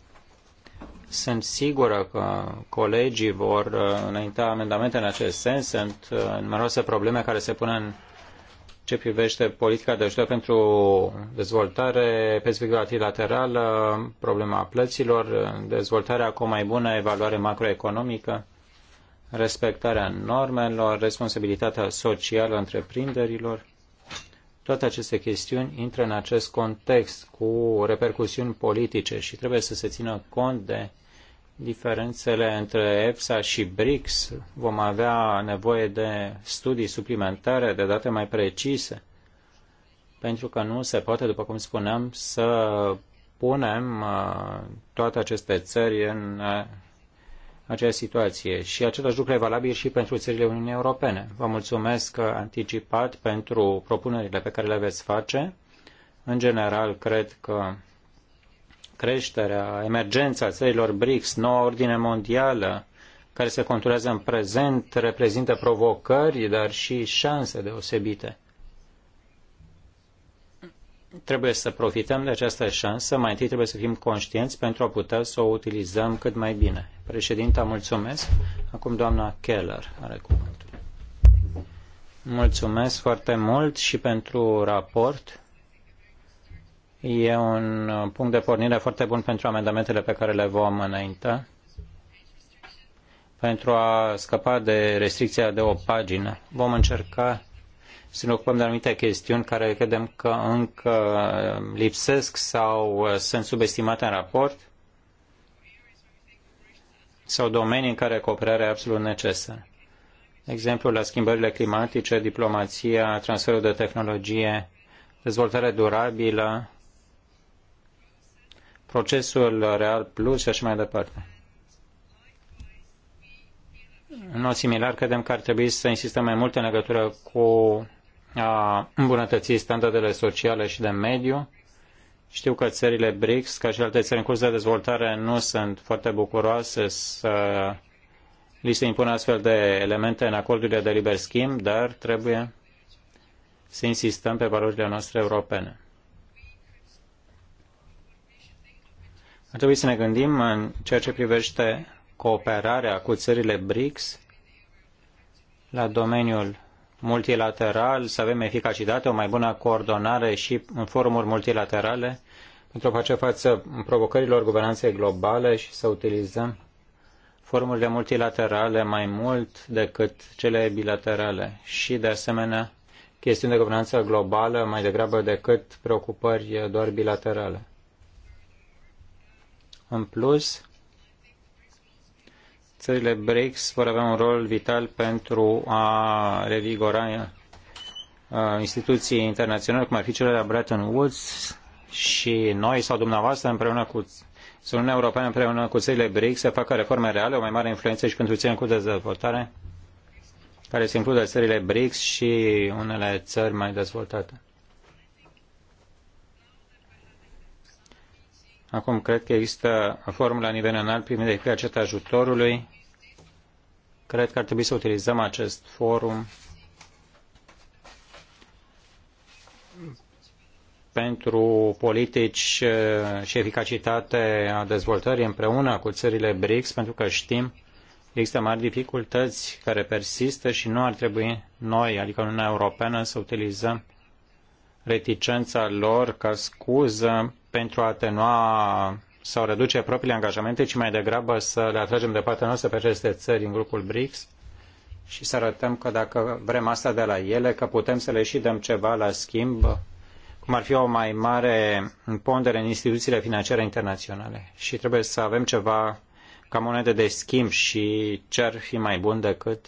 Sunt sigură că colegii vor înainta amendamente în acest sens. Sunt numeroase probleme care se pun în ce privește politica de ajutor pentru dezvoltare, perspectiva trilaterală, problema plăților, dezvoltarea cu o mai bună evaluare macroeconomică respectarea normelor, responsabilitatea socială a întreprinderilor. Toate aceste chestiuni intră în acest context cu repercusiuni politice și trebuie să se țină cont de diferențele între EPSA și BRICS. Vom avea nevoie de studii suplimentare, de date mai precise, pentru că nu se poate, după cum spuneam, să punem uh, toate aceste țări în această situație și același lucru e valabil și pentru țările Uniunii Europene. Vă mulțumesc anticipat pentru propunerile pe care le veți face. În general, cred că creșterea, emergența țărilor BRICS, noua ordine mondială care se conturează în prezent, reprezintă provocări, dar și șanse deosebite. Trebuie să profităm de această șansă, mai întâi trebuie să fim conștienți pentru a putea să o utilizăm cât mai bine. Președinta, mulțumesc. Acum doamna Keller are cuvântul. Mulțumesc foarte mult și pentru raport. E un punct de pornire foarte bun pentru amendamentele pe care le vom înainta pentru a scăpa de restricția de o pagină. Vom încerca să ne ocupăm de anumite chestiuni care credem că încă lipsesc sau sunt subestimate în raport sau domenii în care cooperarea e absolut necesară. De exemplu, la schimbările climatice, diplomația, transferul de tehnologie, dezvoltare durabilă, procesul real plus și așa mai departe. În mod similar, credem că ar trebui să insistăm mai mult în legătură cu a îmbunătăți standardele sociale și de mediu, știu că țările BRICS, ca și alte țări în curs de dezvoltare, nu sunt foarte bucuroase să li se impună astfel de elemente în acordurile de liber schimb, dar trebuie să insistăm pe valorile noastre europene. Ar trebui să ne gândim în ceea ce privește cooperarea cu țările BRICS la domeniul multilateral, să avem eficacitate, o mai bună coordonare și în forumuri multilaterale pentru a face față provocărilor guvernanței globale și să utilizăm formurile multilaterale mai mult decât cele bilaterale și, de asemenea, chestiuni de guvernanță globală mai degrabă decât preocupări doar bilaterale. În plus, țările BRICS vor avea un rol vital pentru a revigora uh, instituții internaționale, cum ar fi cele la Bretton Woods și noi sau dumneavoastră împreună cu Uniunea Europeană împreună cu țările BRICS să facă reforme reale, o mai mare influență și pentru țările cu dezvoltare, care se includă țările BRICS și unele țări mai dezvoltate. Acum cred că există formă la nivel înalt privind eficacitatea ajutorului. Cred că ar trebui să utilizăm acest forum pentru politici eh, și eficacitate a dezvoltării împreună cu țările BRICS, pentru că știm există mari dificultăți care persistă și nu ar trebui noi, adică Uniunea Europeană, să utilizăm reticența lor ca scuză pentru a atenua sau reduce propriile angajamente, ci mai degrabă să le atragem de partea noastră pe aceste țări în grupul BRICS și să arătăm că dacă vrem asta de la ele, că putem să le și dăm ceva la schimb, cum ar fi o mai mare pondere în instituțiile financiare internaționale. Și trebuie să avem ceva ca monede de schimb și ce ar fi mai bun decât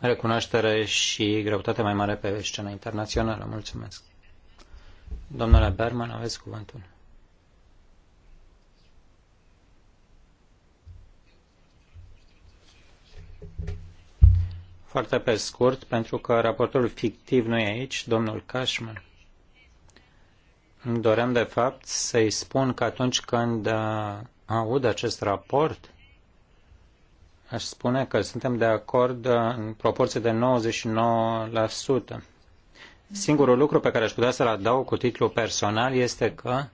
recunoaștere și greutate mai mare pe scena internațională. Mulțumesc! Domnule Berman, aveți cuvântul. Foarte pe scurt, pentru că raportorul fictiv nu e aici, domnul Cashman. Îmi doream, de fapt, să-i spun că atunci când uh, aud acest raport, aș spune că suntem de acord uh, în proporție de 99%. Singurul lucru pe care aș putea să-l adaug cu titlu personal este că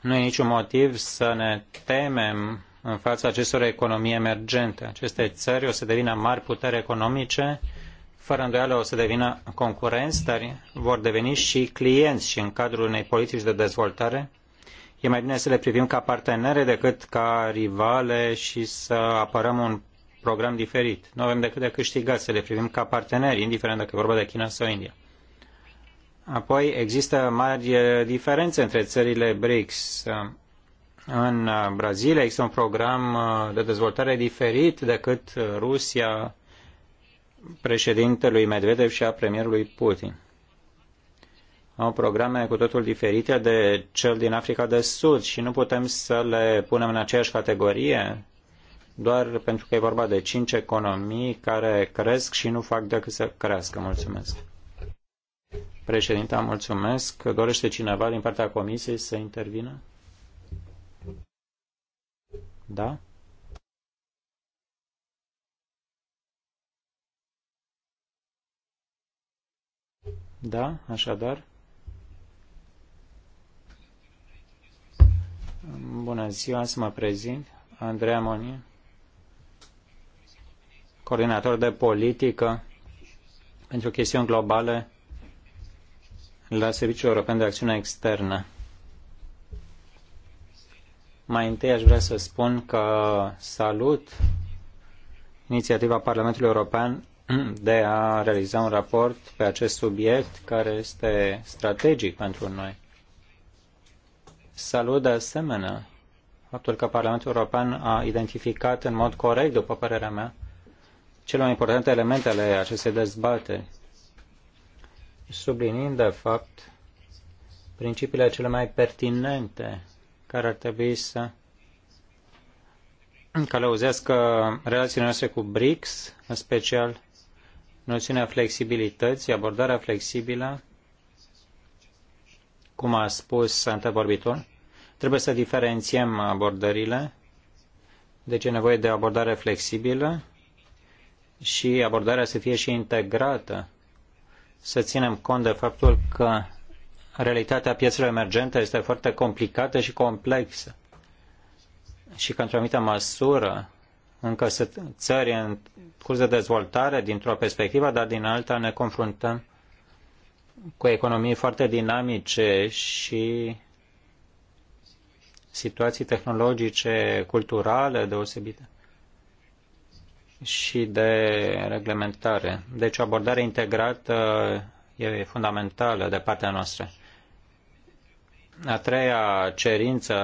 nu e niciun motiv să ne temem în fața acestor economii emergente. Aceste țări o să devină mari puteri economice, fără îndoială o să devină concurenți, dar vor deveni și clienți și în cadrul unei politici de dezvoltare. E mai bine să le privim ca partenere decât ca rivale și să apărăm un program diferit. Nu avem decât de câștigat să le privim ca parteneri, indiferent dacă e vorba de China sau India. Apoi există mari eh, diferențe între țările BRICS. În eh, Brazilia există un program eh, de dezvoltare diferit decât Rusia președintelui Medvedev și a premierului Putin. Au programe cu totul diferite de cel din Africa de Sud și nu putem să le punem în aceeași categorie doar pentru că e vorba de cinci economii care cresc și nu fac decât să crească. Mulțumesc. Președinta, mulțumesc. Dorește cineva din partea comisiei să intervină? Da? Da, așadar. Bună ziua, să mă prezint. Andreea Monie coordonator de politică pentru chestiuni globale la Serviciul European de Acțiune Externă. Mai întâi aș vrea să spun că salut inițiativa Parlamentului European de a realiza un raport pe acest subiect care este strategic pentru noi. Salut de asemenea faptul că Parlamentul European a identificat în mod corect, după părerea mea, cele mai importante elemente ale acestei dezbateri, sublinind de fapt, principiile cele mai pertinente care ar trebui să călăuzească relațiile noastre cu BRICS, în special noțiunea flexibilității, abordarea flexibilă, cum a spus antevorbitor, trebuie să diferențiem abordările, deci e nevoie de abordare flexibilă și abordarea să fie și integrată, să ținem cont de faptul că realitatea piețelor emergente este foarte complicată și complexă și că, într-o anumită măsură, încă sunt țări în curs de dezvoltare dintr-o perspectivă, dar din alta ne confruntăm cu economii foarte dinamice și situații tehnologice, culturale deosebite și de reglementare. Deci o abordare integrată e fundamentală de partea noastră. A treia cerință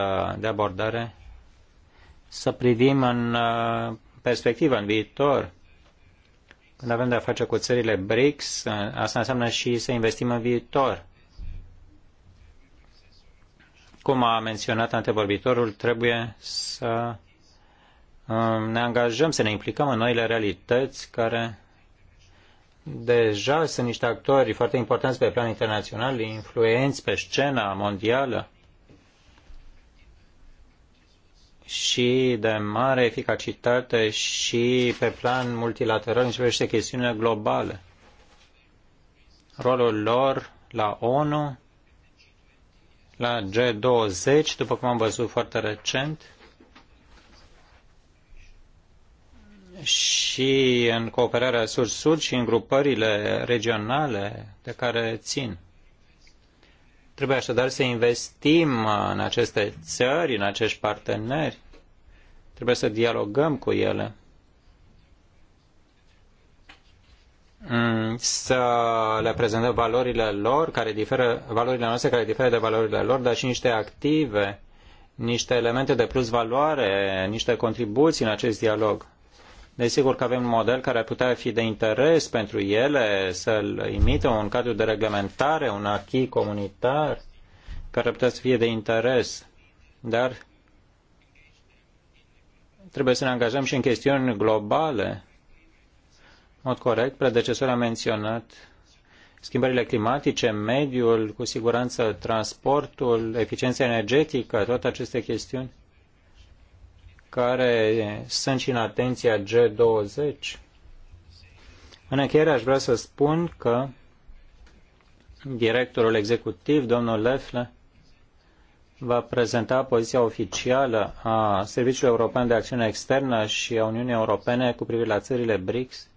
de abordare, să privim în uh, perspectivă, în viitor. Când avem de-a face cu țările BRICS, uh, asta înseamnă și să investim în viitor. Cum a menționat antevorbitorul, trebuie să Um, ne angajăm să ne implicăm în noile realități care deja sunt niște actori foarte importanți pe plan internațional, influenți pe scena mondială și de mare eficacitate și pe plan multilateral în ce privește chestiunile globale. Rolul lor la ONU, la G20, după cum am văzut foarte recent, și în cooperarea sud-sud și în grupările regionale de care țin. Trebuie așadar să investim în aceste țări, în acești parteneri. Trebuie să dialogăm cu ele. Mm, să le prezentăm valorile lor care diferă, valorile noastre care diferă de valorile lor, dar și niște active, niște elemente de plus valoare, niște contribuții în acest dialog. Desigur că avem un model care ar putea fi de interes pentru ele să-l imite un cadru de reglementare, un acquis comunitar care ar putea să fie de interes, dar trebuie să ne angajăm și în chestiuni globale. În mod corect, predecesorul a menționat schimbările climatice, mediul, cu siguranță transportul, eficiența energetică, toate aceste chestiuni care sunt și în atenția G20. În încheiere aș vrea să spun că directorul executiv, domnul Lefle, va prezenta poziția oficială a Serviciului European de Acțiune Externă și a Uniunii Europene cu privire la țările BRICS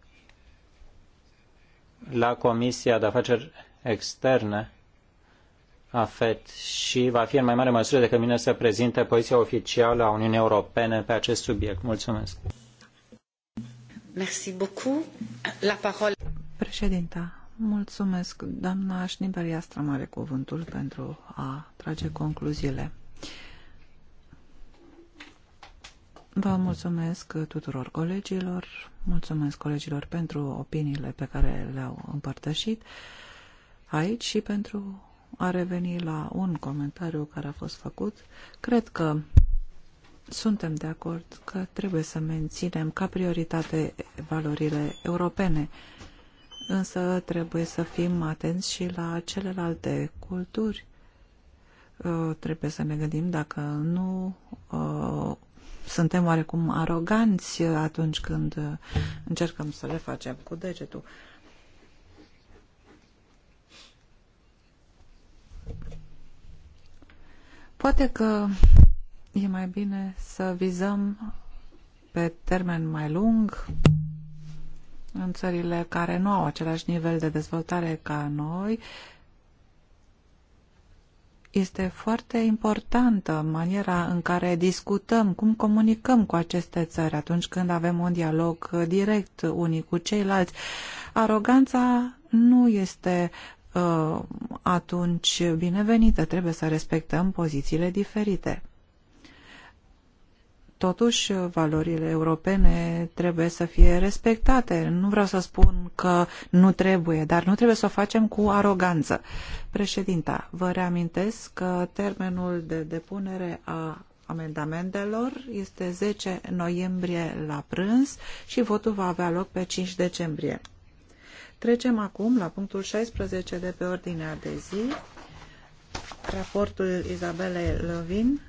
la Comisia de Afaceri Externe AFET și va fi în mai mare măsură decât mine să prezinte poziția oficială a Uniunii Europene pe acest subiect. Mulțumesc. Merci beaucoup. La parole. Președinta, mulțumesc. Doamna Șniber Iastram are cuvântul pentru a trage concluziile. Vă mulțumesc tuturor colegilor, mulțumesc colegilor pentru opiniile pe care le-au împărtășit aici și pentru a reveni la un comentariu care a fost făcut, cred că suntem de acord că trebuie să menținem ca prioritate valorile europene, însă trebuie să fim atenți și la celelalte culturi. Uh, trebuie să ne gândim dacă nu uh, suntem oarecum aroganți atunci când uh, încercăm să le facem cu degetul. Poate că e mai bine să vizăm pe termen mai lung în țările care nu au același nivel de dezvoltare ca noi, este foarte importantă maniera în care discutăm, cum comunicăm cu aceste țări atunci când avem un dialog direct unii cu ceilalți. Aroganța nu este Uh, atunci binevenită, trebuie să respectăm pozițiile diferite. Totuși, valorile europene trebuie să fie respectate. Nu vreau să spun că nu trebuie, dar nu trebuie să o facem cu aroganță. Președinta, vă reamintesc că termenul de depunere a amendamentelor este 10 noiembrie la prânz și votul va avea loc pe 5 decembrie. Trecem acum la punctul 16 de pe ordinea de zi, raportul Izabelei Lovin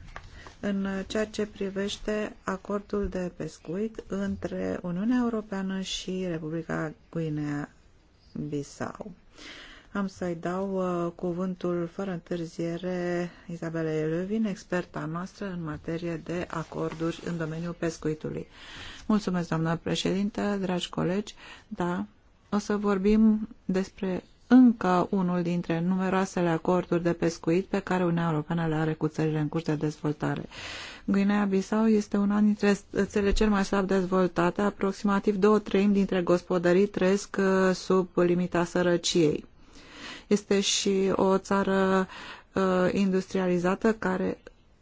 în ceea ce privește acordul de pescuit între Uniunea Europeană și Republica Guinea-Bissau. Am să-i dau uh, cuvântul fără întârziere Izabelei Lövin, experta noastră în materie de acorduri în domeniul pescuitului. Mulțumesc, doamna președintă, dragi colegi. Da, o să vorbim despre încă unul dintre numeroasele acorduri de pescuit pe care Uniunea Europeană le are cu țările în curs de dezvoltare. Guinea-Bissau este una dintre țările cel mai slab dezvoltate, aproximativ două treimi dintre gospodării trăiesc uh, sub limita sărăciei. Este și o țară uh, industrializată care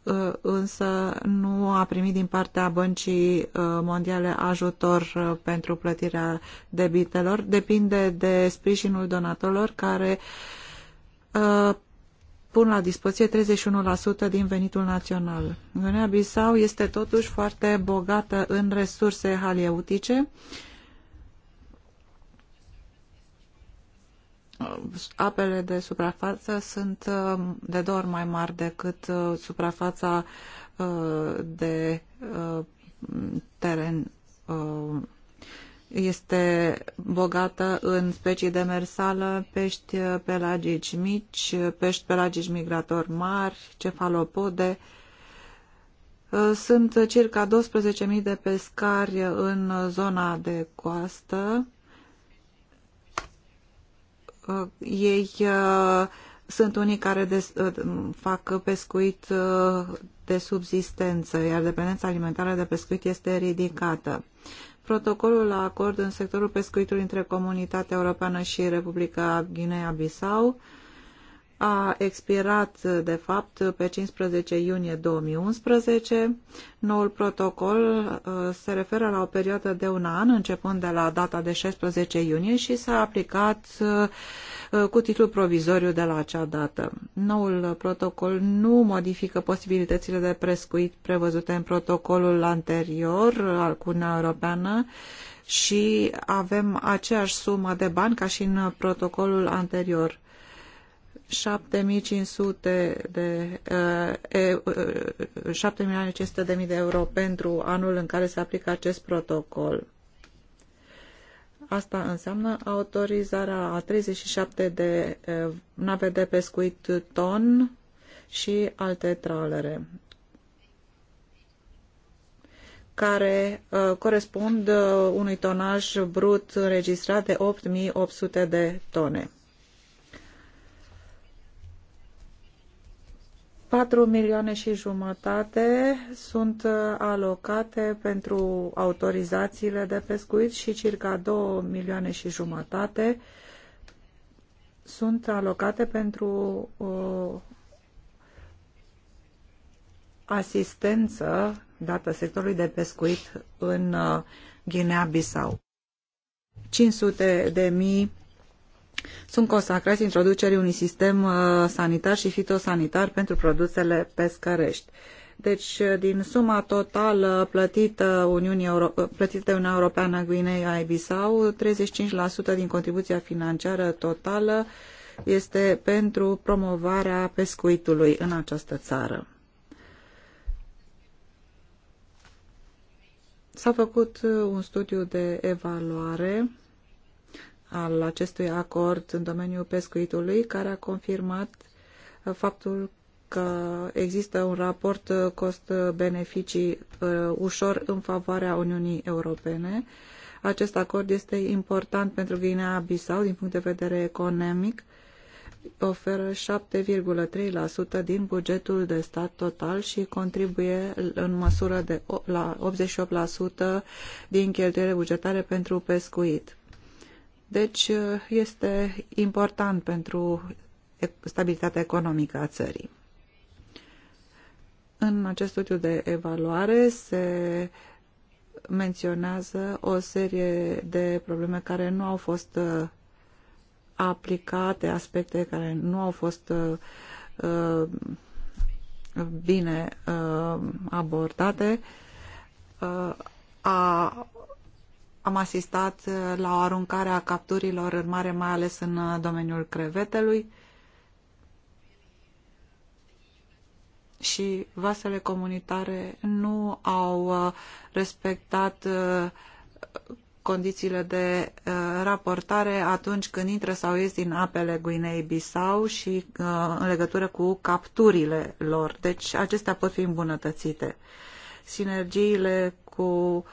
Uh, însă nu a primit din partea Băncii uh, Mondiale ajutor uh, pentru plătirea debitelor. Depinde de sprijinul donatorilor care pun la dispoziție 31% din venitul național. Guinea-Bissau este totuși foarte bogată în resurse halieutice. uh, apele de suprafață sunt uh, de două ori mai mari decât uh, suprafața uh, de teren. Este bogată în specii de mersală, pești pelagici mici, pești pelagici migratori mari, cefalopode. Sunt circa 12.000 de pescari în zona de coastă Uh, ei uh, sunt unii care des, uh, fac pescuit de subsistență, iar dependența alimentară de pescuit este ridicată. Protocolul la acord în sectorul pescuitului între Comunitatea Europeană și Republica Guinea-Bissau uh, a expirat, de fapt, pe 15 iunie 2011. Noul protocol uh, se referă la o perioadă de un an, începând de la data de 16 iunie și s-a aplicat uh, cu titlu provizoriu de la acea dată. Noul protocol nu modifică posibilitățile de prescuit prevăzute în protocolul anterior uh, al Uniunea Europeană și avem aceeași sumă de bani ca și în protocolul anterior 7500 de, uh, 7 uh, milioane 500 de mii de euro pentru anul în care se aplică acest protocol. Asta înseamnă autorizarea a 37 de uh, nave de pescuit ton și alte tralere care uh, corespund uh, unui tonaj brut înregistrat de 8800 de tone. 4 milioane și jumătate sunt uh, alocate pentru autorizațiile de pescuit și circa 2 milioane și jumătate sunt alocate pentru uh, asistență dată sectorului de pescuit în uh, Guinea-Bissau. 500 de mii sunt consacrați introducerii unui sistem uh, sanitar și fitosanitar pentru produsele pescărești. Deci, uh, din suma totală plătită, Uniunii Euro- uh, plătită de Uniunea Europeană Guinei Bissau, 35% din contribuția financiară totală este pentru promovarea pescuitului în această țară. S-a făcut un studiu de evaluare al acestui acord în domeniul pescuitului, care a confirmat uh, faptul că există un raport uh, cost-beneficii uh, ușor în favoarea Uniunii Europene. Acest acord este important pentru Guinea-Bissau din punct de vedere economic, oferă 7,3% din bugetul de stat total și contribuie în măsură de la 88% din cheltuielile bugetare pentru pescuit. Deci uh, este important pentru stabilitatea economică a țării. În acest studiu de evaluare se menționează o serie de probleme care nu au fost uh, aplicate, aspecte care nu au fost uh, bine abordate. a am asistat uh, la o aruncare a capturilor în mare, mai ales în uh, domeniul crevetelui și vasele comunitare nu au uh, respectat condițiile de raportare atunci când intră sau ies din apele Guinei-Bissau și în legătură cu capturile lor. Deci acestea pot fi îmbunătățite. Sinergiile cu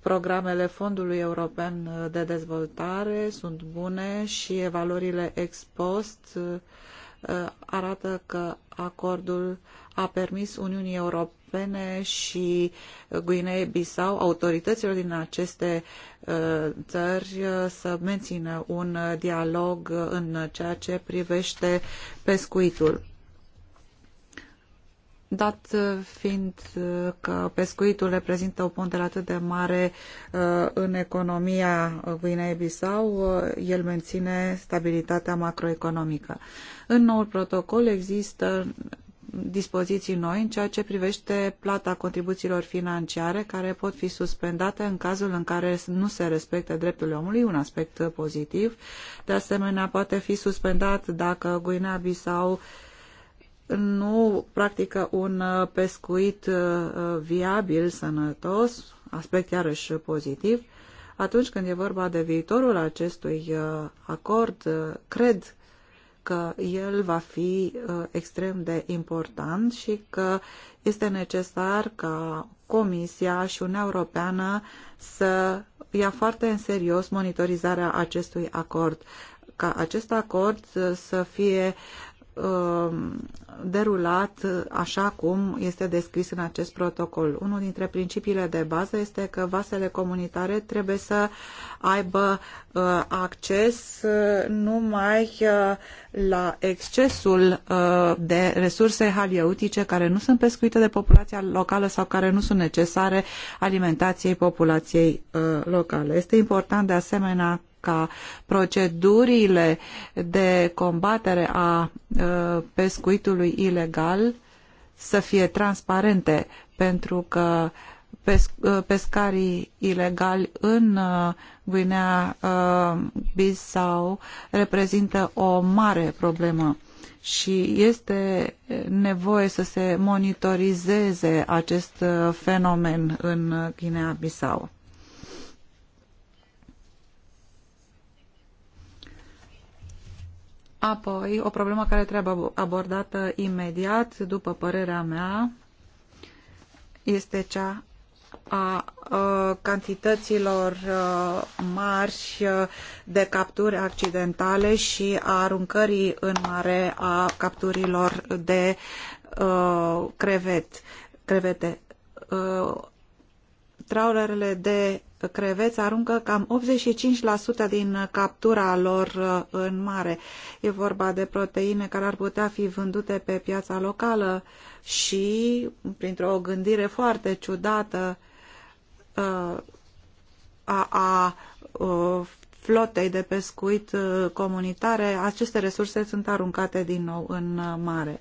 programele Fondului European de Dezvoltare sunt bune și evaluările ex post uh, arată că acordul a permis Uniunii Europene și Guinei Bissau, autorităților din aceste uh, țări, uh, să mențină un dialog în ceea ce privește pescuitul dat fiind uh, că pescuitul reprezintă o pondere atât de mare uh, în economia Guinei Bissau, uh, el menține stabilitatea macroeconomică. În noul protocol există dispoziții noi în ceea ce privește plata contribuțiilor financiare care pot fi suspendate în cazul în care nu se respectă drepturile omului, un aspect pozitiv. De asemenea, poate fi suspendat dacă Guinea-Bissau nu practică un uh, pescuit uh, viabil, sănătos, aspect iarăși pozitiv, atunci când e vorba de viitorul acestui uh, acord, cred că el va fi extrem de important și că este necesar ca Comisia și Uniunea Europeană să ia foarte în serios monitorizarea acestui acord ca acest acord să fie Um, derulat așa cum este descris în acest protocol. Unul dintre principiile de bază este că vasele comunitare trebuie să aibă uh, acces uh, numai uh, la excesul de resurse halieutice care nu sunt pescuite de populația locală sau care nu sunt necesare alimentației populației locale. Este important de asemenea ca procedurile de combatere a pescuitului ilegal să fie transparente, pentru că pescarii ilegali în Guinea Bissau reprezintă o mare problemă și este nevoie să se monitorizeze acest fenomen în Guinea Bissau. Apoi, o problemă care trebuie abordată imediat, după părerea mea, este cea a, a cantităților a, mari de capturi accidentale și a aruncării în mare a capturilor de a, crevet, crevete. Traulerele de creveți aruncă cam 85% din captura lor uh, în mare. E vorba de proteine care ar putea fi vândute pe piața locală și, printr-o gândire foarte ciudată uh, a, a uh, flotei de pescuit comunitare, aceste resurse sunt aruncate din nou în mare.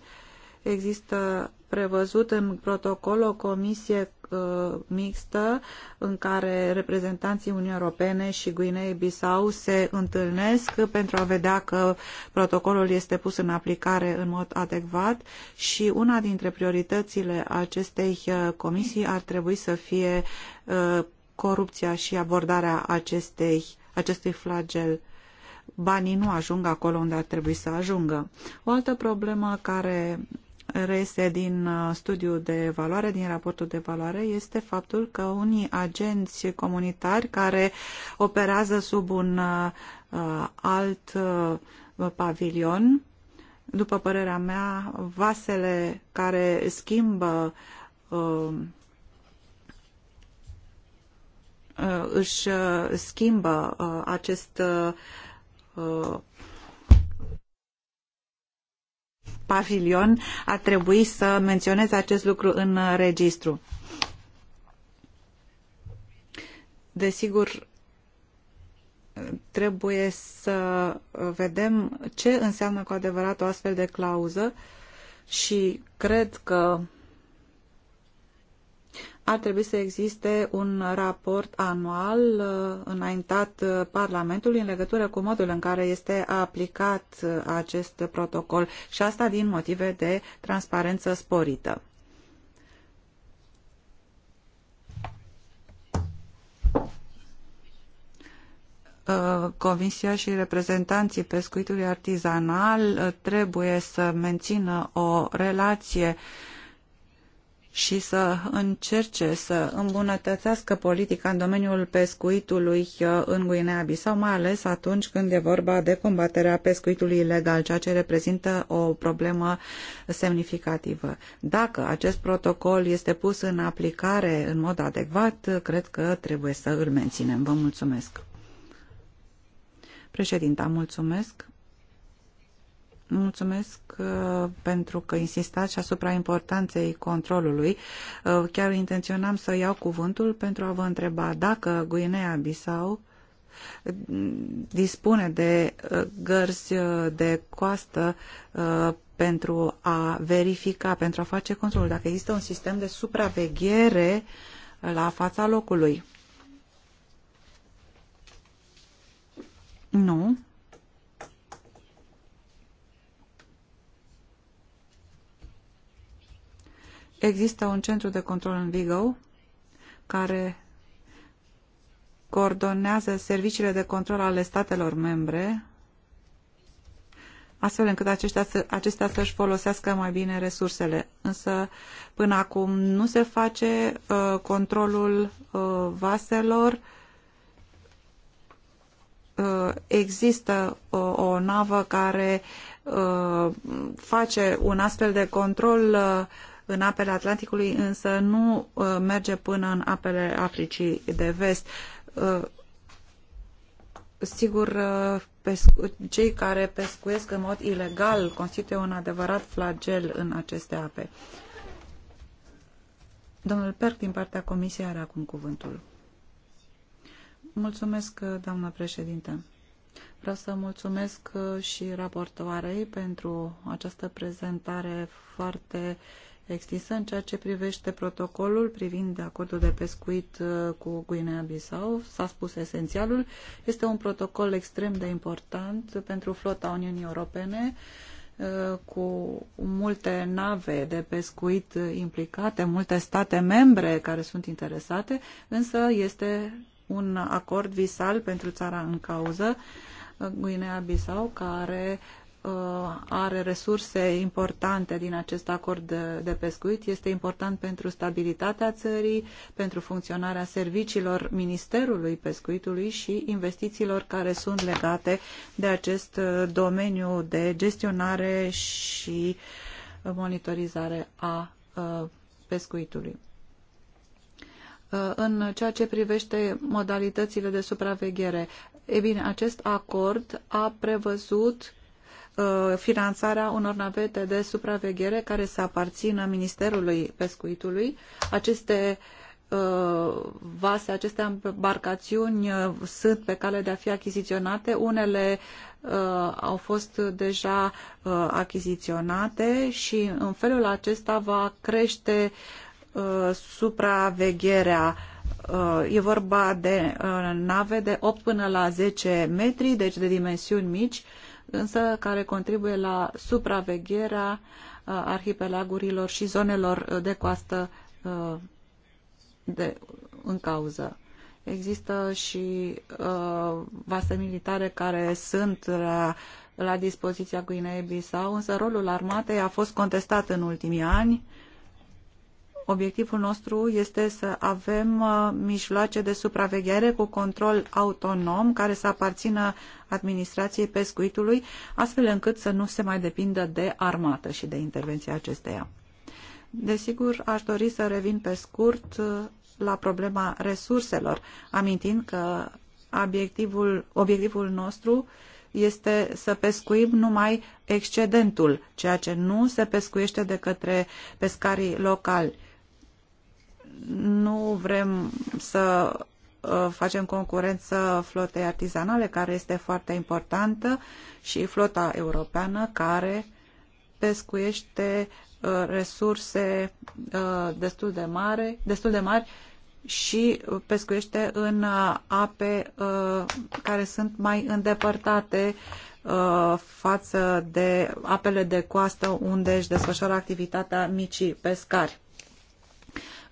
Există prevăzut în protocol o comisie uh, mixtă în care reprezentanții Uniunii Europene și Guinei-Bissau se întâlnesc pentru a vedea că protocolul este pus în aplicare în mod adecvat și una dintre prioritățile acestei uh, comisii ar trebui să fie uh, corupția și abordarea acestei, acestui flagel banii nu ajung acolo unde ar trebui să ajungă. O altă problemă care reiese din uh, studiul de valoare, din raportul de valoare, este faptul că unii agenți comunitari care operează sub un uh, uh, alt pavilion, după părerea mea, vasele care schimbă își schimbă acest pavilion, ar trebui să menționez acest lucru în registru. Desigur, trebuie să vedem ce înseamnă cu adevărat o astfel de clauză și cred că ar trebui să existe un raport anual uh, înaintat uh, Parlamentului în legătură cu modul în care este aplicat uh, acest protocol și asta din motive de transparență sporită. Comisia și reprezentanții pescuitului artizanal trebuie să mențină o relație uh, și să încerce să îmbunătățească politica în domeniul pescuitului uh, în Guinea-Bissau, mai ales atunci când e vorba de combaterea pescuitului ilegal, ceea ce reprezintă o problemă semnificativă. Dacă acest protocol este pus în aplicare în mod adecvat, cred că trebuie să îl menținem. Vă mulțumesc. Președinta, mulțumesc. Mulțumesc uh, pentru că insistați asupra importanței controlului. Uh, chiar intenționam să iau cuvântul pentru a vă întreba dacă Guinea-Bissau uh, dispune de gărzi de coastă pentru a verifica, pentru a face controlul, dacă există un sistem de supraveghere la fața locului. Nu. Există un centru de control în Vigo care coordonează serviciile de control ale statelor membre astfel încât acestea, să, acestea să-și folosească mai bine resursele. Însă, până acum, nu se face uh, controlul uh, vaselor. Uh, există uh, o navă care uh, face un astfel de control uh, în apele Atlanticului, însă nu uh, merge până în apele Africii de vest. Uh, sigur, uh, cei care pescuiesc în mod ilegal constituie un adevărat flagel în aceste ape. Domnul Perc, din partea Comisiei, are acum cuvântul. Mulțumesc, doamnă președinte. Vreau să mulțumesc și raportoarei pentru această prezentare foarte extinsă în ceea ce privește protocolul privind acordul de pescuit uh, cu Guinea-Bissau. S-a spus esențialul. Este un protocol extrem de important pentru flota Uniunii Europene uh, cu multe nave de pescuit implicate, multe state membre care sunt interesate, însă este un acord visal pentru țara în cauză, Guinea-Bissau, care Uh, are resurse importante din acest acord de, de pescuit. Este important pentru stabilitatea țării, pentru funcționarea serviciilor Ministerului Pescuitului și investițiilor care sunt legate de acest uh, domeniu de gestionare și uh, monitorizare a pescuitului. În ceea ce privește modalitățile de supraveghere, e bine, acest acord a prevăzut Uh, finanțarea unor navete de supraveghere care să aparțină Ministerului Pescuitului. Aceste uh, vase, aceste embarcațiuni uh, sunt pe cale de a fi achiziționate. Unele au fost deja achiziționate și în felul acesta va crește supravegherea E vorba de nave de 8 până la 10 metri, deci de dimensiuni mici, însă care contribuie la supravegherea uh, arhipelagurilor și zonelor uh, de coastă uh, de, în cauză. Există și uh, vase militare care sunt la, la dispoziția Guinei Bissau, însă rolul armatei a fost contestat în ultimii ani uh, Obiectivul nostru este să avem uh, mijloace de supraveghere cu control autonom care să aparțină administrației pescuitului, astfel încât să nu se mai depindă de armată și de intervenția acesteia. Desigur, aș dori să revin pe scurt uh, la problema resurselor, amintind că obiectivul, obiectivul nostru este să pescuim numai excedentul, ceea ce nu se pescuiește de către pescarii locali nu vrem să uh, facem concurență flotei artizanale, care este foarte importantă, și flota europeană, care pescuiește uh, resurse uh, destul de, mare, destul de mari și pescuiește în ape care sunt mai îndepărtate față de apele de coastă unde își desfășoară activitatea micii pescari.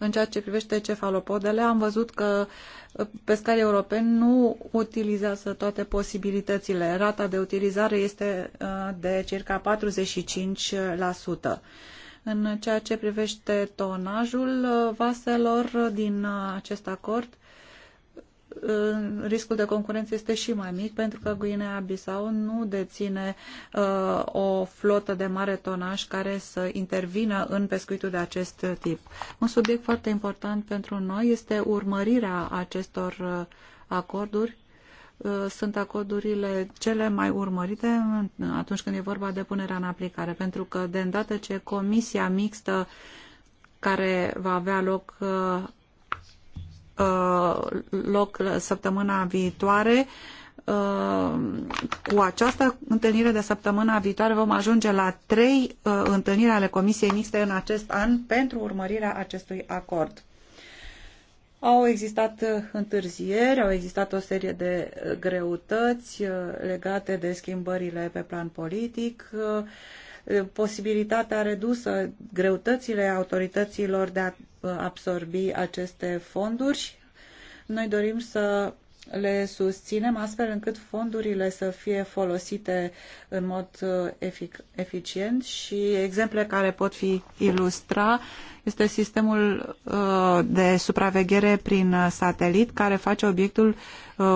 În ceea ce privește cefalopodele, am văzut că uh, pescarii europeni nu utilizează toate posibilitățile. Rata de utilizare este uh, de circa 45%. În ceea ce privește tonajul uh, vaselor din acest acord, riscul de concurență este și mai mic pentru că Guinea-Bissau nu deține uh, o flotă de mare tonaj care să intervină în pescuitul de acest tip. Un subiect foarte important pentru noi este urmărirea acestor uh, acorduri. Uh, sunt acordurile cele mai urmărite atunci când e vorba de punerea în aplicare, pentru că de îndată ce Comisia Mixtă care va avea loc uh, Uh, loc săptămâna viitoare. Uh, cu această întâlnire de săptămâna viitoare vom ajunge la trei uh, întâlniri ale Comisiei Mixte în acest an pentru urmărirea acestui acord. Au existat întârzieri, au existat o serie de greutăți legate de schimbările pe plan politic, posibilitatea redusă, greutățile autorităților de a absorbi aceste fonduri. Noi dorim să le susținem astfel încât fondurile să fie folosite în mod uh, efic- eficient și exemple care pot fi ilustra este sistemul uh, de supraveghere prin uh, satelit care face obiectul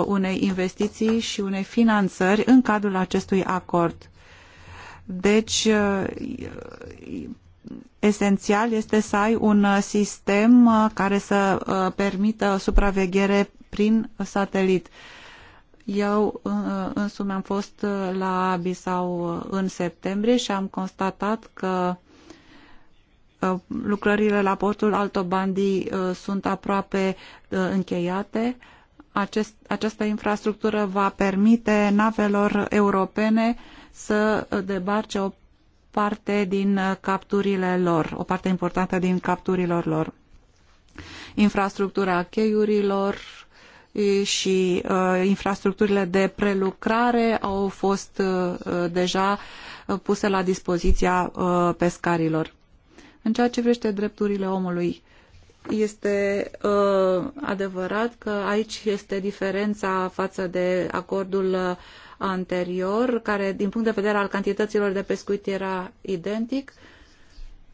unei investiții și unei finanțări în cadrul acestui acord. Deci, esențial este să ai un uh, sistem uh, care să uh, permită supraveghere prin satelit. Eu însumi am fost la Bisau în septembrie și am constatat că lucrările la portul Altobandii sunt aproape încheiate. Acest, această infrastructură va permite navelor europene să debarce o parte din uh, capturile lor, o parte importantă din capturilor lor. Infrastructura cheiurilor și uh, infrastructurile de prelucrare au fost uh, deja uh, puse la dispoziția uh, pescarilor. În ceea ce vrește drepturile omului, este uh, adevărat că aici este diferența față de acordul uh, anterior, care din punct de vedere al cantităților de pescuit era identic.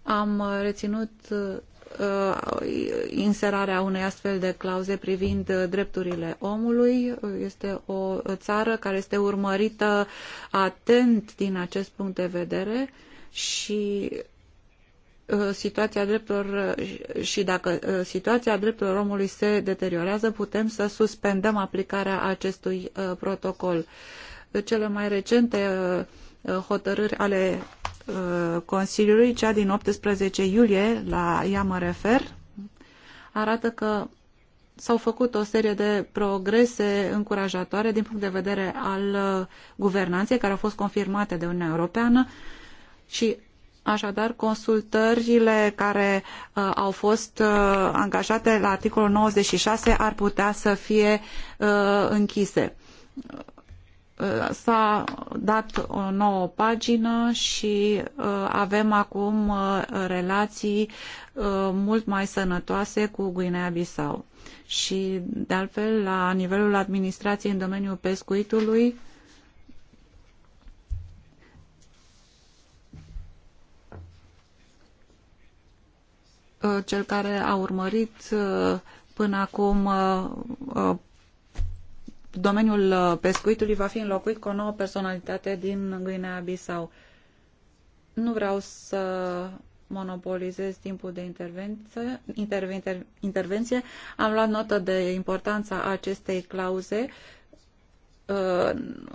Am reținut uh, inserarea unei astfel de clauze privind drepturile omului. Este o țară care este urmărită atent din acest punct de vedere și uh, situația drepturilor și dacă uh, situația drepturilor omului se deteriorează, putem să suspendăm aplicarea acestui protocol cele mai recente uh, uh, hotărâri ale uh, Consiliului, cea din 18 iulie, la ea mă refer, arată că s-au făcut o serie de progrese încurajatoare din punct de vedere al guvernanței, care au fost confirmate de Uniunea Europeană și Așadar, consultările care uh, au fost uh, angajate la articolul 96 ar putea să fie uh, închise. Uh, s-a dat o nouă pagină și uh, avem acum uh, relații mult mai sănătoase cu Guinea-Bissau. Și, de altfel, la nivelul administrației în domeniul pescuitului, cel care a urmărit până acum domeniul uh, pescuitului va fi înlocuit cu o nouă personalitate din Guinea-Bissau. Nu vreau să monopolizez timpul de intervenție, interve, inter, intervenție. Am luat notă de importanța acestei clauze. Uh,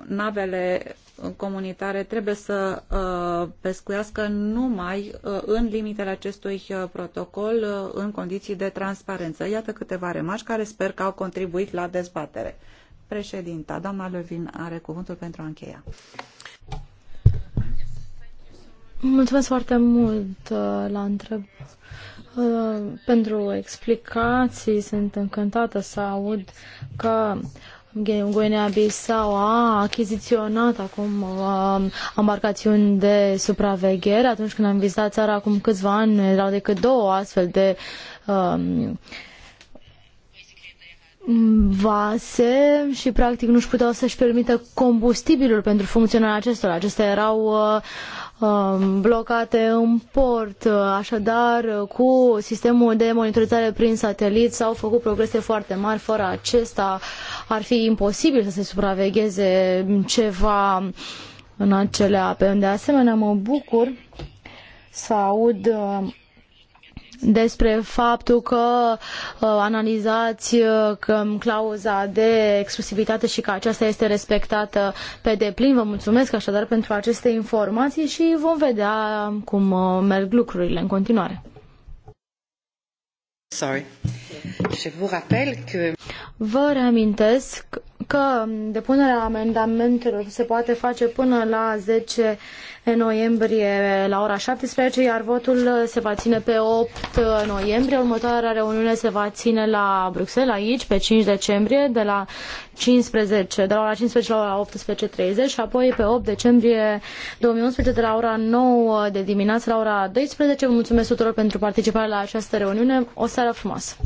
navele comunitare trebuie să uh, pescuiască numai în limitele acestui protocol, în condiții de transparență. Iată câteva remarci care sper că au contribuit la dezbatere. Președinta, doamna Levin are cuvântul pentru a încheia. Mulțumesc foarte mult uh, la întreb. Uh, pentru explicații sunt încântată să aud că Guinea Bissau a achiziționat acum uh, embarcațiuni de supraveghere. Atunci când am vizitat țara acum câțiva ani, erau decât două astfel de uh, vase și practic nu-și puteau să-și permită combustibilul pentru funcționarea acestora. Acestea erau uh, um, blocate în port, așadar cu sistemul de monitorizare prin satelit s-au făcut progrese foarte mari, fără acesta ar fi imposibil să se supravegheze ceva în acele ape. De asemenea, mă bucur să aud uh, despre faptul că uh, analizați uh, că, um, clauza de exclusivitate și că aceasta este respectată pe deplin. Vă mulțumesc așadar pentru aceste informații și vom vedea um, cum uh, merg lucrurile în continuare. Sorry. Je vous rappelle que... Vă reamintesc că depunerea amendamentelor se poate face până la 10 noiembrie la ora 17, iar votul se va ține pe 8 noiembrie. Următoarea reuniune se va ține la Bruxelles, aici, pe 5 decembrie, de la 15, de la ora 15 la ora 18.30 și apoi pe 8 decembrie 2011 de la ora 9 de dimineață la ora 12. Vă mulțumesc tuturor pentru participarea la această reuniune. O seară frumoasă!